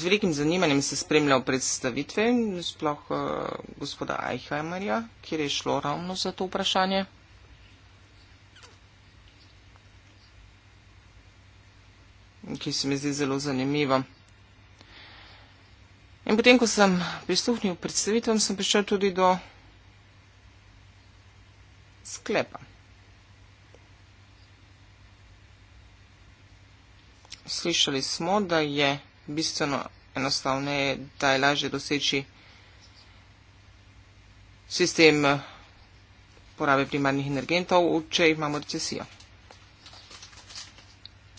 Z velikim zanimanjem sem spremljal predstavitve, sploh uh, gospoda Eichheimerja, kjer je šlo ravno za to vprašanje. Ki se mi zdi zelo zanimivo. In potem, ko sem prisluhnil predstavitvam, sem prišel tudi do sklepa. Slišali smo, da je bistveno enostavneje, da je lažje doseči sistem eh, porabe primarnih energentov, če imamo recesijo.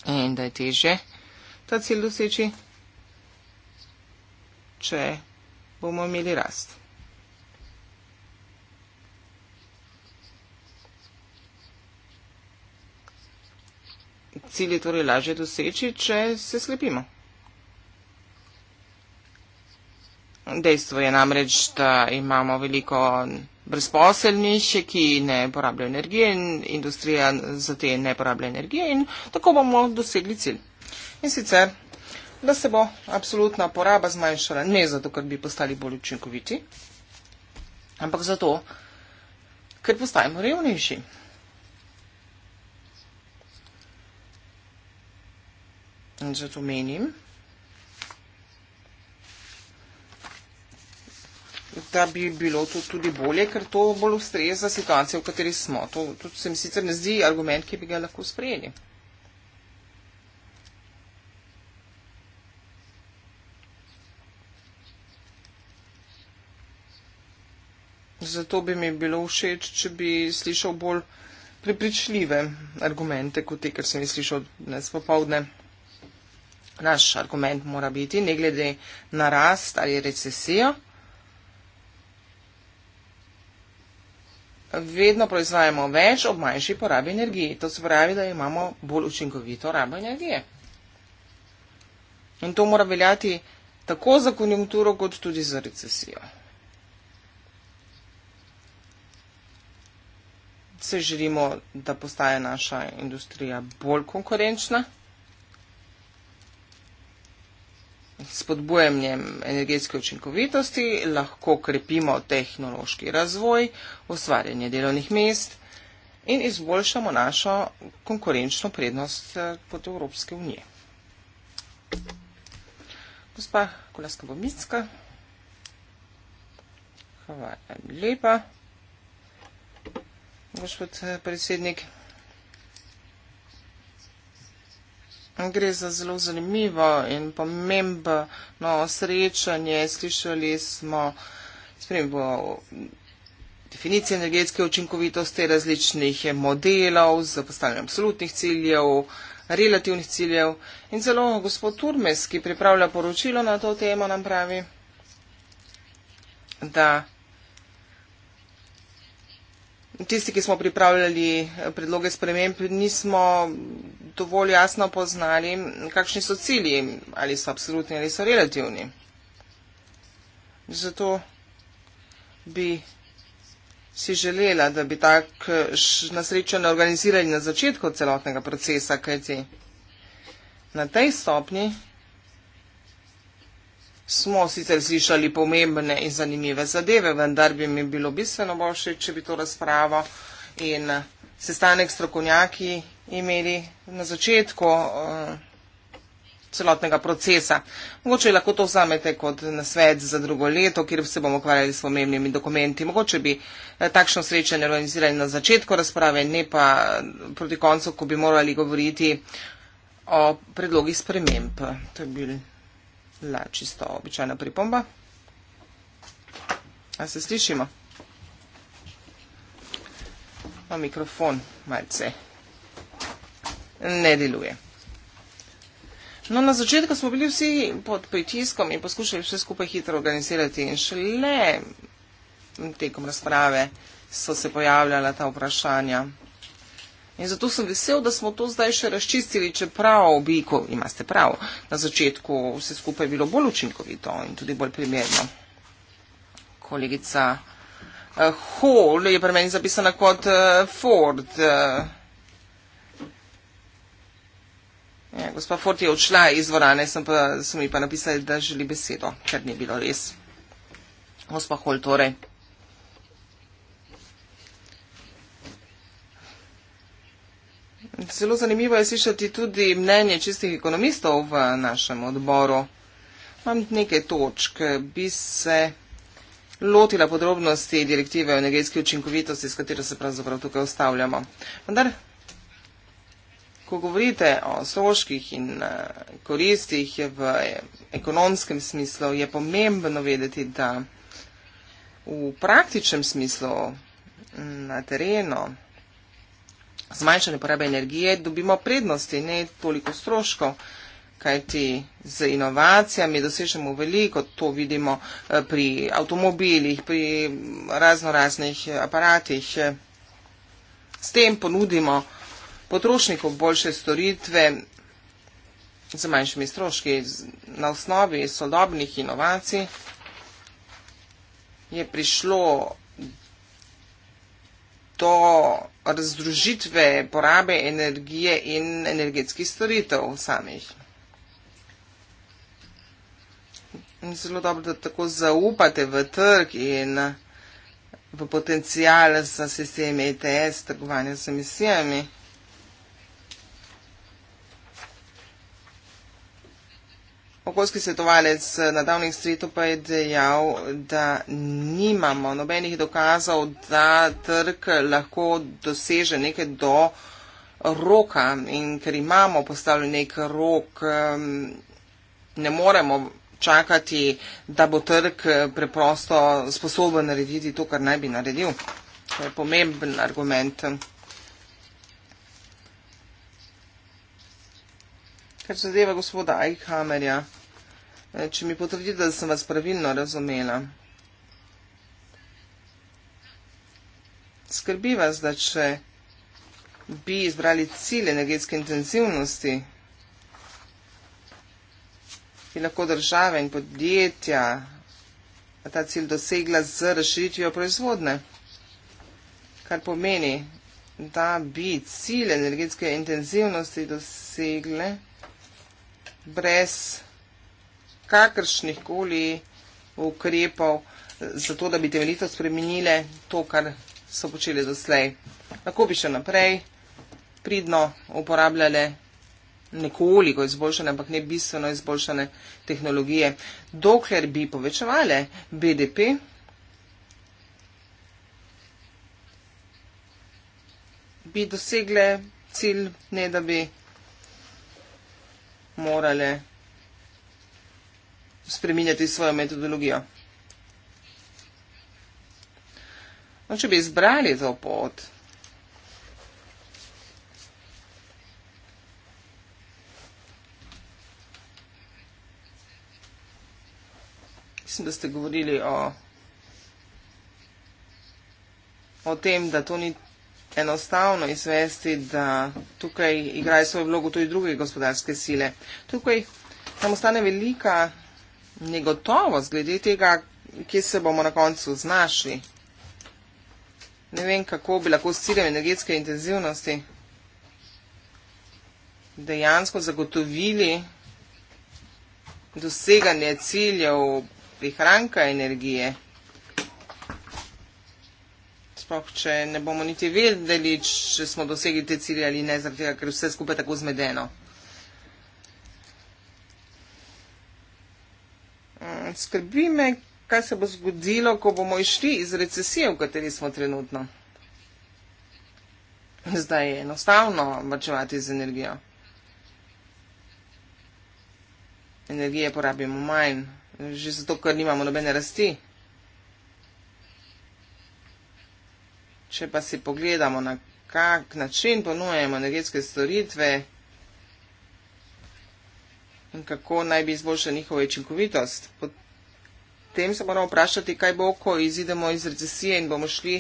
In da je teže ta cilj doseči, če bomo imeli rast. Cilj je torej lažje doseči, če se slepimo. Dejstvo je namreč, da imamo veliko brezposelnih, ki ne porabljajo energije in industrija za te ne porablja energije in tako bomo dosegli cilj. In sicer, da se bo absolutna poraba zmanjšala ne zato, ker bi postali bolj učinkoviti, ampak zato, ker postajamo revnejši. In zato menim, da bi bilo to tudi bolje, ker to bolj ustreza situacijo, v kateri smo. To, to se mi sicer ne zdi argument, ki bi ga lahko sprejeli. Zato bi mi bilo všeč, če bi slišal bolj prepričljive argumente, kot te, kar sem jih slišal danes popovdne. Naš argument mora biti, ne glede na rast ali recesijo. vedno proizvajamo več ob manjši porabi energije. To se pravi, da imamo bolj učinkovito rabo energije. In to mora veljati tako za konjunkturo, kot tudi za recesijo. Se želimo, da postaje naša industrija bolj konkurenčna. spodbujanjem energetske učinkovitosti lahko krepimo tehnološki razvoj, ustvarjanje delovnih mest in izboljšamo našo konkurenčno prednost eh, pod Evropske unije. Gospa Kolaska Bobnicka, hvala lepa, gospod eh, predsednik. Gre za zelo zanimivo in pomembno srečanje. Slišali smo spremljivo definicije energetske učinkovitosti različnih modelov z postavljanjem absolutnih ciljev, relativnih ciljev. In zelo gospod Turmes, ki pripravlja poročilo na to temo, nam pravi, da tisti, ki smo pripravljali eh, predloge sprememb, nismo dovolj jasno poznali, kakšni so cilji, ali so absolutni ali so relativni. Zato bi si želela, da bi tak eh, nasrečen organizirali na začetku celotnega procesa, kajti na tej stopni smo sicer slišali pomembne in zanimive zadeve, vendar bi mi bilo bistveno boljše, če bi to razpravo in sestanek strokovnjaki imeli na začetku eh, celotnega procesa. Mogoče lahko to vzamete kot na svet za drugo leto, kjer se bomo ukvarjali s pomembnimi dokumenti. Mogoče bi eh, takšno srečanje organizirali na začetku razprave, ne pa eh, proti koncu, ko bi morali govoriti o predlogi sprememb. To je bilo la čisto običajna pripomba. A se slišimo? Pa mikrofon malce ne deluje. No, na začetku smo bili vsi pod pritiskom in poskušali vse skupaj hitro organizirati in šele tekom razprave so se pojavljala ta vprašanja. In zato sem vesel, da smo to zdaj še razčistili, čeprav bi, ko imate prav, na začetku vse skupaj bilo bolj učinkovito in tudi bolj primerno. Kolegica uh, Hall je pri meni zapisana kot uh, Ford. Uh, ja, gospa Ford je odšla iz dvorane, so mi pa napisali, da želi besedo, ker ni bilo res. Gospa Hall torej. Zelo zanimivo je slišati tudi mnenje čistih ekonomistov v našem odboru. Imam nekaj točk. Bi se lotila podrobnosti direktive o energetski učinkovitosti, s katero se pravzaprav tukaj ustavljamo. Vendar, ko govorite o stroških in eh, koristih v ekonomskem smislu, je pomembno vedeti, da v praktičnem smislu na terenu zmanjšanje porabe energije, dobimo prednosti, ne toliko stroškov. Kajti z inovacijami dosežemo veliko, to vidimo eh, pri avtomobilih, pri raznoraznih eh, aparatih. S tem ponudimo potrošniku boljše storitve z manjšimi stroški. Na osnovi sodobnih inovacij je prišlo do razdružitve porabe energije in energetskih storitev samih. Zelo dobro, da tako zaupate v trg in v potencijal za sistem ETS, trgovanje z emisijami. Okoljski svetovalec na davnih stretu pa je dejal, da nimamo nobenih dokazov, da trg lahko doseže nekaj do roka in ker imamo postavljen nek rok, ne moremo čakati, da bo trg preprosto sposoben narediti to, kar naj bi naredil. To je pomemben argument. kar se zadeva gospoda Eichhamerja. Eh, če mi potrdite, da sem vas pravilno razumela. Skrbi vas, da če bi izbrali cilj energetske intenzivnosti, bi lahko države in podjetja ta cilj dosegla z razširitvijo proizvodne. Kar pomeni, da bi cilj energetske intenzivnosti dosegle brez kakršnih koli ukrepov, zato da bi temeljito spremenile to, kar so počeli doslej. Lahko bi še naprej pridno uporabljale nekoliko izboljšane, ampak ne bistveno izboljšane tehnologije, dokler bi povečevale BDP. bi dosegle cilj, ne da bi morale spreminjati svojo metodologijo. No, če bi izbrali to pot, mislim, da ste govorili o, o tem, da to ni enostavno izvesti, da tukaj igrajo svojo vlogo tudi druge gospodarske sile. Tukaj nam ostane velika negotovost glede tega, kje se bomo na koncu znašli. Ne vem, kako bi lahko s ciljem energetske intenzivnosti dejansko zagotovili doseganje ciljev prihranka energije sploh če ne bomo niti vedeli, če smo dosegli te cilje ali ne, zaradi tega, ker vse skupaj tako zmedeno. Mm, skrbi me, kaj se bo zgodilo, ko bomo išli iz recesije, v kateri smo trenutno. Zdaj je enostavno vrčevati z energijo. Energije porabimo manj, že zato, ker nimamo nobene rasti. Če pa si pogledamo, na kak način ponujemo energetske storitve in kako naj bi izboljšali njihovo učinkovitost, potem se moramo vprašati, kaj bo, ko izidemo iz recesije in bomo šli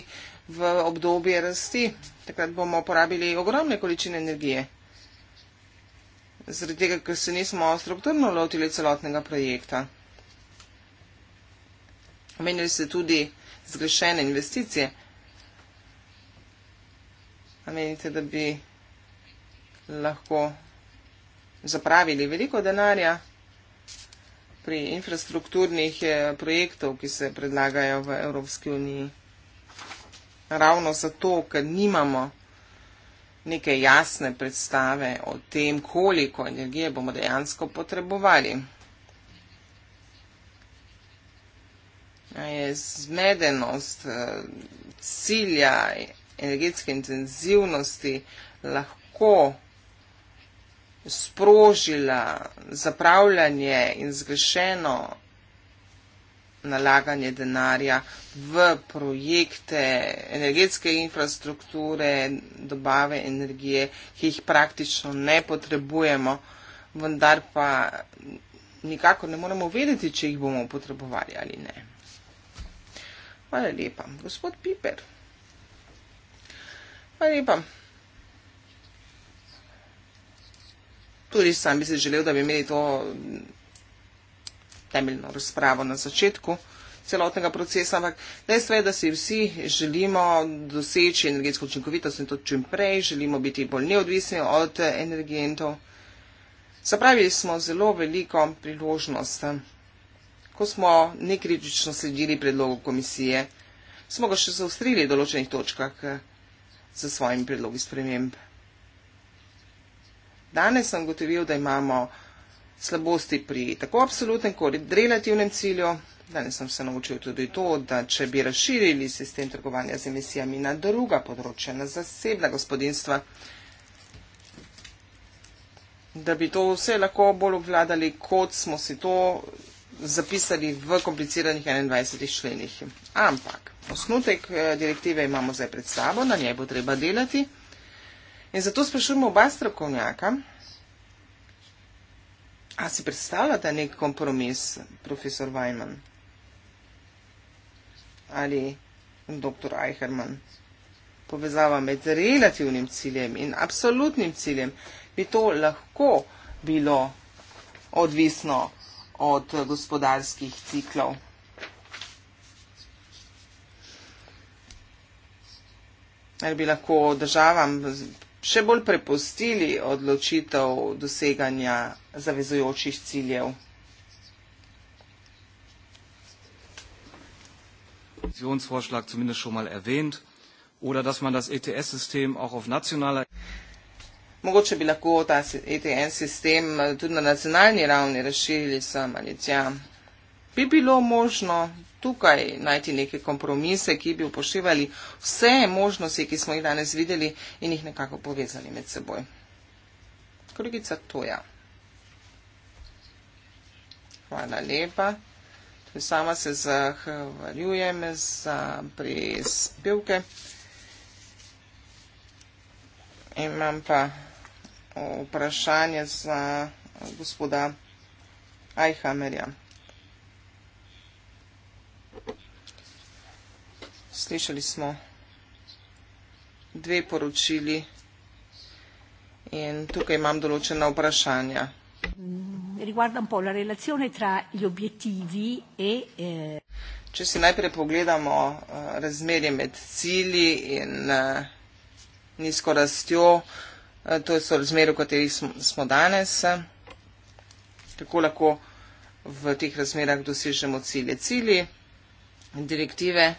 v obdobje rasti. Takrat bomo porabili ogromne količine energije. Zaradi tega, ker se nismo strukturno lotili celotnega projekta. Omenili ste tudi zgrešene investicije. A menite, da bi lahko zapravili veliko denarja pri infrastrukturnih eh, projektov, ki se predlagajo v Evropski uniji. Ravno zato, ker nimamo neke jasne predstave o tem, koliko energije bomo dejansko potrebovali. Je zmedenost eh, cilja energetske intenzivnosti lahko sprožila zapravljanje in zgrešeno nalaganje denarja v projekte energetske infrastrukture, dobave energije, ki jih praktično ne potrebujemo, vendar pa nikako ne moremo vedeti, če jih bomo potrebovali ali ne. Hvala lepa. Gospod Piper. Hvala lepa. Tudi sam bi si želel, da bi imeli to temeljno razpravo na začetku celotnega procesa, ampak dejstvo je, da si vsi želimo doseči energetsko učinkovitost in to čim prej, želimo biti bolj neodvisni od energentov. Zapravili smo zelo veliko priložnost. Ko smo nekritično sledili predlogu komisije, smo ga še zaustrili v določenih točkah z svojimi predlogi sprememb. Danes sem gotovil, da imamo slabosti pri tako absolutnem kot relativnem cilju. Danes sem se naučil tudi to, da če bi razširili sistem trgovanja z emisijami na druga področja, na zasebna gospodinstva, da bi to vse lahko bolj obvladali, kot smo si to zapisali v kompliciranih 21 členih. Ampak Osnutek eh, direktive imamo zdaj pred sabo, na njej bo treba delati. In zato sprašujemo oba strokovnjaka, a si predstavljate nek kompromis, profesor Weiman ali dr. Eicherman? Povezava med relativnim ciljem in absolutnim ciljem bi to lahko bilo odvisno od gospodarskih ciklov. ali bi lahko državam še bolj prepustili odločitev doseganja zavezujočih ciljev. E Mogoče bi lahko ta ETN sistem eh, tudi na nacionalni ravni razširili sem ali tja. Bi bilo možno tukaj najti neke kompromise, ki bi upoštevali vse možnosti, ki smo jih danes videli in jih nekako povezali med seboj. Kolegica Toja. Hvala lepa. Tudi sama se zahvaljujem za prispevke. Imam pa vprašanje za gospoda Ajhamerja. slišali smo dve poročili in tukaj imam določena vprašanja. E, eh, Če si najprej pogledamo eh, razmerje med cilji in eh, nizko rastjo, to so razmerje, v kateri smo danes, tako lahko v teh razmerah dosežemo cilje. Cilji direktive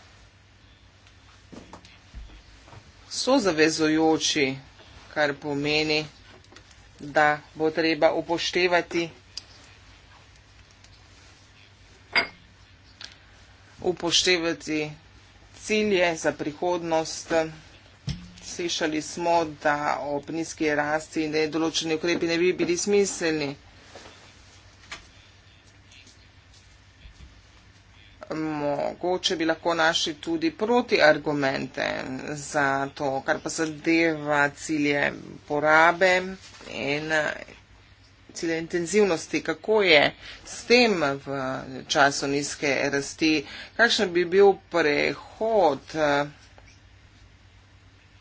so zavezojoči, kar pomeni, da bo treba upoštevati, upoštevati cilje za prihodnost. Slišali smo, da ob nizki rasti nedoločeni ukrepi ne bi bili smiselni. mogoče bi lahko našli tudi protiargumente za to, kar pa zadeva cilje porabe in eh, cilje intenzivnosti, kako je s tem v času nizke rasti, kakšen bi bil prehod,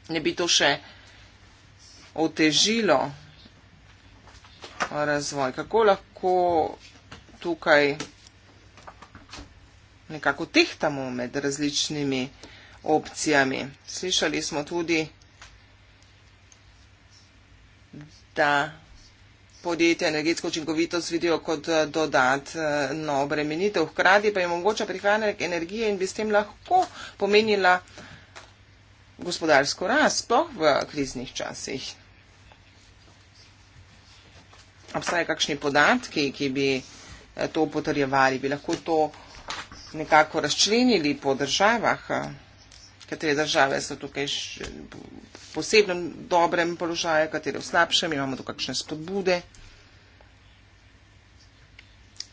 ne bi to še otežilo razvoj, kako lahko tukaj nekako tehtamo med različnimi opcijami. Slišali smo tudi, da podjetja energetsko učinkovitost vidijo kot eh, dodatno eh, obremenitev. Hkrati pa je mogoče prihranek energije in bi s tem lahko pomenila gospodarsko rast v kriznih časih. Obstajajo kakšni podatki, ki bi eh, to potrjevali, bi lahko to nekako razčlenili po državah, eh, katere države so tukaj v posebnem dobrem položaju, katere v slabšem, imamo tu kakšne spodbude.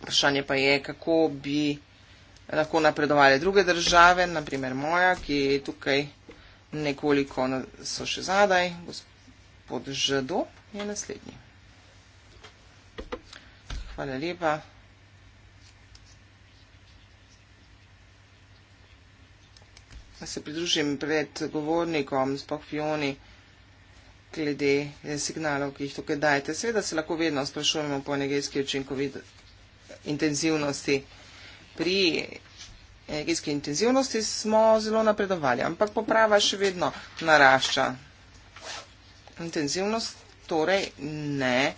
Vprašanje pa je, kako bi lahko napredovali druge države, naprimer moja, ki je tukaj nekoliko so še zadaj, gospod Žedo je naslednji. Hvala lepa. da se pridružim pred govornikom, spoh Fioni, glede eh, signalov, ki jih tukaj dajete. Seveda se lahko vedno sprašujemo po energetski intenzivnosti. Pri energetski intenzivnosti smo zelo napredovali, ampak poprava še vedno narašča. Intenzivnost torej ne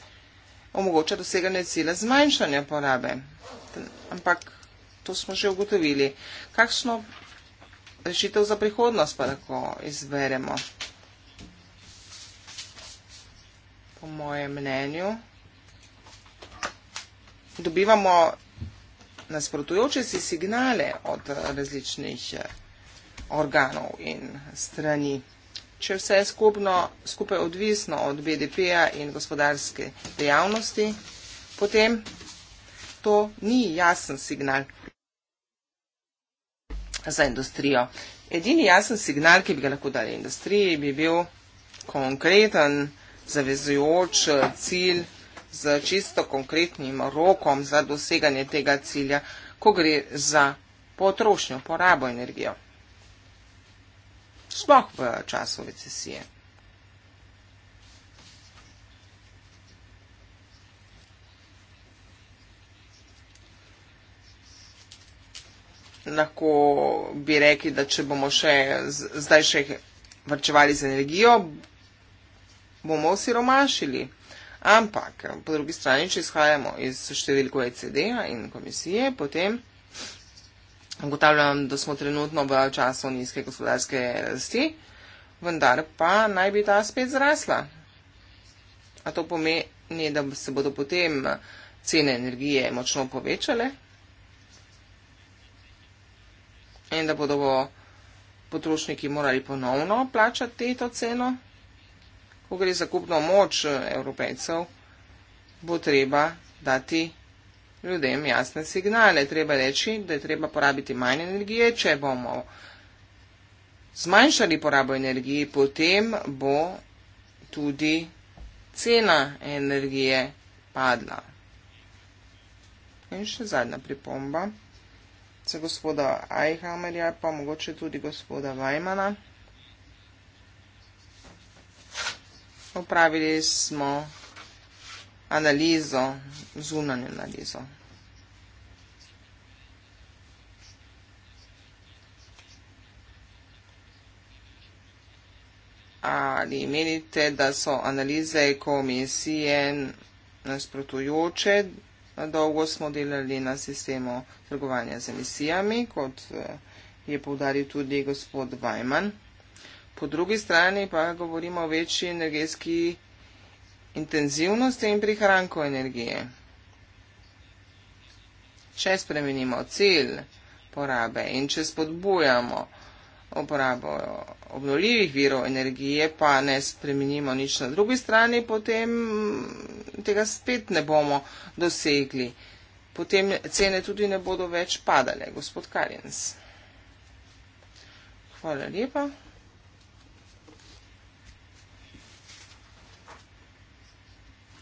omogoča doseganje cilja zmanjšanja porabe. Ampak to smo že ugotovili. Kakšno rešitev za prihodnost pa lahko izberemo. Po mojem mnenju dobivamo nasprotujoče si signale od različnih eh, organov in strani. Če vse je skupno, skupaj odvisno od BDP-ja in gospodarske dejavnosti, potem to ni jasen signal za industrijo. Edini jasen signal, ki bi ga lahko dali industriji, bi bil konkreten, zavezujoč eh, cilj z čisto konkretnim rokom za doseganje tega cilja, ko gre za potrošnjo, porabo energijo. Sploh v času recesije. lahko bi rekli, da če bomo še zdaj še vrčevali z energijo, bomo osiromašili. Ampak, po drugi strani, če izhajamo iz številko ECD-ja in komisije, potem ugotavljam, da smo trenutno v času nizke gospodarske rasti, vendar pa naj bi ta spet zrasla. A to pomeni, da se bodo potem cene energije močno povečale? in da bodo potrošniki morali ponovno plačati to ceno. Ko gre za kupno moč eh, evropejcev, bo treba dati ljudem jasne signale. Treba reči, da je treba porabiti manj energije. Če bomo zmanjšali porabo energije, potem bo tudi cena energije padla. In še zadnja pripomba se gospoda Eichhammerja, pa mogoče tudi gospoda Weimana. Opravili smo analizo, zunanjo analizo. Ali menite, da so analize komisije nasprotujoče? Dolgo smo delali na sistemu trgovanja z emisijami, kot eh, je povdaril tudi gospod Vajman. Po drugi strani pa govorimo o večji energetski intenzivnosti in prihranku energije. Če spremenimo cilj porabe in če spodbujamo, uporabo obnovljivih virov energije, pa ne spremenimo nič na drugi strani, potem mm, tega spet ne bomo dosegli. Potem cene tudi ne bodo več padale, gospod Karjens. Hvala lepa.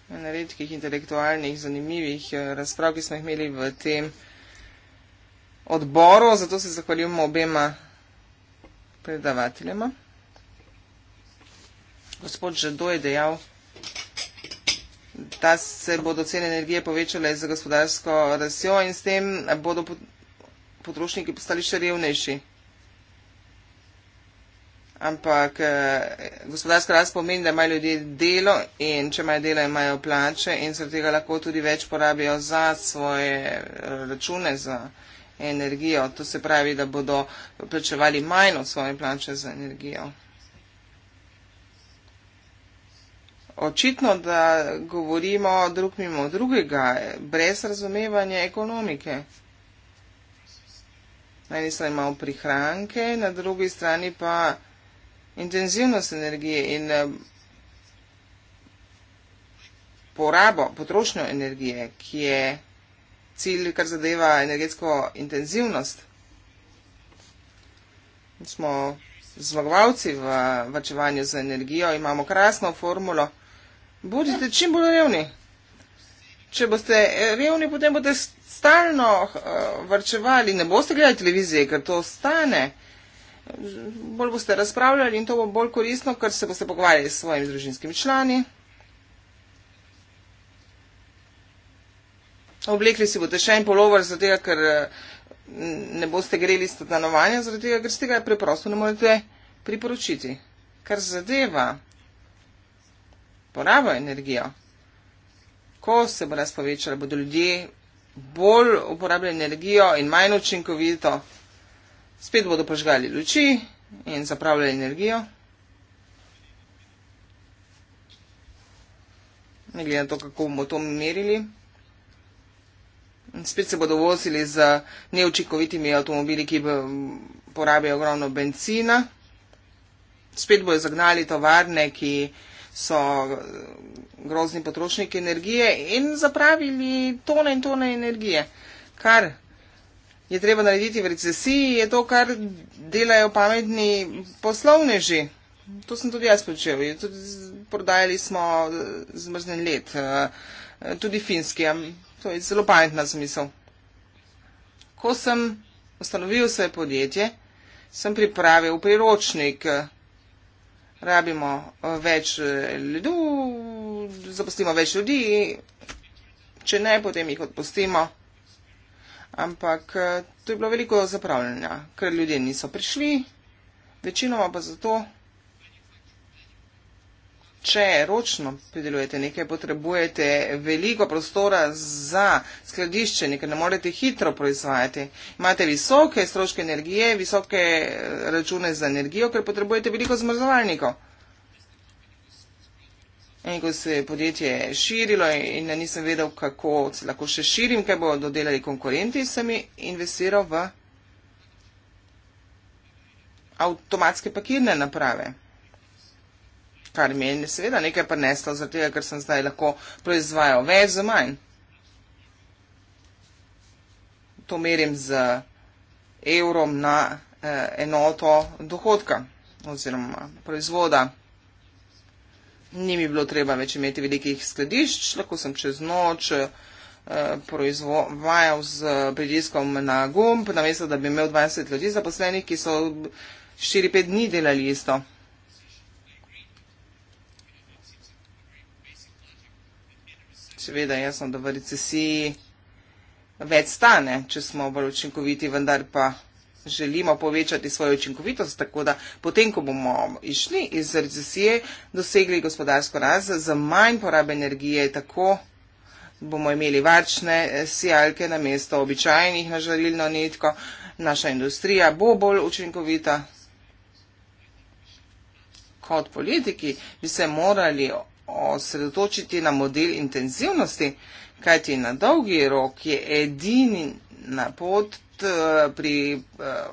Na redkih intelektualnih zanimivih eh, razprav, ki smo jih imeli v tem odboru, zato se zahvaljujemo obema predavateljema. Gospod Žado je dejal, da se bodo cene energije povečale za gospodarsko rasjo in s tem bodo potrošniki postali še revnejši. Ampak eh, gospodarska rast pomeni, da imajo ljudje delo in če imajo delo, imajo plače in zaradi tega lahko tudi več porabijo za svoje eh, račune, za energijo. To se pravi, da bodo plačevali manj od svoje plače za energijo. Očitno, da govorimo drug mimo drugega, brez razumevanja ekonomike. Na eni strani imamo prihranke, na drugi strani pa intenzivnost energije in eh, porabo, potrošnjo energije, ki je cilj, kar zadeva energetsko intenzivnost. Smo zmagovalci v vačevanju za energijo, imamo krasno formulo. Bodite čim bolj revni. Če boste revni, potem boste stalno eh, vrčevali, ne boste gledali televizije, ker to stane. Bolj boste razpravljali in to bo bolj koristno, ker se boste pogovarjali s svojimi družinskimi člani. Oblekli si boste še en polover, zato ker eh, ne boste greli iz stanovanja, zato ker si tega preprosto ne morete priporočiti. Kar zadeva porabo energijo, ko se bo raz povečala, bodo ljudje bolj uporabljali energijo in manj učinkovito, spet bodo požgali luči in zapravljali energijo. Ne glede na to, kako bomo to merili spet se bodo vozili z neučinkovitimi avtomobili, ki porabijo ogromno benzina, spet bojo zagnali tovarne, ki so grozni potrošniki energije in zapravili tone in tone energije. Kar je treba narediti v recesiji, je to, kar delajo pametni poslovneži. To sem tudi jaz počel. Tudi prodajali smo zmrznen let, eh, tudi finski, To je zelo pametna zmisel. Ko sem ustanovil svoje podjetje, sem pripravil priročnik. Rabimo eh, več eh, ljudi, zapustimo več ljudi, če ne, potem jih odpustimo. Ampak eh, to je bilo veliko zapravljanja, ker ljudje niso prišli, večinoma pa zato. Če ročno pridelujete nekaj, potrebujete veliko prostora za skladiščenje, ker ne morete hitro proizvajati. Imate visoke stroške energije, visoke eh, račune za energijo, ker potrebujete veliko zmrzovalnikov. In ko se je podjetje širilo in ne nisem vedel, kako se lahko še širim, kaj bodo dodelali konkurenti, sem investiral v avtomatske pakirne naprave kar mi je seveda nekaj preneslo, zato ker sem zdaj lahko proizvajal več za manj. To merim z evrom na eh, enoto dohodka oziroma proizvoda. Ni mi bilo treba več imeti velikih skladišč, lahko sem čez noč eh, proizvajal z pritiskom na gumb, namesto da bi imel 20 ljudi zaposlenih, ki so 4-5 dni delali isto. seveda jasno, da v recesiji več stane, če smo bolj učinkoviti, vendar pa želimo povečati svojo učinkovitost, tako da potem, ko bomo išli iz recesije, dosegli gospodarsko rast za manj porabe energije, tako bomo imeli varčne sijalke na mesto običajnih na žarilno nitko, naša industrija bo bolj učinkovita. Kot politiki bi se morali osredotočiti na model intenzivnosti, kajti na dolgi rok je edini napot eh, pri eh,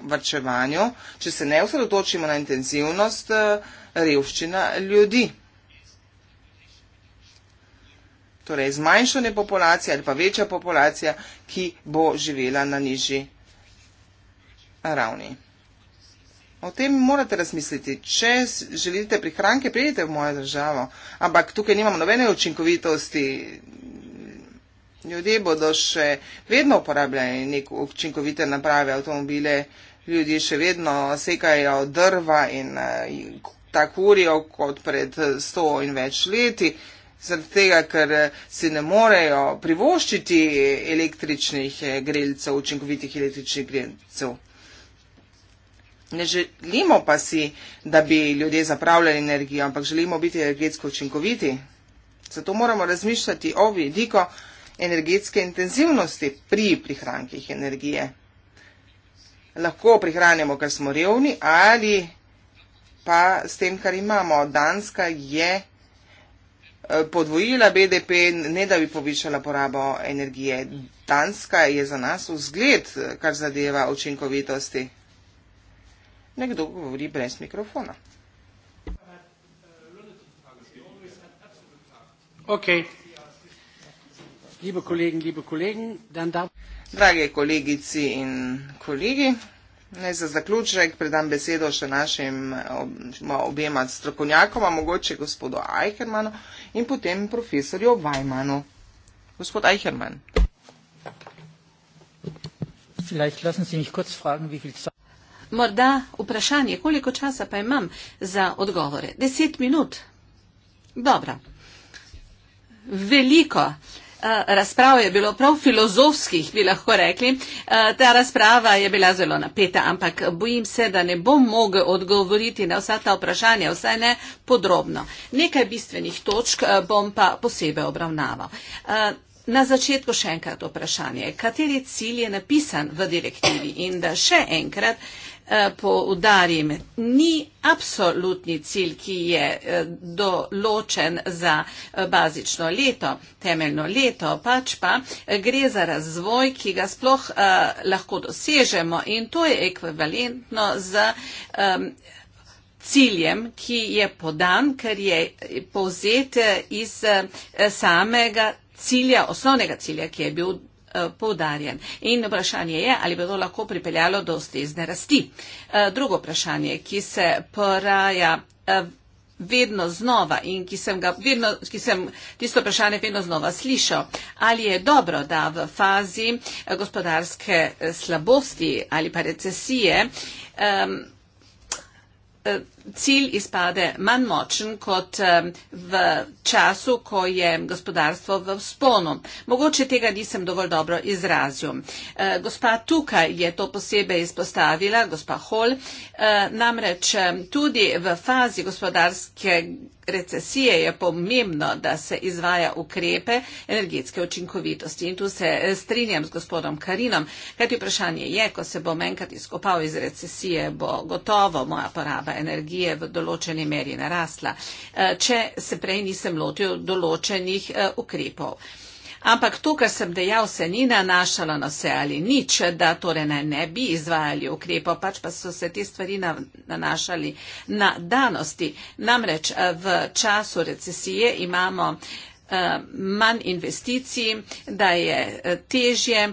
vrčevanju, če se ne osredotočimo na intenzivnost, eh, revščina ljudi. Torej, zmanjšanje populacije ali pa večja populacija, ki bo živela na nižji ravni. O tem morate razmisliti. Če želite prihranke, pridite v mojo državo. Ampak tukaj nimamo nobene učinkovitosti. Ljudje bodo še vedno uporabljali neke učinkovite naprave, avtomobile. Ljudje še vedno sekajo drva in eh, tako urijo kot pred sto in več leti, zaradi tega, ker si ne morejo privoščiti električnih eh, grelcev, učinkovitih električnih grelcev. Ne želimo pa si, da bi ljudje zapravljali energijo, ampak želimo biti energetsko učinkoviti. Zato moramo razmišljati o vidiko energetske intenzivnosti pri prihrankih energije. Lahko prihranimo, ker smo revni ali pa s tem, kar imamo. Danska je eh, podvojila BDP, ne da bi povišala porabo energije. Danska je za nas vzgled, kar zadeva učinkovitosti nekdo govori brez mikrofona. Okay. Liebe Kollegen, liebe Kollegen, dann darf... Drage kolegici in kolegi, ne za zaključek predam besedo še našim objema strokovnjakoma, mogoče gospodu Eichermanu in potem profesorju Weimanu. Gospod Eichermann. Vielleicht lassen Sie mich kurz fragen, wie viel Zeit... Morda vprašanje, koliko časa pa imam za odgovore? Deset minut. Dobro. Veliko. Eh, razprav je bilo prav filozofskih, bi lahko rekli. Eh, ta razprava je bila zelo napeta, ampak bojim se, da ne bom mogel odgovoriti na vsa ta vprašanja, vsaj ne podrobno. Nekaj bistvenih točk eh, bom pa posebej obravnaval. Na začetku še enkrat vprašanje, kateri cilj je napisan v direktivi in da še enkrat Eh, poudarim, ni absolutni cilj, ki je eh, določen za eh, bazično leto, temeljno leto, pač pa gre za razvoj, ki ga sploh lahko dosežemo in to je ekvivalentno z ciljem, ki je podan, ker je povzete iz samega cilja, osnovnega cilja, ki je bil Eh, poudarjen. In vprašanje je, ali bo to lahko pripeljalo do ustrezne rasti. Eh, drugo vprašanje, ki se poraja eh, vedno znova in ki sem, ga, vedno, ki sem tisto vprašanje vedno znova slišal, ali je dobro, da v fazi gospodarske slabosti ali pa recesije um, cilj izpade manj močen kot v času, ko je gospodarstvo v sponu. Mogoče tega nisem dovolj dobro izrazil. E, gospa tukaj je to posebej izpostavila, gospa Hol, e, namreč tudi v fazi gospodarske recesije je pomembno, da se izvaja ukrepe energetske učinkovitosti. In tu se e, strinjam s gospodom Karinom, kajti vprašanje je, ko se bom enkrat izkopal iz recesije, bo gotovo moja poraba energije je v določeni meri narasla, eh, če se prej nisem lotil določenih eh, ukrepov. Ampak to, kar sem dejal, se ni nanašalo na vse ali nič, da torej naj ne bi izvajali ukrepov, pač pa so se te stvari nanašali na danosti. Namreč eh, v času recesije imamo manj investicij, da je težje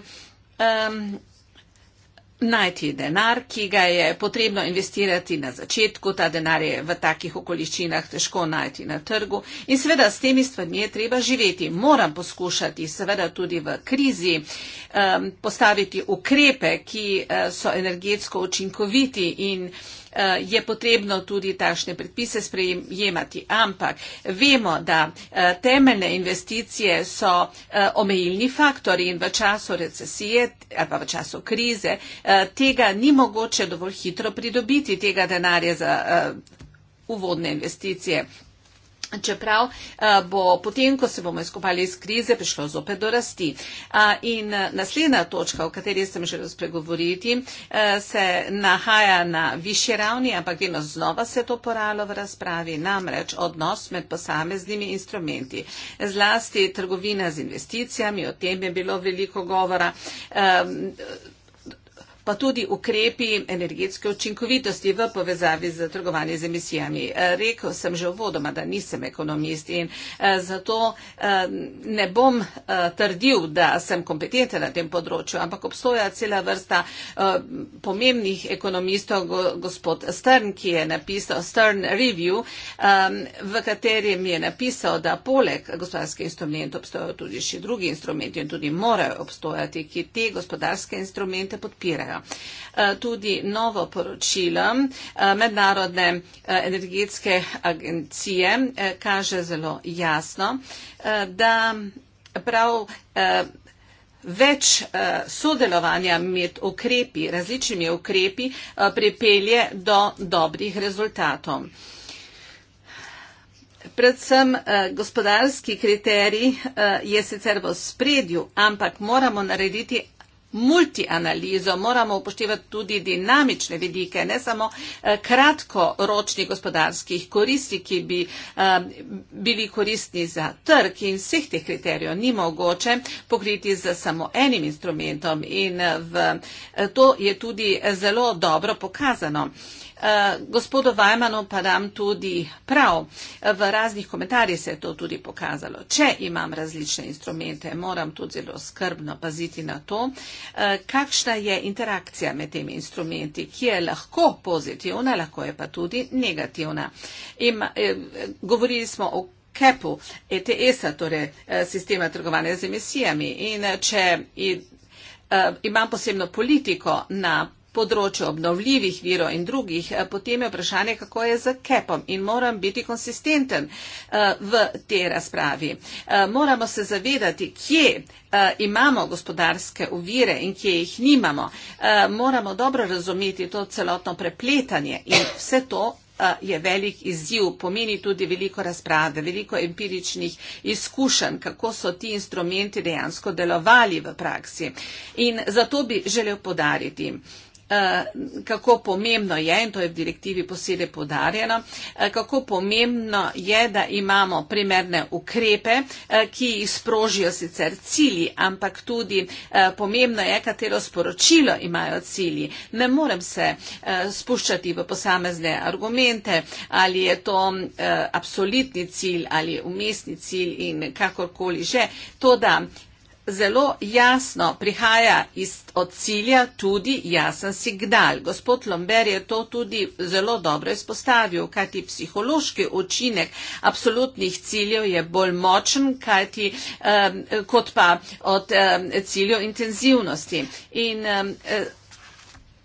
najti denar, ki ga je potrebno investirati na začetku, ta denar je v takih okoliščinah težko najti na trgu in seveda s temi stvarmi je treba živeti. Moram poskušati seveda tudi v krizi um, postaviti ukrepe, ki uh, so energetsko učinkoviti in uh, Eh, je potrebno tudi tašne predpise sprejemati. Ampak vemo, da eh, temeljne investicije so eh, omejilni faktori in v času recesije ali pa v času krize tega ni mogoče dovolj hitro pridobiti, tega denarja za uvodne investicije. Čeprav eh, bo potem, ko se bomo izkopali iz krize, prišlo zopet do rasti. Eh, in eh, naslednja točka, o kateri sem želel spregovoriti, se nahaja na višji ravni, ampak vedno znova se to poralo v razpravi, namreč odnos med posameznimi instrumenti. Zlasti trgovina z investicijami, o tem je bilo veliko govora pa tudi ukrepi energetske učinkovitosti v povezavi z trgovanjem z emisijami. Eh, Rekl sem že uvodoma, da nisem ekonomist in eh, zato eh, ne bom trdil, da sem kompetenten na tem področju, ampak obstoja cela vrsta pomembnih ekonomistov, gospod Stern, ki je napisal Stern Review, v katerem je napisal, da poleg gospodarskih instrumentov obstojajo tudi še drugi instrumenti in tudi morajo obstojati, ki te gospodarske instrumente podpirajo tega. Eh, tudi novo poročilo eh, Mednarodne eh, energetske agencije kaže zelo jasno, da prav več sodelovanja med ukrepi, različnimi ukrepi, pripelje do dobrih rezultatov. Predvsem eh, gospodarski kriterij eh, je sicer v spredju, ampak moramo narediti multianalizo moramo upoštevati tudi dinamične vidike, ne samo eh, kratkoročnih gospodarskih koristi, ki bi eh, bili koristni za trg in vseh teh kriterijev ni mogoče pokriti z samo enim instrumentom in eh, v, to je tudi zelo dobro pokazano. Eh, gospodu Vajmanu pa dam tudi prav. V raznih komentarjih se je to tudi pokazalo. Če imam različne instrumente, moram tudi zelo skrbno paziti na to, eh, kakšna je interakcija med temi instrumenti, ki je lahko pozitivna, lahko je pa tudi negativna. In, eh, govorili smo o CAP-u, ETS-a, torej sistema trgovanja z emisijami. In če imam posebno politiko na področju obnovljivih virov in drugih, eh, potem je vprašanje, kako je z kepom in moram biti konsistenten eh, v tej razpravi. Eh, moramo se zavedati, kje imamo gospodarske uvire in kje jih nimamo. Moramo dobro razumeti to celotno prepletanje in vse to je velik izziv, pomeni tudi veliko razprave, veliko empiričnih izkušenj, kako so ti instrumenti dejansko delovali v praksi. In zato bi želel podariti. Eh, kako pomembno je, in to je v direktivi posebej podarjeno, eh, kako pomembno je, da imamo primerne ukrepe, eh, ki izprožijo sicer cilji, ampak tudi pomembno je, katero sporočilo imajo cilji. Ne morem se spuščati v posamezne argumente, ali je to absolutni cilj ali umestni cilj in kakorkoli že. To, da zelo jasno prihaja iz, od cilja tudi jasen signal. Gospod Lomber je to tudi zelo dobro izpostavil, kajti psihološki učinek apsolutnih ciljev je bolj močen, kajti eh, kot pa od eh, ciljev intenzivnosti. In, eh,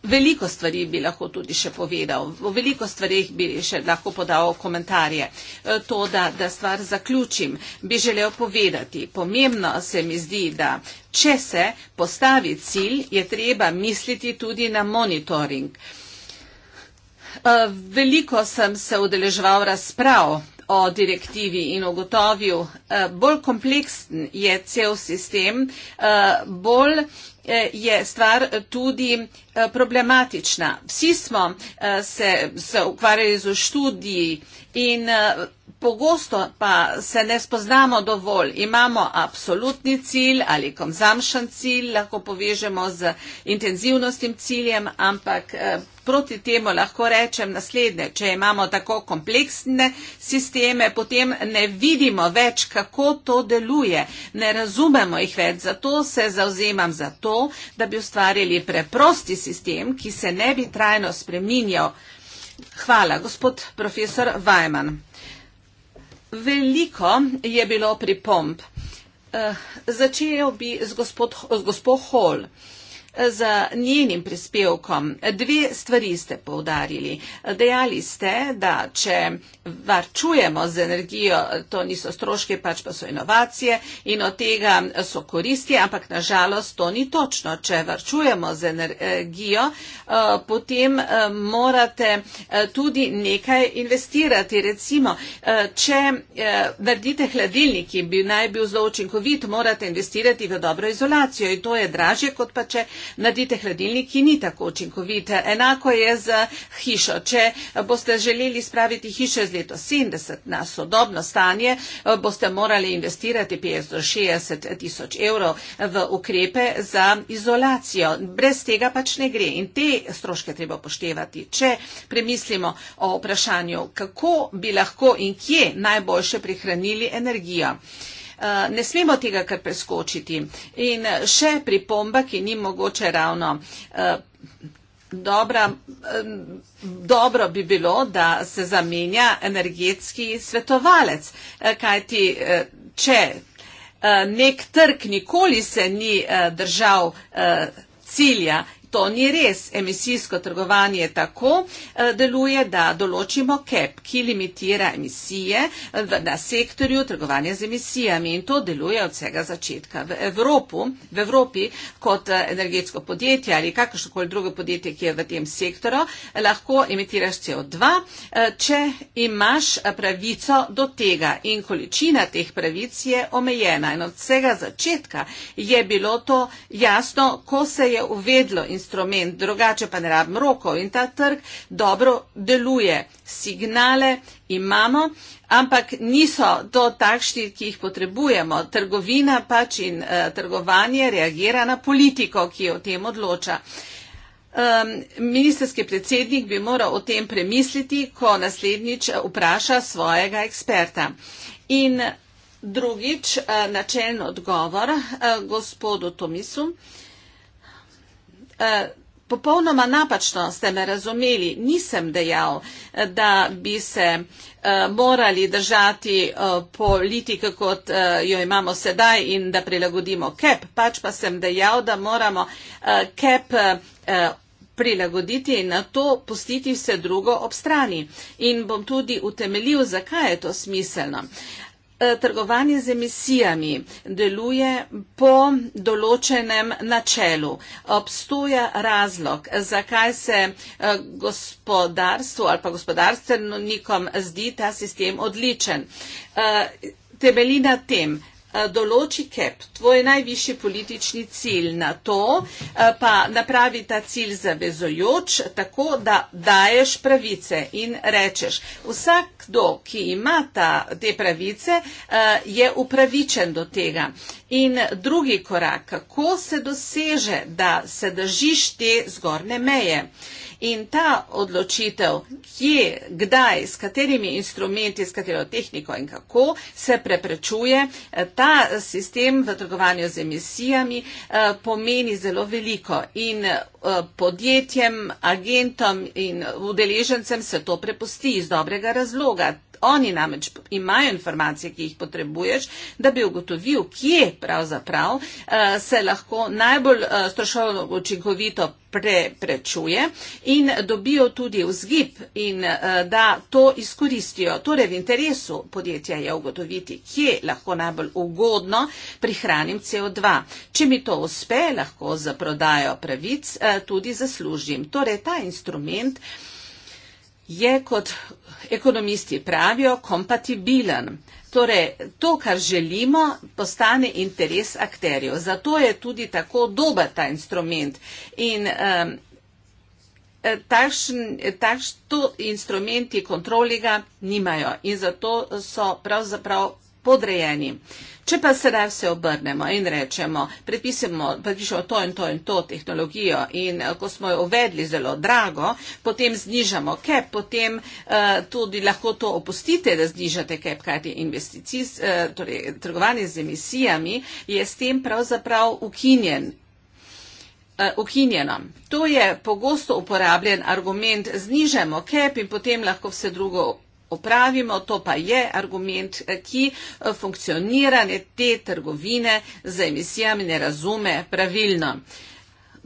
Veliko stvari bi lahko tudi še povedal, o veliko stvarih bi še lahko podal komentarje. E, to, da, da stvar zaključim, bi želel povedati. Pomembno se mi zdi, da če se postavi cilj, je treba misliti tudi na monitoring. E, veliko sem se udeleževal razprav o direktivi in ugotovil, e, bolj kompleksen je cel sistem, bolj Eh, je stvar tudi eh, problematična. Vsi smo eh, se, se ukvarjali z študiji in pogosto pa se ne spoznamo dovolj. Imamo absolutni cilj ali konzumpčen cilj, lahko povežemo z intenzivnostim ciljem, ampak eh, proti temu lahko rečem naslednje. Če imamo tako kompleksne sisteme, potem ne vidimo več, kako to deluje. Ne razumemo jih več. Zato se zauzemam za to, da bi ustvarili preprosti sistem, ki se ne bi trajno spreminjal. Hvala, gospod profesor Weiman. Veliko je bilo pripomb. Uh, začel bi z gospod, gospod Hall z njenim prispevkom. Dve stvari ste povdarili. Dejali ste, da če varčujemo z energijo, to niso stroške, pač pa so inovacije in od tega so koristi, ampak nažalost to ni točno. Če varčujemo z energijo, eh, potem eh, morate eh, tudi nekaj investirati. Recimo, če naredite hladilnik, ki bi naj bil zelo učinkovit, morate investirati v dobro izolacijo in to je dražje, kot pa če naredite hladilnik, ki ni tako učinkovit. Enako je z hišo. Če boste želeli spraviti hišo iz leto 70 na sodobno stanje, boste morali investirati 50 do 60 tisoč evrov v ukrepe za izolacijo. Brez tega pač ne gre in te stroške treba poštevati. Če premislimo o vprašanju, kako bi lahko in kje najboljše prihranili energijo. Eh, ne smemo tega kar preskočiti. In eh, še pripomba, ki ni mogoče ravno. Eh, dobra, dobro bi bilo, da se zamenja energetski svetovalec, kajti če nek trg nikoli se ni držal cilja, To ni res. Emisijsko trgovanje tako eh, deluje, da določimo CAP, ki limitira emisije na sektorju trgovanja z emisijami in to deluje od vsega začetka. V, Evropu, v Evropi kot eh, energetsko podjetje ali kakršnokoli drugo podjetje, ki je v tem sektoru, eh, lahko emitiraš CO2, če imaš pravico do tega in količina teh pravic je omejena. In od vsega začetka je bilo to jasno, ko se je uvedlo. In instrument, drugače pa ne rabim roko in ta trg dobro deluje. Signale imamo, ampak niso to takšni, ki jih potrebujemo. Trgovina pač in uh, trgovanje reagira na politiko, ki o tem odloča. Um, ministerski predsednik bi moral o tem premisliti, ko naslednjič eh, vpraša svojega eksperta. In eh, drugič, uh, načeljen odgovor uh, gospodu Tomisu. Uh, Eh, popolnoma napačno ste me razumeli. Nisem dejal, eh, da bi se eh, morali držati politike, kot jo imamo sedaj in da prilagodimo KEP. Pač pa sem dejal, da moramo KEP prilagoditi in na to pustiti vse drugo ob strani. In bom tudi utemeljil, zakaj je to smiselno. Uh, Eh, trgovanje z emisijami deluje po določenem načelu. Obstoja razlog, zakaj se eh, gospodarstvu ali pa gospodarstvenikom zdi ta sistem odličen. Eh, Temeljina tem, Eh, določi KEP, tvoj najvišji politični cilj na to, eh, pa napravi ta cilj zavezojoč, tako da daješ pravice in rečeš, vsakdo, ki ima ta, te pravice, eh, je upravičen do tega. In drugi korak, kako se doseže, da se držiš te zgornje meje. In ta odločitev, kje, kdaj, s katerimi instrumenti, s katero tehniko in kako se preprečuje, eh, ta sistem v trgovanju z emisijami eh, pomeni zelo veliko. In eh, podjetjem, agentom in udeležencem se to prepusti iz dobrega razloga oni namreč imajo informacije, ki jih potrebuješ, da bi ugotovil, kje pravzaprav eh, se lahko najbolj eh, stroškovno učinkovito pre, prečuje in dobijo tudi vzgib in eh, da to izkoristijo. Torej v interesu podjetja je ugotoviti, kje lahko najbolj ugodno prihranim CO2. Če mi to uspe, lahko za prodajo pravic tudi zaslužim. Torej ta instrument je kot ekonomisti pravijo kompatibilen. Torej, to, kar želimo, postane interes akterjev. Zato je tudi tako dober ta instrument. In um, takšen, takšen instrumenti kontroli ga nimajo. In zato so pravzaprav podrejeni. Če pa se res obrnemo in rečemo, predpišemo to in to in to tehnologijo in eh, ko smo jo uvedli zelo drago, potem znižamo cap, potem eh, tudi lahko to opustite, da znižate cap, kajti eh, torej, trgovanje z emisijami je s tem pravzaprav ukinjen. Eh, ukinjeno. To je pogosto uporabljen argument, znižemo cap in potem lahko vse drugo opravimo, to pa je argument, eh, ki eh, funkcioniranje te trgovine za emisijami ne razume pravilno.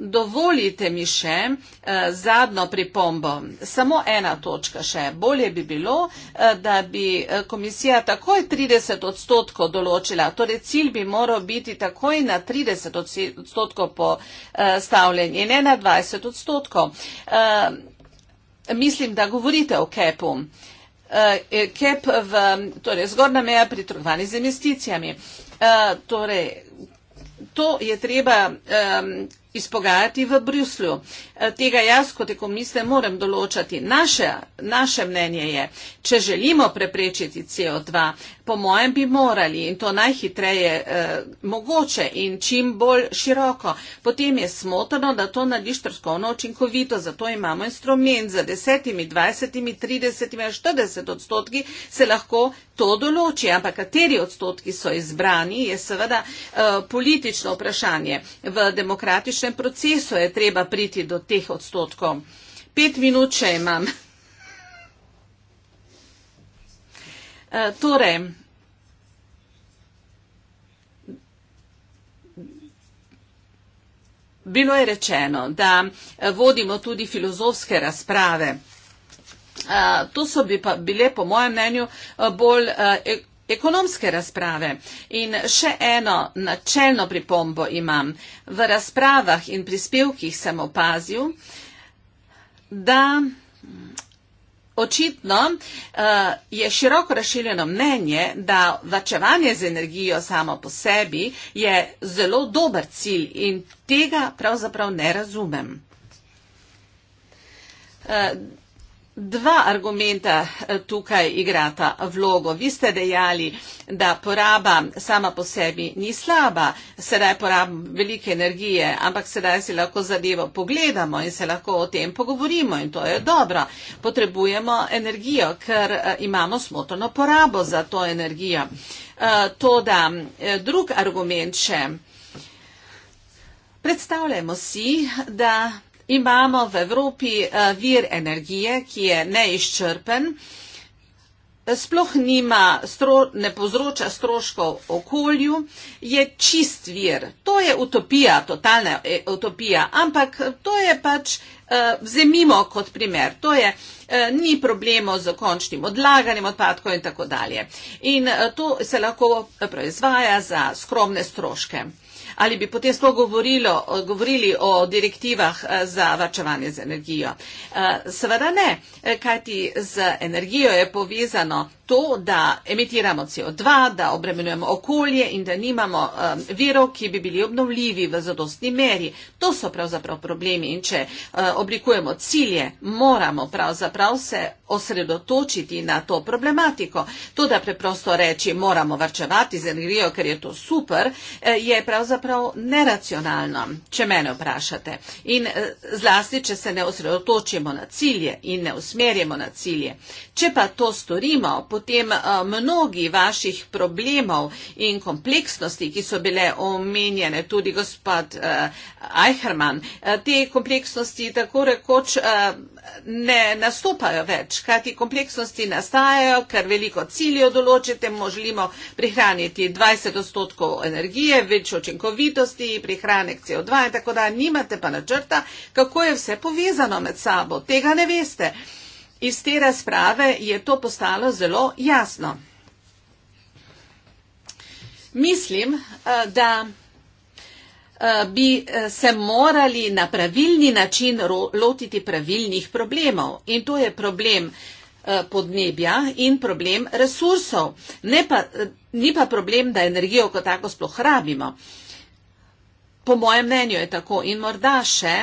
Dovolite mi še eh, zadnjo pripombo. Samo ena točka še. Bolje bi bilo, eh, da bi eh, komisija takoj 30 odstotkov določila. Torej cilj bi moral biti takoj na 30 odstotkov postavljen in ne na 20 odstotkov. Eh, mislim, da govorite o kepu. Eh, KEP eh, eh, v, mm, torej zgornja meja pri trgovanju z investicijami. Eh, torej, to je treba izpogajati v Bruslju. Eh, tega jaz kot ekonomiste moram določati. Naše, naše mnenje je, če želimo preprečiti CO2, po mojem bi morali in to najhitreje eh, mogoče in čim bolj široko, potem je smotrno, da to narediš trskovno učinkovito. Zato imamo instrument za desetimi, dvajsetimi, tridesetimi, štirideset odstotki se lahko to določi. Ampak kateri odstotki so izbrani, je seveda eh, politično vprašanje. V demokratičnem procesu je treba priti do tega, teh odstotkov. Pet minut še imam. E, torej, bilo je rečeno, da vodimo tudi filozofske razprave. E, to so bi pa bile, po mojem mnenju, bolj e, ekonomske razprave. In še eno načelno pripombo imam. V razpravah in prispevkih sem opazil, da očitno uh, je široko razširjeno mnenje, da vačevanje z energijo samo po sebi je zelo dober cilj in tega pravzaprav ne razumem. Uh, Dva argumenta eh, tukaj igrata vlogo. Vi ste dejali, da poraba sama po sebi ni slaba, sedaj porabim velike energije, ampak sedaj si lahko zadevo pogledamo in se lahko o tem pogovorimo in to je dobro. Potrebujemo energijo, ker eh, imamo smotrno porabo za to energijo. Eh, to, da drug argument še. Predstavljamo si, da Imamo v Evropi eh, vir energije, ki je neizčrpen, sploh nima, stro, ne povzroča stroškov okolju, je čist vir. To je utopija, totalna eh, utopija, ampak to je pač, eh, vzemimo kot primer, to je, ni problemo z končnim odlaganjem odpadkov in tako dalje. In to se lahko proizvaja za skromne stroške ali bi potem sploh govorili o direktivah eh, za varčevanje z energijo. Eh, seveda ne, eh, kajti z energijo je povezano to, da emitiramo CO2, da obremenujemo okolje in da nimamo um, virov, ki bi bili obnovljivi v zadostni meri. To so pravzaprav problemi in če uh, oblikujemo cilje, moramo pravzaprav se osredotočiti na to problematiko. To, da preprosto reči, moramo varčevati z energijo, ker je to super, eh, je pravzaprav neracionalno, če mene vprašate. In eh, zlasti, če se ne osredotočimo na cilje in ne usmerjamo na cilje. Če pa to storimo, potem potem eh, mnogi vaših problemov in kompleksnosti, ki so bile omenjene tudi gospod eh, Eicherman, eh, te kompleksnosti tako rekoč ne nastopajo več, kajti kompleksnosti nastajajo, ker veliko ciljev določite, možemo prihraniti 20 odstotkov energije, več očinkovitosti, prihranek CO2 in tako da, nimate pa načrta, kako je vse povezano med sabo, tega ne veste. Iz te razprave je to postalo zelo jasno. Mislim, eh, da eh, bi eh, se morali na pravilni način lotiti pravilnih problemov. In to je problem podnebja in problem resursov. Ne pa, ni pa problem, da energijo kot tako sploh rabimo. Po mojem mnenju je tako. In morda še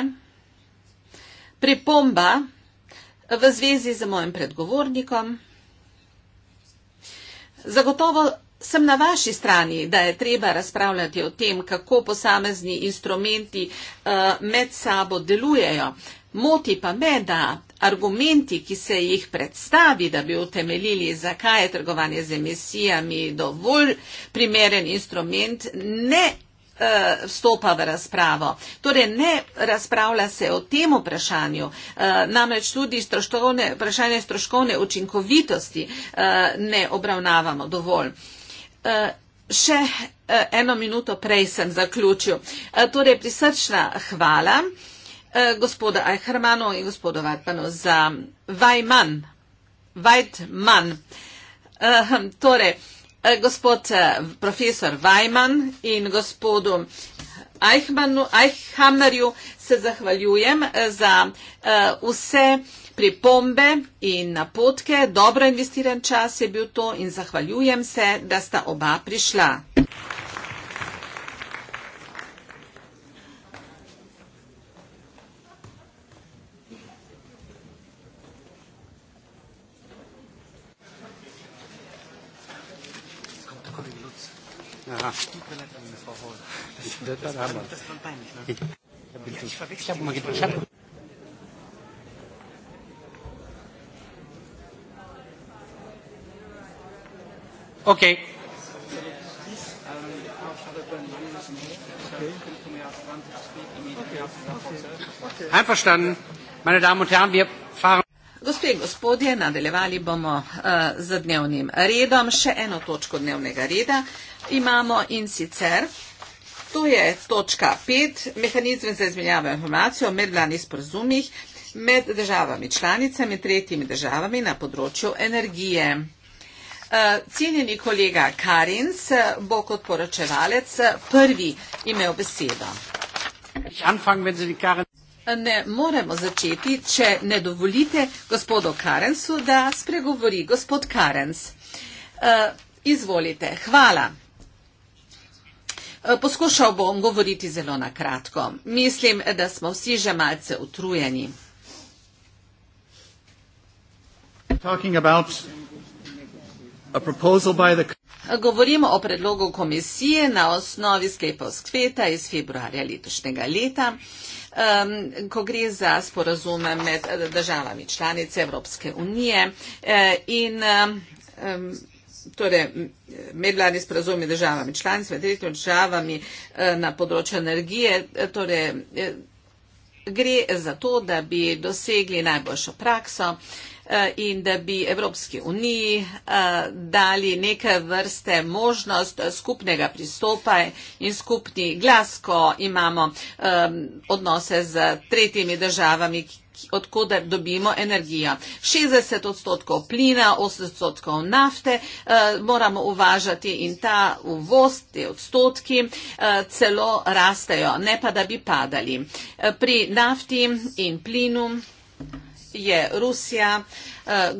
pripomba, v zvezi z mojim predgovornikom. Zagotovo sem na vaši strani, da je treba razpravljati o tem, kako posamezni instrumenti eh, med sabo delujejo. Moti pa me, da argumenti, ki se jih predstavi, da bi utemeljili, zakaj je trgovanje z emisijami dovolj primeren instrument, ne Eh, vstopa v razpravo. Torej, ne razpravlja se o tem vprašanju, eh, namreč tudi stroškovne, vprašanje stroškovne učinkovitosti eh, ne obravnavamo dovolj. Še eno minuto prej sem zaključil. Torej, prisrčna hvala gospoda Ajhrmanu in gospodu Vatmanu za Vajman. Vajman. Torej, Eh, gospod eh, profesor Vajman in gospodu Eichmannu, Eichhamnerju se zahvaljujem eh, za vse pripombe in napotke. Dobro investiran čas je bil to in zahvaljujem se, da sta oba prišla. Okay. Einverstanden. Meine Damen und Herren, wir fahren. Gospe in gospodje, nadaljevali bomo uh, z dnevnim redom. Še eno točko dnevnega reda imamo in sicer. To je točka 5, mehanizem za izmenjavo informacij o medvladnih sporazumih med državami članicami in tretjimi državami na področju energije. Eh, cenjeni kolega Karins eh, bo kot poročevalec prvi imel besedo ne moremo začeti, če ne dovolite gospodu Karensu, da spregovori. Gospod Karens, eh, izvolite. Hvala. Eh, poskušal bom govoriti zelo na kratko. Mislim, da smo vsi že malce utrujeni. The... Govorimo o predlogu komisije na osnovi sklepov skveta iz februarja letošnjega leta, ko gre za sporazume med eh, državami članice Evropske unije eh, in torej medvladni sporazumi državami članice, med tretjimi državami eh, na področju energije, torej gre za to, da bi dosegli najboljšo prakso Eh, in da bi Evropski uniji eh, dali neke vrste možnost eh, skupnega pristopa in skupni glas, ko imamo odnose z tretjimi državami, odkud dobimo energijo. 60 odstotkov plina, 80 odstotkov nafte eh, moramo uvažati in ta uvoz, te odstotki eh, celo rastejo, ne pa da bi padali. Eh, pri nafti in plinu je Rusija eh,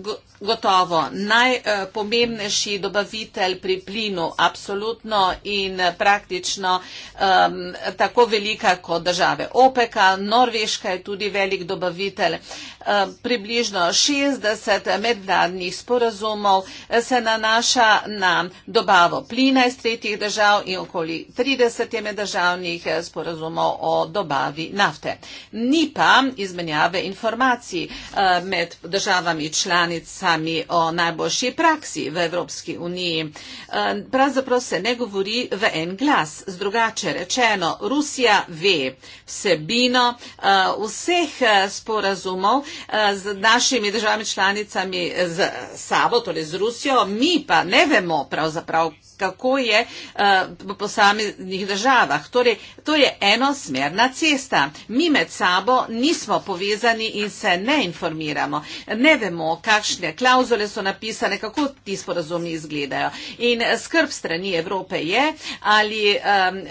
gotovo najpomembnejši dobavitelj pri plinu, apsolutno in praktično um, tako velika kot države OPEK-a. Norveška je tudi velik dobavitelj. Um, približno 60 mednarodnih sporazumov eh, se nanaša na dobavo plina iz tretjih držav in okoli 30 je meddržavnih eh, sporazumov o dobavi nafte. Ni pa izmenjave informacij. Uh, Eh, med državami članicami o najboljši praksi v Evropski uniji. Eh, pravzaprav se ne govori v en glas. Z drugače rečeno, Rusija ve vsebino eh, vseh sporazumov z našimi državami članicami z sabo, torej z Rusijo, mi pa ne vemo pravzaprav, kako je uh, eh, po samih državah. Torej, to je enosmerna cesta. Mi med sabo nismo povezani in se ne informiramo. Ne vemo, kakšne klauzule so napisane, kako ti sporazumi izgledajo. In eh, skrb strani Evrope je, ali um,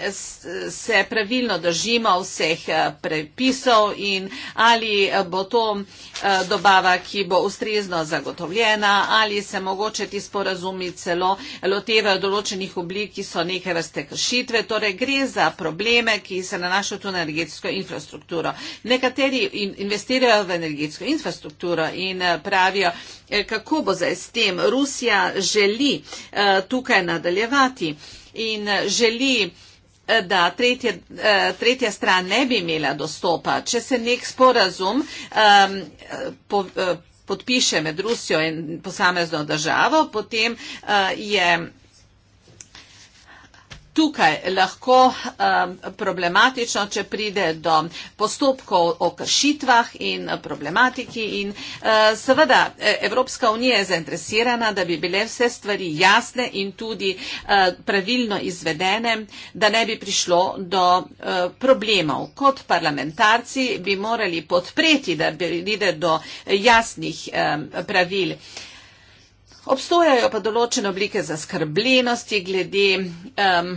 se pravilno držimo vseh eh, prepisov in ali bo to uh, dobava, ki bo ustrezno zagotovljena, ali se mogoče ti sporazumi celo lotevajo določenih določenih oblik, ki so neke vrste kršitve. Torej gre za probleme, ki se nanašajo tudi na energetsko infrastrukturo. Nekateri in investirajo v energetsko infrastrukturo in eh, pravijo, eh, kako bo zdaj s tem. Rusija želi eh, tukaj nadaljevati in želi da tretje, tretja stran ne bi imela dostopa. Če se nek sporazum um, po, podpiše med Rusijo in posamezno državo, potem uh, je tukaj lahko um, problematično, če pride do postopkov o kršitvah in problematiki in uh, seveda e, Evropska unija je zainteresirana, da bi bile vse stvari jasne in tudi uh, pravilno izvedene, da ne bi prišlo do uh, problemov. Kot parlamentarci bi morali podpreti, da bi pride do jasnih um, pravil. Uh, Obstojajo pa določene oblike zaskrbljenosti glede um,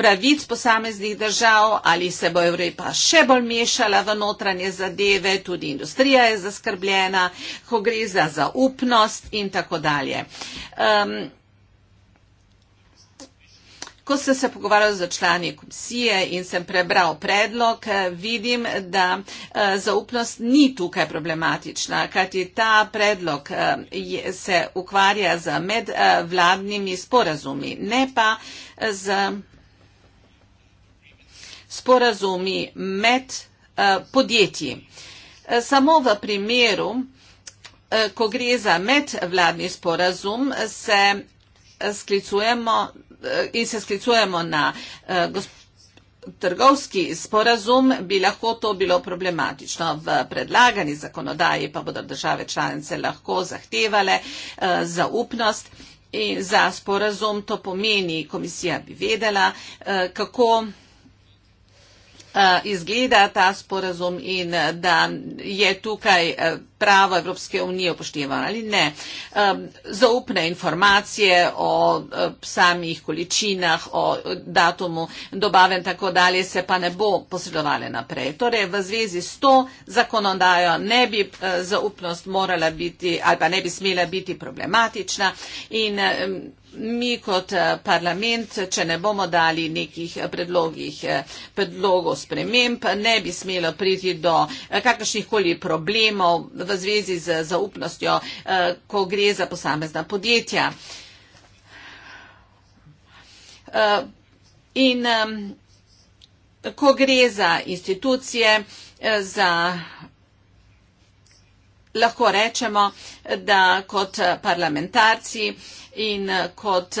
pravic posameznih držav ali se bo Evropa še bolj mešala v notranje zadeve, tudi industrija je zaskrbljena, ko gre za zaupnost in tako dalje. Um, Ko sem se pogovarjal z člani komisije in sem prebral predlog, vidim, da eh, zaupnost ni tukaj problematična, kajti ta predlog eh, se ukvarja z medvladnimi sporazumi, ne pa z sporazumi med eh, podjetji. Samo v primeru, ko gre za medvladni sporazum, se sklicujemo in se sklicujemo na eh, trgovski sporazum, bi lahko to bilo problematično. V predlagani zakonodaji pa bodo države članice lahko zahtevale eh, zaupnost in za sporazum to pomeni, komisija bi vedela, eh, kako izgleda ta sporazum in da je tukaj pravo Evropske unije upoštevano ali ne. Zaupne informacije o e, samih količinah, o datumu dobave in tako dalje se pa ne bo posredovale naprej. Torej, v zvezi s to zakonodajo ne bi e, zaupnost morala biti ali pa ne bi smela biti problematična in mi kot e, parlament, če ne bomo dali nekih predlogih, predlogov sprememb, ne bi smelo priti do kakršnih koli problemov v zvezi z zaupnostjo, eh, ko gre za posamezna podjetja. Eh, in eh, ko gre za institucije, za lahko rečemo, da kot parlamentarci in kot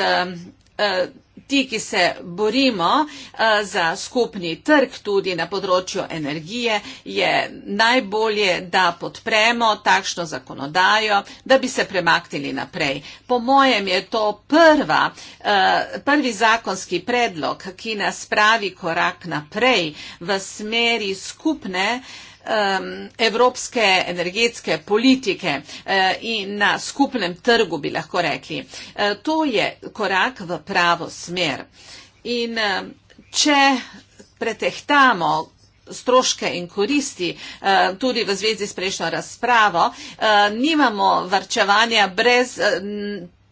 ti, ki se borimo eh, za skupni trg tudi na področju energije, je najbolje, da podpremo takšno zakonodajo, da bi se premaknili naprej. Po mojem je to prva, eh, prvi zakonski predlog, ki nas pravi korak naprej v smeri skupne um, evropske energetske politike uh, in na skupnem trgu, bi lahko rekli. Uh, to je korak v pravo smer. In uh, če pretehtamo stroške in koristi eh, tudi v zvezi s prejšnjo razpravo. Nimamo varčevanja brez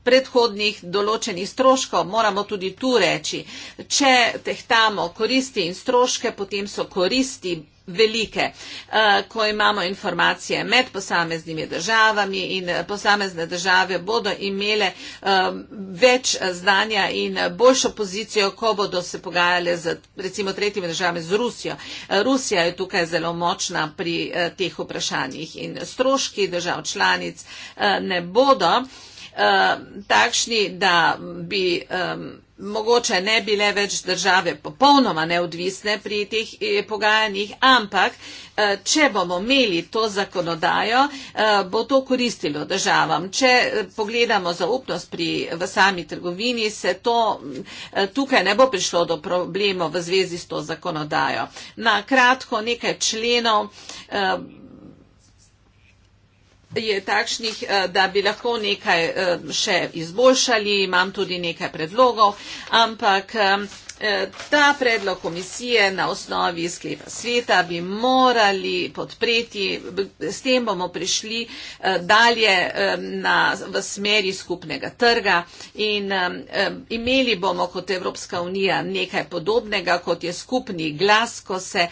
predhodnih določenih stroškov, moramo tudi tu reči. Če tehtamo koristi in stroške, potem so koristi velike, eh, ko imamo informacije med posameznimi državami in eh, posamezne države bodo imele eh, več znanja in boljšo pozicijo, ko bodo se pogajale z recimo tretjimi državami z Rusijo. Rusija je tukaj zelo močna pri teh vprašanjih in stroški držav članic ne bodo takšni, da bi mogoče ne bile več države popolnoma neodvisne pri teh e, pogajanjih, ampak e, če bomo imeli to zakonodajo, e, bo to koristilo državam. Če pogledamo zaupnost pri, v sami trgovini, se to tukaj ne bo prišlo do problemov v zvezi s to zakonodajo. Na kratko nekaj členov je takšnih, eh, da bi lahko nekaj eh, še izboljšali, imam tudi nekaj predlogov, ampak eh, Eh, ta predlog komisije na osnovi sklepa sveta bi morali podpreti, s tem bomo prišli eh, dalje na, v smeri skupnega trga in imeli bomo kot Evropska unija nekaj podobnega, kot je skupni glas, ko se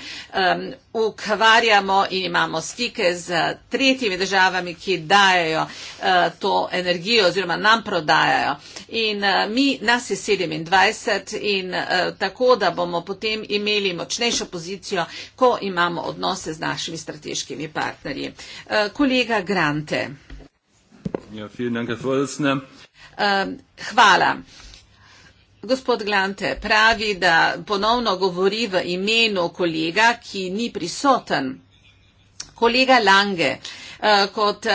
ukvarjamo in imamo stike z tretjimi državami, ki dajo eh, to energijo oziroma nam prodajajo. In mi, nas je 27 in tako, da bomo potem imeli močnejšo pozicijo, ko imamo odnose z našimi strateškimi partnerji. E, kolega Grante. Ja, Dank, e, Hvala. Gospod Glante pravi, da ponovno govori v imenu kolega, ki ni prisoten. Kolega Lange, e, kot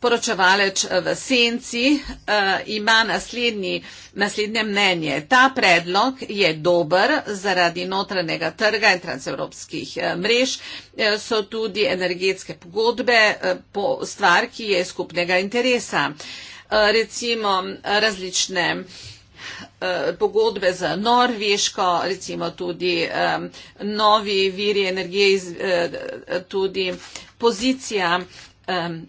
poročevalec eh, v senci eh, ima naslednji, naslednje mnenje. Ta predlog je dober zaradi notranjega trga in transevropskih eh, mrež. So tudi energetske pogodbe po stvar, ki je skupnega interesa. Recimo različne pogodbe z Norveško, recimo tudi um, novi viri energije, iz, tudi pozicija um,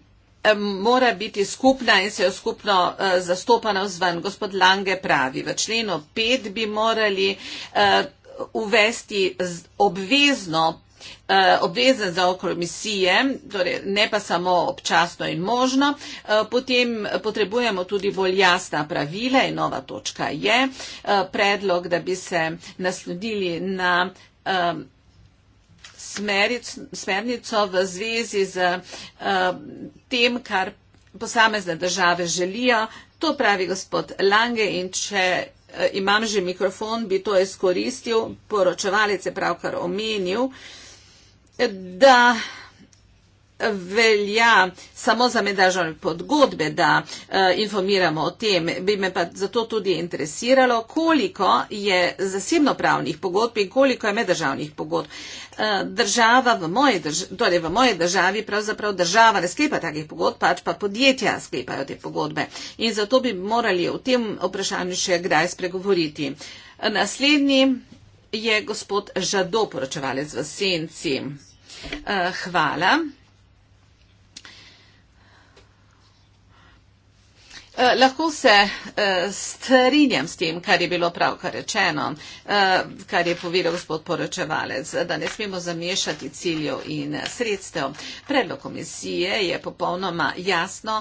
mora biti skupna in se jo skupno e, zastopa na vzven. Gospod Lange pravi, v členu 5 bi morali e, uvesti obvezno e, obvezen za komisije, torej ne pa samo občasno in možno, potem potrebujemo tudi bolj jasna pravila in nova točka je predlog, da bi se naslodili na smernico v zvezi z eh, tem, kar posamezne države želijo. To pravi gospod Lange in če eh, imam že mikrofon, bi to izkoristil, poročevalec je pravkar omenil, da velja samo za meddržavne podgodbe, da eh, informiramo o tem. Bi me pa zato tudi interesiralo, koliko je zasebno pravnih pogodb in koliko je meddržavnih pogodb. Eh, država v moji, drž torej v moji državi, pravzaprav država ne sklepa takih pogodb, pač pa podjetja sklepajo te pogodbe. In zato bi morali o tem vprašanju še kdaj spregovoriti. Naslednji je gospod Žado, poročevalec v Senci. Eh, hvala. Eh, lahko se eh, strinjam s tem, kar je bilo pravkar rečeno, eh, kar je povedal gospod poročevalec, da ne smemo zamešati ciljev in sredstev. Predlog komisije je popolnoma jasno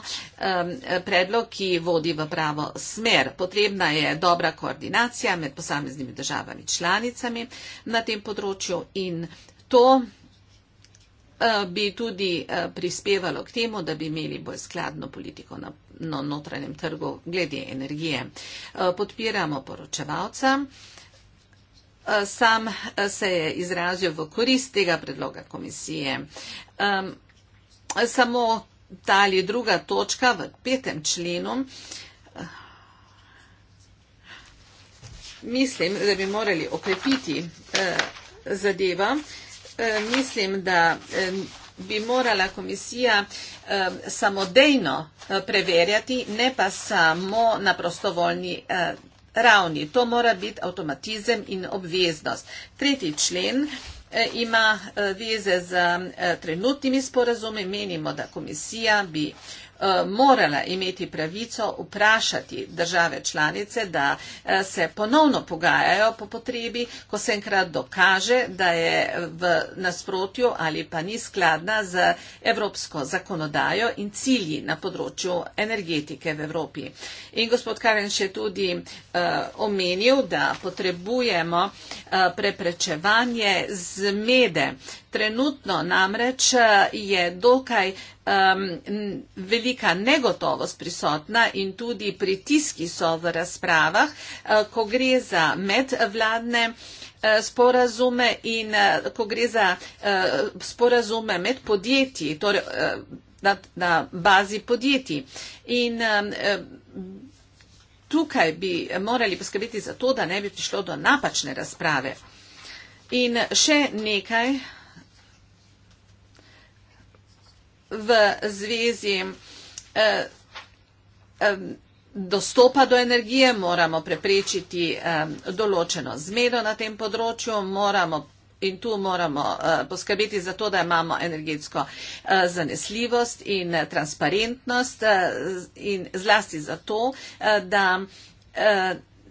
predlog, ki vodi v pravo smer. Potrebna je dobra koordinacija med posameznimi državami članicami na tem področju in to Eh, bi tudi eh, prispevalo k temu, da bi imeli bolj skladno politiko na, na notranjem trgu glede energije. Eh, podpiramo poročevalca. Sam se je izrazil v korist tega predloga komisije. Samo ta ali druga točka v petem členu. Mislim, da bi morali okrepiti zadeva. Eh, mislim, da eh, bi morala komisija eh, samodejno preverjati, ne pa samo na prostovoljni ravni. To mora biti avtomatizem in obveznost. Tretji člen ima veze z trenutnimi sporazumi. Menimo, da komisija bi Eh, morala imeti pravico vprašati države članice, da eh, se ponovno pogajajo po potrebi, ko se enkrat dokaže, da je v nasprotju ali pa ni skladna z evropsko zakonodajo in cilji na področju energetike v Evropi. In gospod Karenš je tudi eh, omenil, da potrebujemo preprečevanje zmede. Trenutno namreč je dokaj um, velika negotovost prisotna in tudi pritiski so v razpravah, uh, ko gre za medvladne uh, sporazume in uh, ko gre za uh, sporazume med podjetji, torej na, na bazi podjetij. In um, tukaj bi morali poskrbeti za to, da ne bi prišlo do napačne razprave. In še nekaj v zvezi eh, eh, dostopa do energije, moramo preprečiti eh, določeno zmedo na tem področju, moramo in tu moramo poskrbeti za to, da imamo energetsko zanesljivost in transparentnost in zlasti za to, da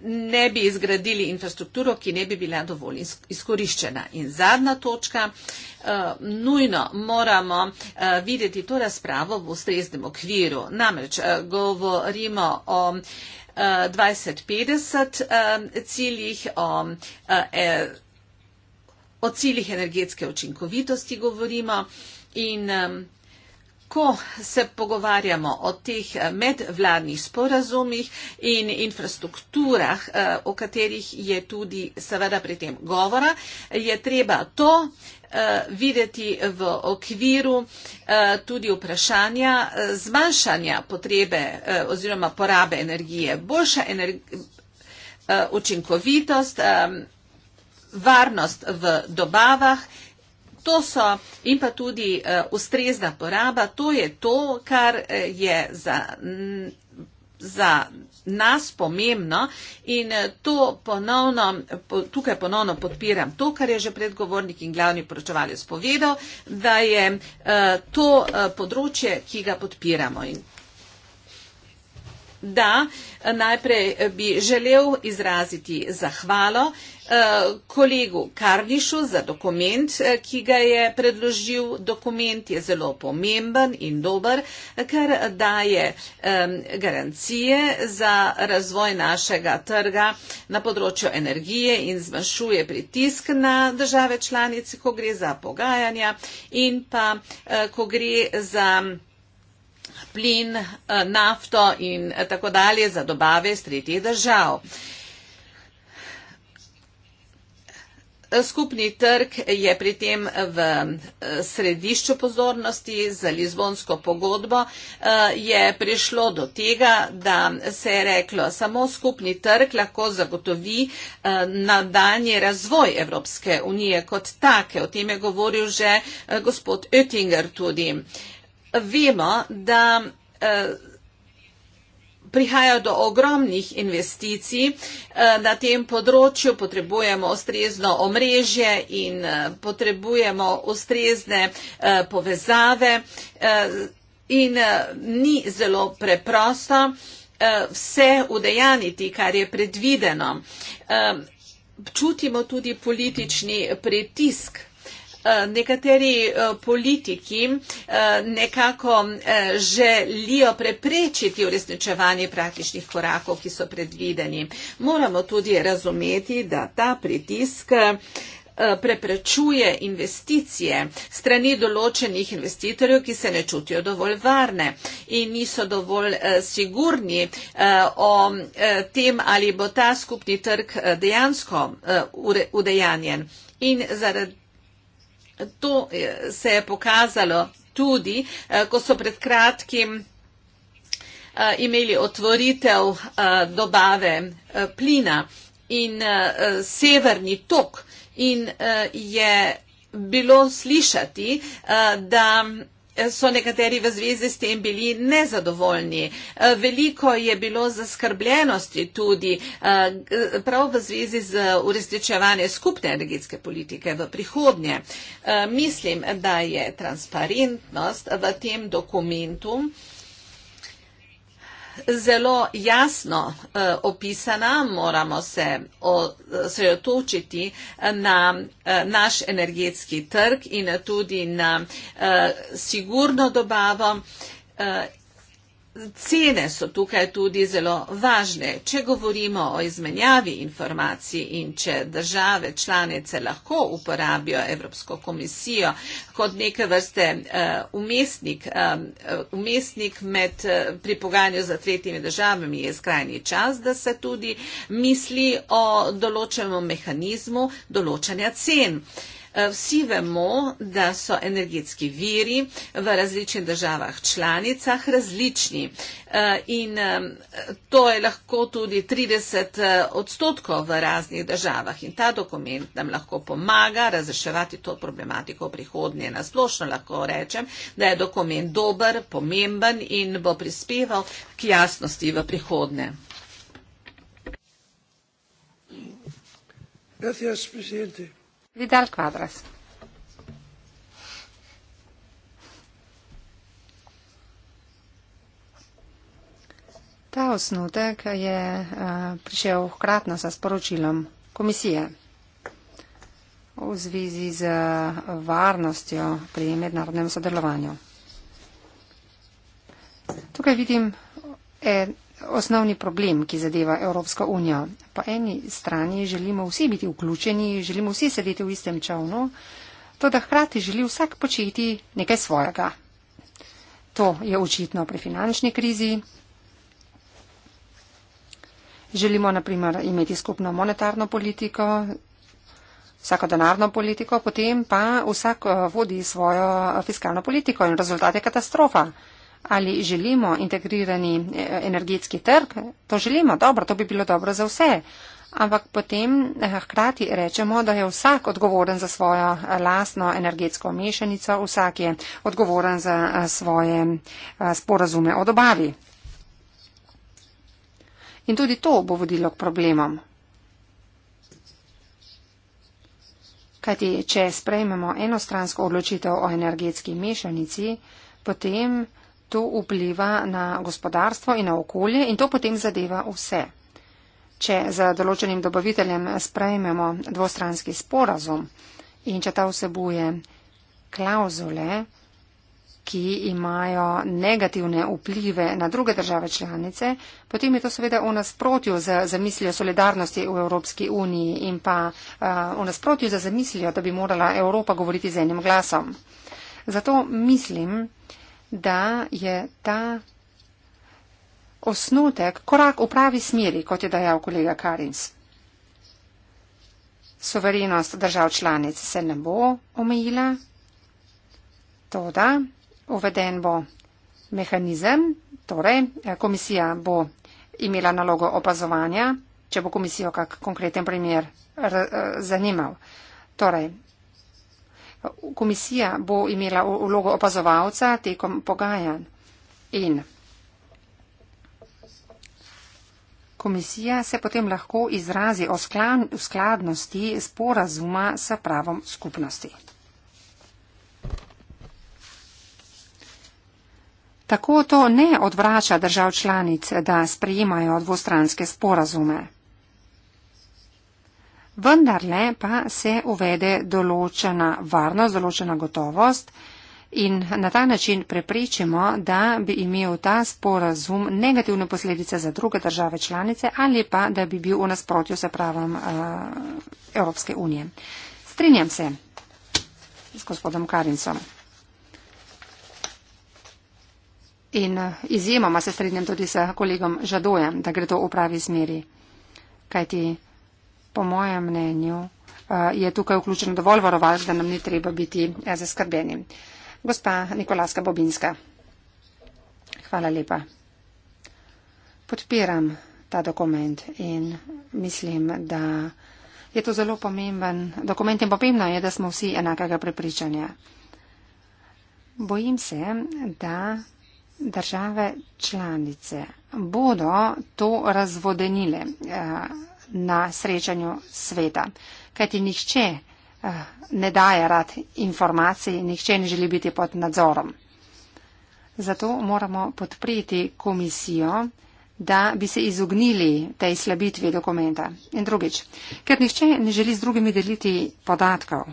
ne bi izgradili infrastrukturo, ki ne bi bila dovolj izkoriščena. In zadnja točka, eh, nujno moramo eh, videti to razpravo v ustreznem okviru. Namreč eh, govorimo o 2050 ciljih, o, e, o ciljih energetske učinkovitosti govorimo in ko se pogovarjamo o teh eh, medvladnih sporazumih in infrastrukturah, eh, o katerih je tudi seveda pri tem govora, je treba to eh, videti v okviru tudi vprašanja zmanjšanja potrebe oziroma porabe energije, boljša energi učinkovitost, varnost v dobavah, to so in pa tudi uh, ustrezna poraba, to je to, kar eh, je za, za nas pomembno in eh, to ponovno, po, tukaj ponovno podpiram to, kar je že predgovornik in glavni poročevalec povedal, da je uh, to uh, področje, ki ga podpiramo. In, da uh, Najprej bi želel izraziti zahvalo eh, kolegu Karnišu za dokument, eh, ki ga je predložil. Dokument je zelo pomemben in dober, ker daje garancije za razvoj našega trga na področju energije in zmanjšuje pritisk na države članice, ko gre za pogajanja in pa eh, ko gre za plin, eh, nafto in eh, tako dalje za dobave iz tretjih držav. Skupni trg je pri tem v eh, središču pozornosti za Lizbonsko pogodbo. Je prišlo do tega, da se je reklo, samo skupni trg lahko zagotovi nadaljni razvoj Evropske unije kot take. O tem je govoril že gospod Oettinger tudi vemo, da eh, prihaja do ogromnih investicij. Eh, na tem področju potrebujemo ustrezno omrežje in eh, potrebujemo ustrezne povezave in ni zelo preprosto vse udejaniti, kar je predvideno. Čutimo tudi politični pritisk Eh, nekateri eh, politiki eh, nekako želijo preprečiti uresničevanje praktičnih korakov, ki so predvideni. Moramo tudi razumeti, da ta pritisk preprečuje investicije strani določenih investitorjev, ki se ne čutijo dovolj varne in niso dovolj sigurni o tem, ali bo ta skupni trg dejansko udejanjen. In zaradi To eh, se je pokazalo tudi, eh, ko so pred kratkim eh, imeli otvoritev dobave plina in severni tok in je bilo slišati, da so nekateri v zvezi s tem bili nezadovoljni. Eh, veliko je bilo zaskrbljenosti tudi eh, prav v zvezi z uresničevanje skupne energetske politike v prihodnje. Eh, mislim, da je transparentnost v tem dokumentu zelo jasno eh, opisana, moramo se osredotočiti na eh, naš energetski trg in tudi na eh, sigurno dobavo Cene so tukaj tudi zelo važne. Če govorimo o izmenjavi informacij in če države članice lahko uporabijo Evropsko komisijo kot neke vrste uh, umestnik, um, umestnik med, uh, pri pogajanju za tretjimi državami, je skrajni čas, da se tudi misli o določenem mehanizmu določanja cen. Uh, Vsi vemo, da so energetski viri v različnih državah članicah različni eh, in eh, to je lahko tudi 30 eh, odstotkov v raznih državah in ta dokument nam lahko pomaga razreševati to problematiko v prihodnje. Nasplošno lahko rečem, da je dokument dober, pomemben in bo prispeval k jasnosti v prihodnje. Gracias, presidente. Vidal Quadras. Ta osnutek je uh, prišel hkratno sa sporočilom komisije v zvezi z eh, varnostjo pri mednarodnem sodelovanju. Tukaj vidim en, osnovni problem, ki zadeva Evropsko unijo. Po eni strani želimo vsi biti vključeni, želimo vsi sedeti v istem čovnu, to da hkrati želi vsak početi nekaj svojega. To je očitno pri finančni krizi. Želimo naprimer imeti skupno monetarno politiko, vsako denarno politiko, potem pa vsak eh, vodi svojo eh, fiskalno politiko in rezultat je katastrofa ali želimo integrirani e, energetski trg. To želimo, dobro, to bi bilo dobro za vse. Ampak potem eh, hkrati rečemo, da je vsak odgovoren za svojo eh, lastno energetsko mešanico, vsak je odgovoren za eh, svoje sporazume o dobavi. In tudi to bo vodilo k problemom. Kajti, če sprejmemo enostransko odločitev o energetski mešanici, potem to vpliva na gospodarstvo in na okolje in to potem zadeva vse. Če za določenim dobaviteljem sprejmemo dvostranski sporazum in če ta vsebuje klauzule, ki imajo negativne vplive na druge države članice, potem je to seveda v nasprotju z zamislijo solidarnosti v Evropski uniji in pa uh, v nasprotju z zamislijo, da bi morala Evropa govoriti z enim glasom. Zato mislim, da je ta osnutek korak v pravi smeri, kot je dejal kolega Karins. Soverenost držav članic se ne bo omejila, to da, uveden bo mehanizem, torej eh, komisija bo imela nalogo opazovanja, če bo komisijo kak konkreten primer eh, zanimal. Torej, Komisija bo imela vlogo opazovalca tekom pogajanj in komisija se potem lahko izrazi o skladnosti sporazuma s pravom skupnosti. Tako to ne odvrača držav članic, da sprejemajo dvostranske sporazume vendarle pa se uvede določena varnost, določena gotovost in na ta način preprečimo, da bi imel ta sporazum negativne posledice za druge države članice ali pa da bi bil v nasprotju s pravom uh, Evropske unije. Strinjam se z gospodom Karincom. In eh, izjemoma se strinjam tudi s kolegom Žadojem, da gre to v pravi smeri. Kajti po mojem mnenju, eh, je tukaj vključeno dovolj varovalk, da nam ni treba biti eh, zaskrbeni. Gospa Nikolaska Bobinska, hvala lepa. Podpiram ta dokument in mislim, da je to zelo pomemben dokument in pomembno je, da smo vsi enakega prepričanja. Bojim se, da države članice bodo to razvodenile. Uh, na srečanju sveta. Kajti nihče eh, ne daje rad informacij, nihče ne želi biti pod nadzorom. Zato moramo podpreti komisijo, da bi se izognili tej slabitvi dokumenta. In drugič, ker nihče ne želi z drugimi deliti podatkov.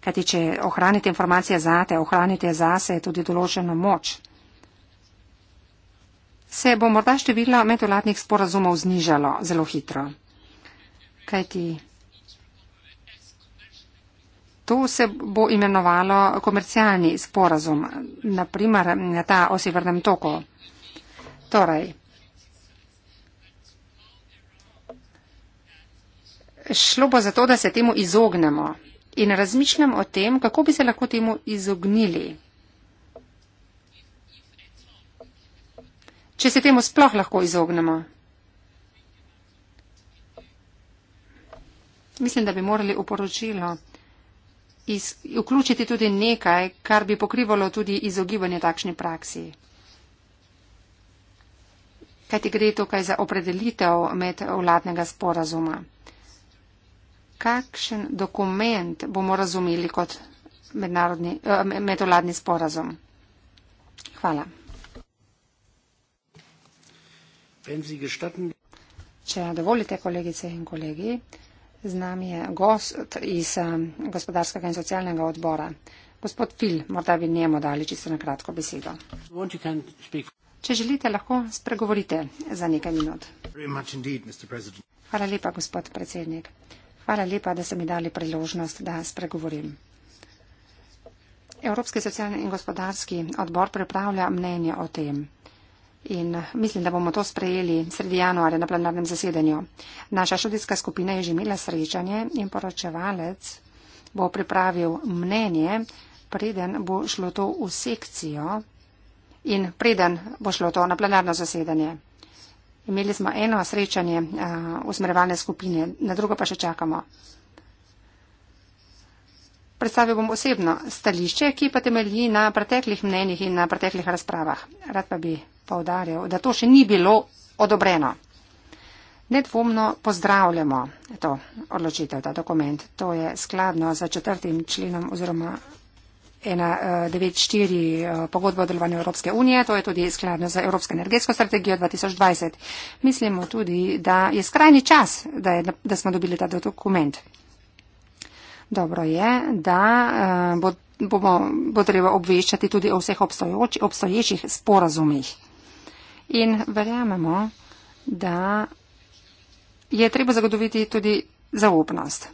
Kajti, če ohranite informacije zate, ohranite zase tudi določeno moč se bo morda število medvladnih sporazumov znižalo zelo hitro. Kaj ti? To se bo imenovalo komercialni sporazum, naprimer na ta o severnem toku. Torej, šlo bo za to, da se temu izognemo in razmišljam o tem, kako bi se lahko temu izognili. če se temu sploh lahko izognemo. Mislim, da bi morali v poročilo iz, vključiti tudi nekaj, kar bi pokrivalo tudi izogibanje takšni praksi. Kaj ti gre tukaj za opredelitev med vladnega sporazuma? Kakšen dokument bomo razumeli kot medvladni eh, sporazum? Hvala. Če dovolite, kolegice in kolegi, z nami je gost iz eh, gospodarskega in socialnega odbora. Gospod Fil, morda bi njemu dali čisto na kratko besedo. Če želite, lahko spregovorite za nekaj minut. Indeed, Hvala lepa, gospod predsednik. Hvala lepa, da ste mi dali priložnost, da spregovorim. Evropski socialni in gospodarski odbor pripravlja mnenje o tem in eh, mislim, da bomo to sprejeli sredi januarja na plenarnem zasedanju. Naša študijska skupina je že imela srečanje in poročevalec bo pripravil mnenje, preden bo šlo to v sekcijo in preden bo šlo to na plenarno zasedanje. Imeli smo eno srečanje eh, usmerevalne skupine, na drugo pa še čakamo. Predstavil bom osebno stališče, ki pa temelji na preteklih mnenjih in na preteklih razpravah. Rad pa bi poudarjal, da to še ni bilo odobreno. Nedvomno pozdravljamo to odločitev, ta dokument. To je skladno za četrtim členom oziroma 194 eh, eh, pogodbo o delovanju Evropske unije. To je tudi skladno za Evropsko energetsko strategijo 2020. Mislimo tudi, da je skrajni čas, da, je, da smo dobili ta dokument. Dobro je, da eh, bo, bomo, bo treba obveščati tudi o vseh obstoječih sporazumih. In verjamemo, da je treba zagotoviti tudi zaupnost.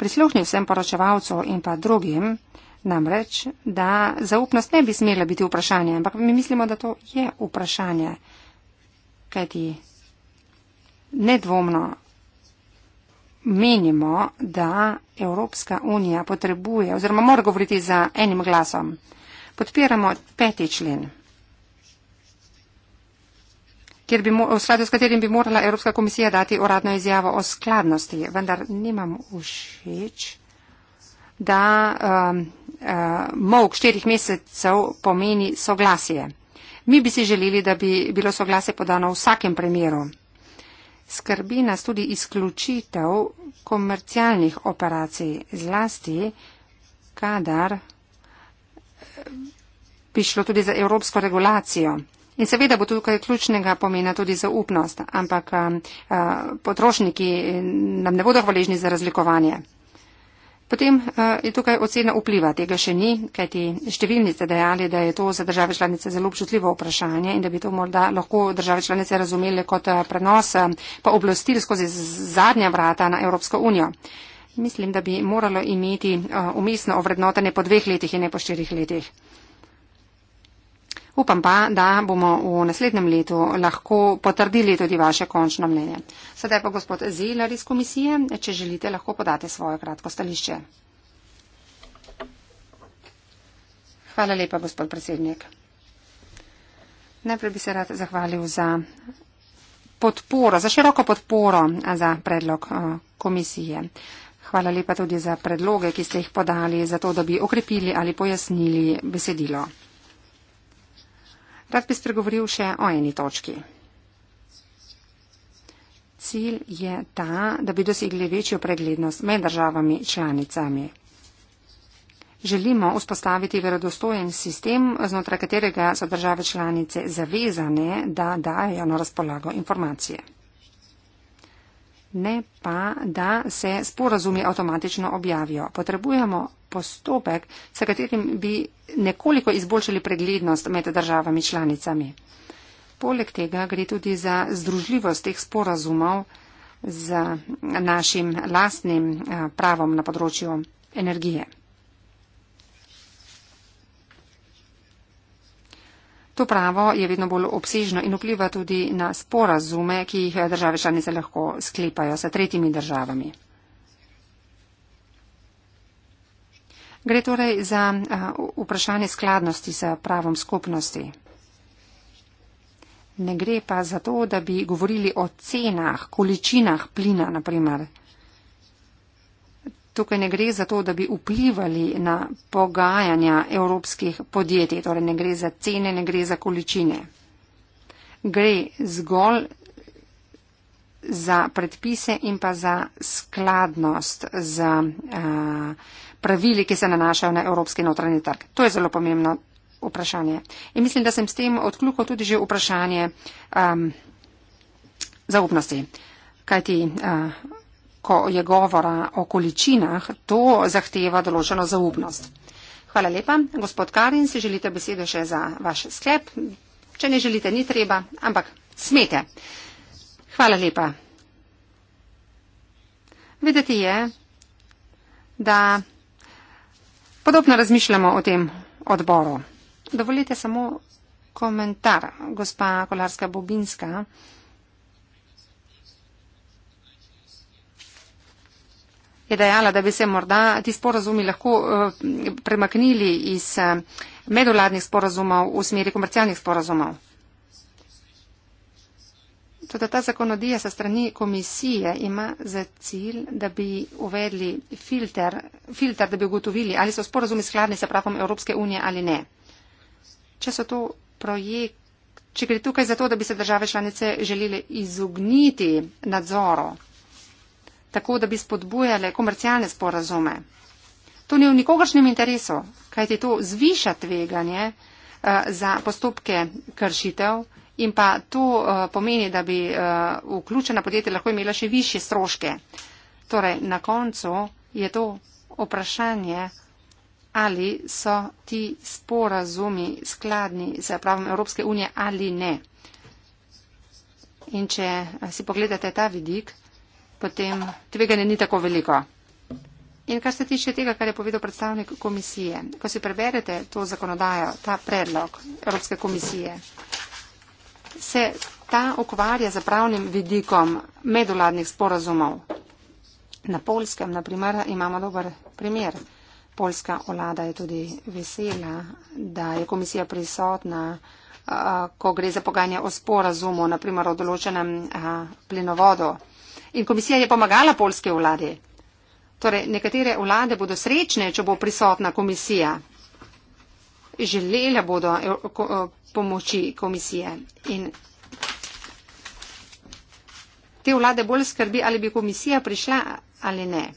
Prisluhnil sem poročevalcu in pa drugim, namreč, da zaupnost ne bi smela biti vprašanje, ampak mi mislimo, da to je vprašanje, kajti nedvomno menimo, da Evropska unija potrebuje oziroma mora govoriti za enim glasom. Podpiramo peti člen kjer bi, v skladu s katerim bi morala Evropska komisija dati uradno izjavo o skladnosti. Vendar nimam všeč, da um, um, uh, mok štirih mesecev pomeni soglasje. Mi bi si želeli, da bi bilo soglasje podano v vsakem primeru. Skrbi nas tudi izključitev komercialnih operacij zlasti, kadar bi šlo tudi za evropsko regulacijo. In seveda bo tukaj ključnega pomena tudi zaupnost, ampak a, a, potrošniki nam ne bodo hvaležni za razlikovanje. Potem uh, je tukaj ocena vpliva, tega še ni, kajti številni ste dejali, da je to za države članice zelo občutljivo vprašanje in da bi to morda lahko države članice razumeli kot prenos pa oblastil skozi zadnja vrata na Evropsko unijo. Mislim, da bi moralo imeti uh, umestno ovrednotenje po dveh letih in ne po štirih letih. Upam pa, da bomo v naslednjem letu lahko potrdili tudi vaše končno mnenje. Sedaj pa gospod Zilar iz komisije, če želite, lahko podate svoje kratko stališče. Hvala lepa, gospod predsednik. Najprej bi se rad zahvalil za podporo, za široko podporo za predlog eh, komisije. Hvala lepa tudi za predloge, ki ste jih podali, za to, da bi okrepili ali pojasnili besedilo. Rad bi spregovoril še o eni točki. Cilj je ta, da bi dosegli večjo preglednost med državami članicami. Želimo vzpostaviti verodostojen sistem, znotraj katerega so države članice zavezane, da dajo na razpolago informacije ne pa, da se sporazumi avtomatično objavijo. Potrebujemo postopek, s katerim bi nekoliko izboljšali preglednost med državami članicami. Poleg tega gre tudi za združljivost teh sporazumov z našim lastnim eh, pravom na področju energije. To pravo je vedno bolj obsežno in vpliva tudi na sporazume, ki jih države članice lahko sklepajo s tretjimi državami. Gre torej za vprašanje skladnosti s pravom skupnosti. Ne gre pa za to, da bi govorili o cenah, količinah plina, naprimer. Tukaj ne gre za to, da bi vplivali na pogajanja evropskih podjetij, torej ne gre za cene, ne gre za količine. Gre zgolj za predpise in pa za skladnost, za uh, eh, pravili, ki se nanašajo na evropski notranji trg. To je zelo pomembno vprašanje. In mislim, da sem s tem odkljuko tudi že vprašanje um, zaupnosti. Kaj ti? Uh, eh, ko je govora o količinah, to zahteva določeno zaupnost. Hvala lepa. Gospod Karin, si želite besedo še za vaš sklep? Če ne želite, ni treba, ampak smete. Hvala lepa. Videti je, da podobno razmišljamo o tem odboru. Dovolite samo komentar, gospa Kolarska Bobinska. je dejala, da bi se morda ti sporazumi lahko eh, premaknili iz eh, medoladnih sporazumov v smeri komercialnih sporazumov. Tudi ta zakonodija sa strani komisije ima za cilj, da bi uvedli filter, filter, da bi ugotovili, ali so sporazumi skladni sa pravom Evropske unije ali ne. Če so to projekt. Če gre tukaj za to, da bi se države članice želeli izogniti nadzoru tako, da bi spodbujale komercialne sporazume. To ni v nikogaršnem interesu, kajti to zviša tveganje uh, za postopke kršitev in pa to uh, pomeni, da bi uh, vključena podjetja lahko imela še više stroške. Torej, na koncu je to vprašanje, ali so ti sporazumi skladni z pravom Evropske unije ali ne. In če si pogledate ta vidik, potem tveganje ni tako veliko. In kar se tiče tega, kar je povedal predstavnik komisije, ko si preberete to zakonodajo, ta predlog Evropske komisije, se ta ukvarja z pravnim vidikom medvladnih sporazumov. Na Polskem, naprimer, imamo dober primer. Polska vlada je tudi vesela, da je komisija prisotna, ko gre za pogajanje o sporazumu, naprimer o določenem plinovodu in komisija je pomagala polske vlade. Torej, nekatere vlade bodo srečne, če bo prisotna komisija. Želele bodo eh, eh, pomoči komisije. In te vlade bolj skrbi, ali bi komisija prišla ali ne.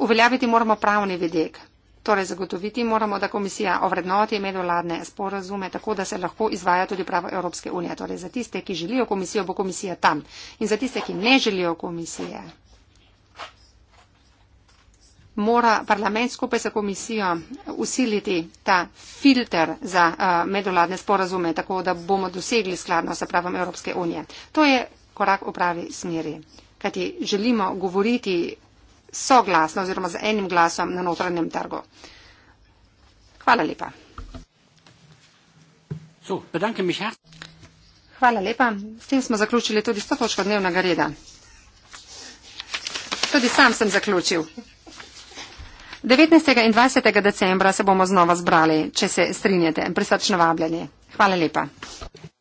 Uveljaviti moramo pravni vedek. Torej zagotoviti moramo, da komisija ovrednoti medvladne sporazume, tako da se lahko izvaja tudi pravo Evropske unije. Torej za tiste, ki želijo komisijo, bo komisija tam. In za tiste, ki ne želijo komisije, mora parlament skupaj sa komisijo usiliti ta filter za uh, medvladne sporazume, tako da bomo dosegli skladno sa pravom Evropske unije. To je korak v pravi smeri. Kajti želimo govoriti soglasno oziroma z enim glasom na notranjem trgu. Hvala lepa. So, bedanke, Hvala lepa. S tem smo zaključili tudi 100 točko dnevnega reda. Tudi sam sem zaključil. 19. in 20. decembra se bomo znova zbrali, če se strinjate. Prisrčno vabljeni. Hvala lepa.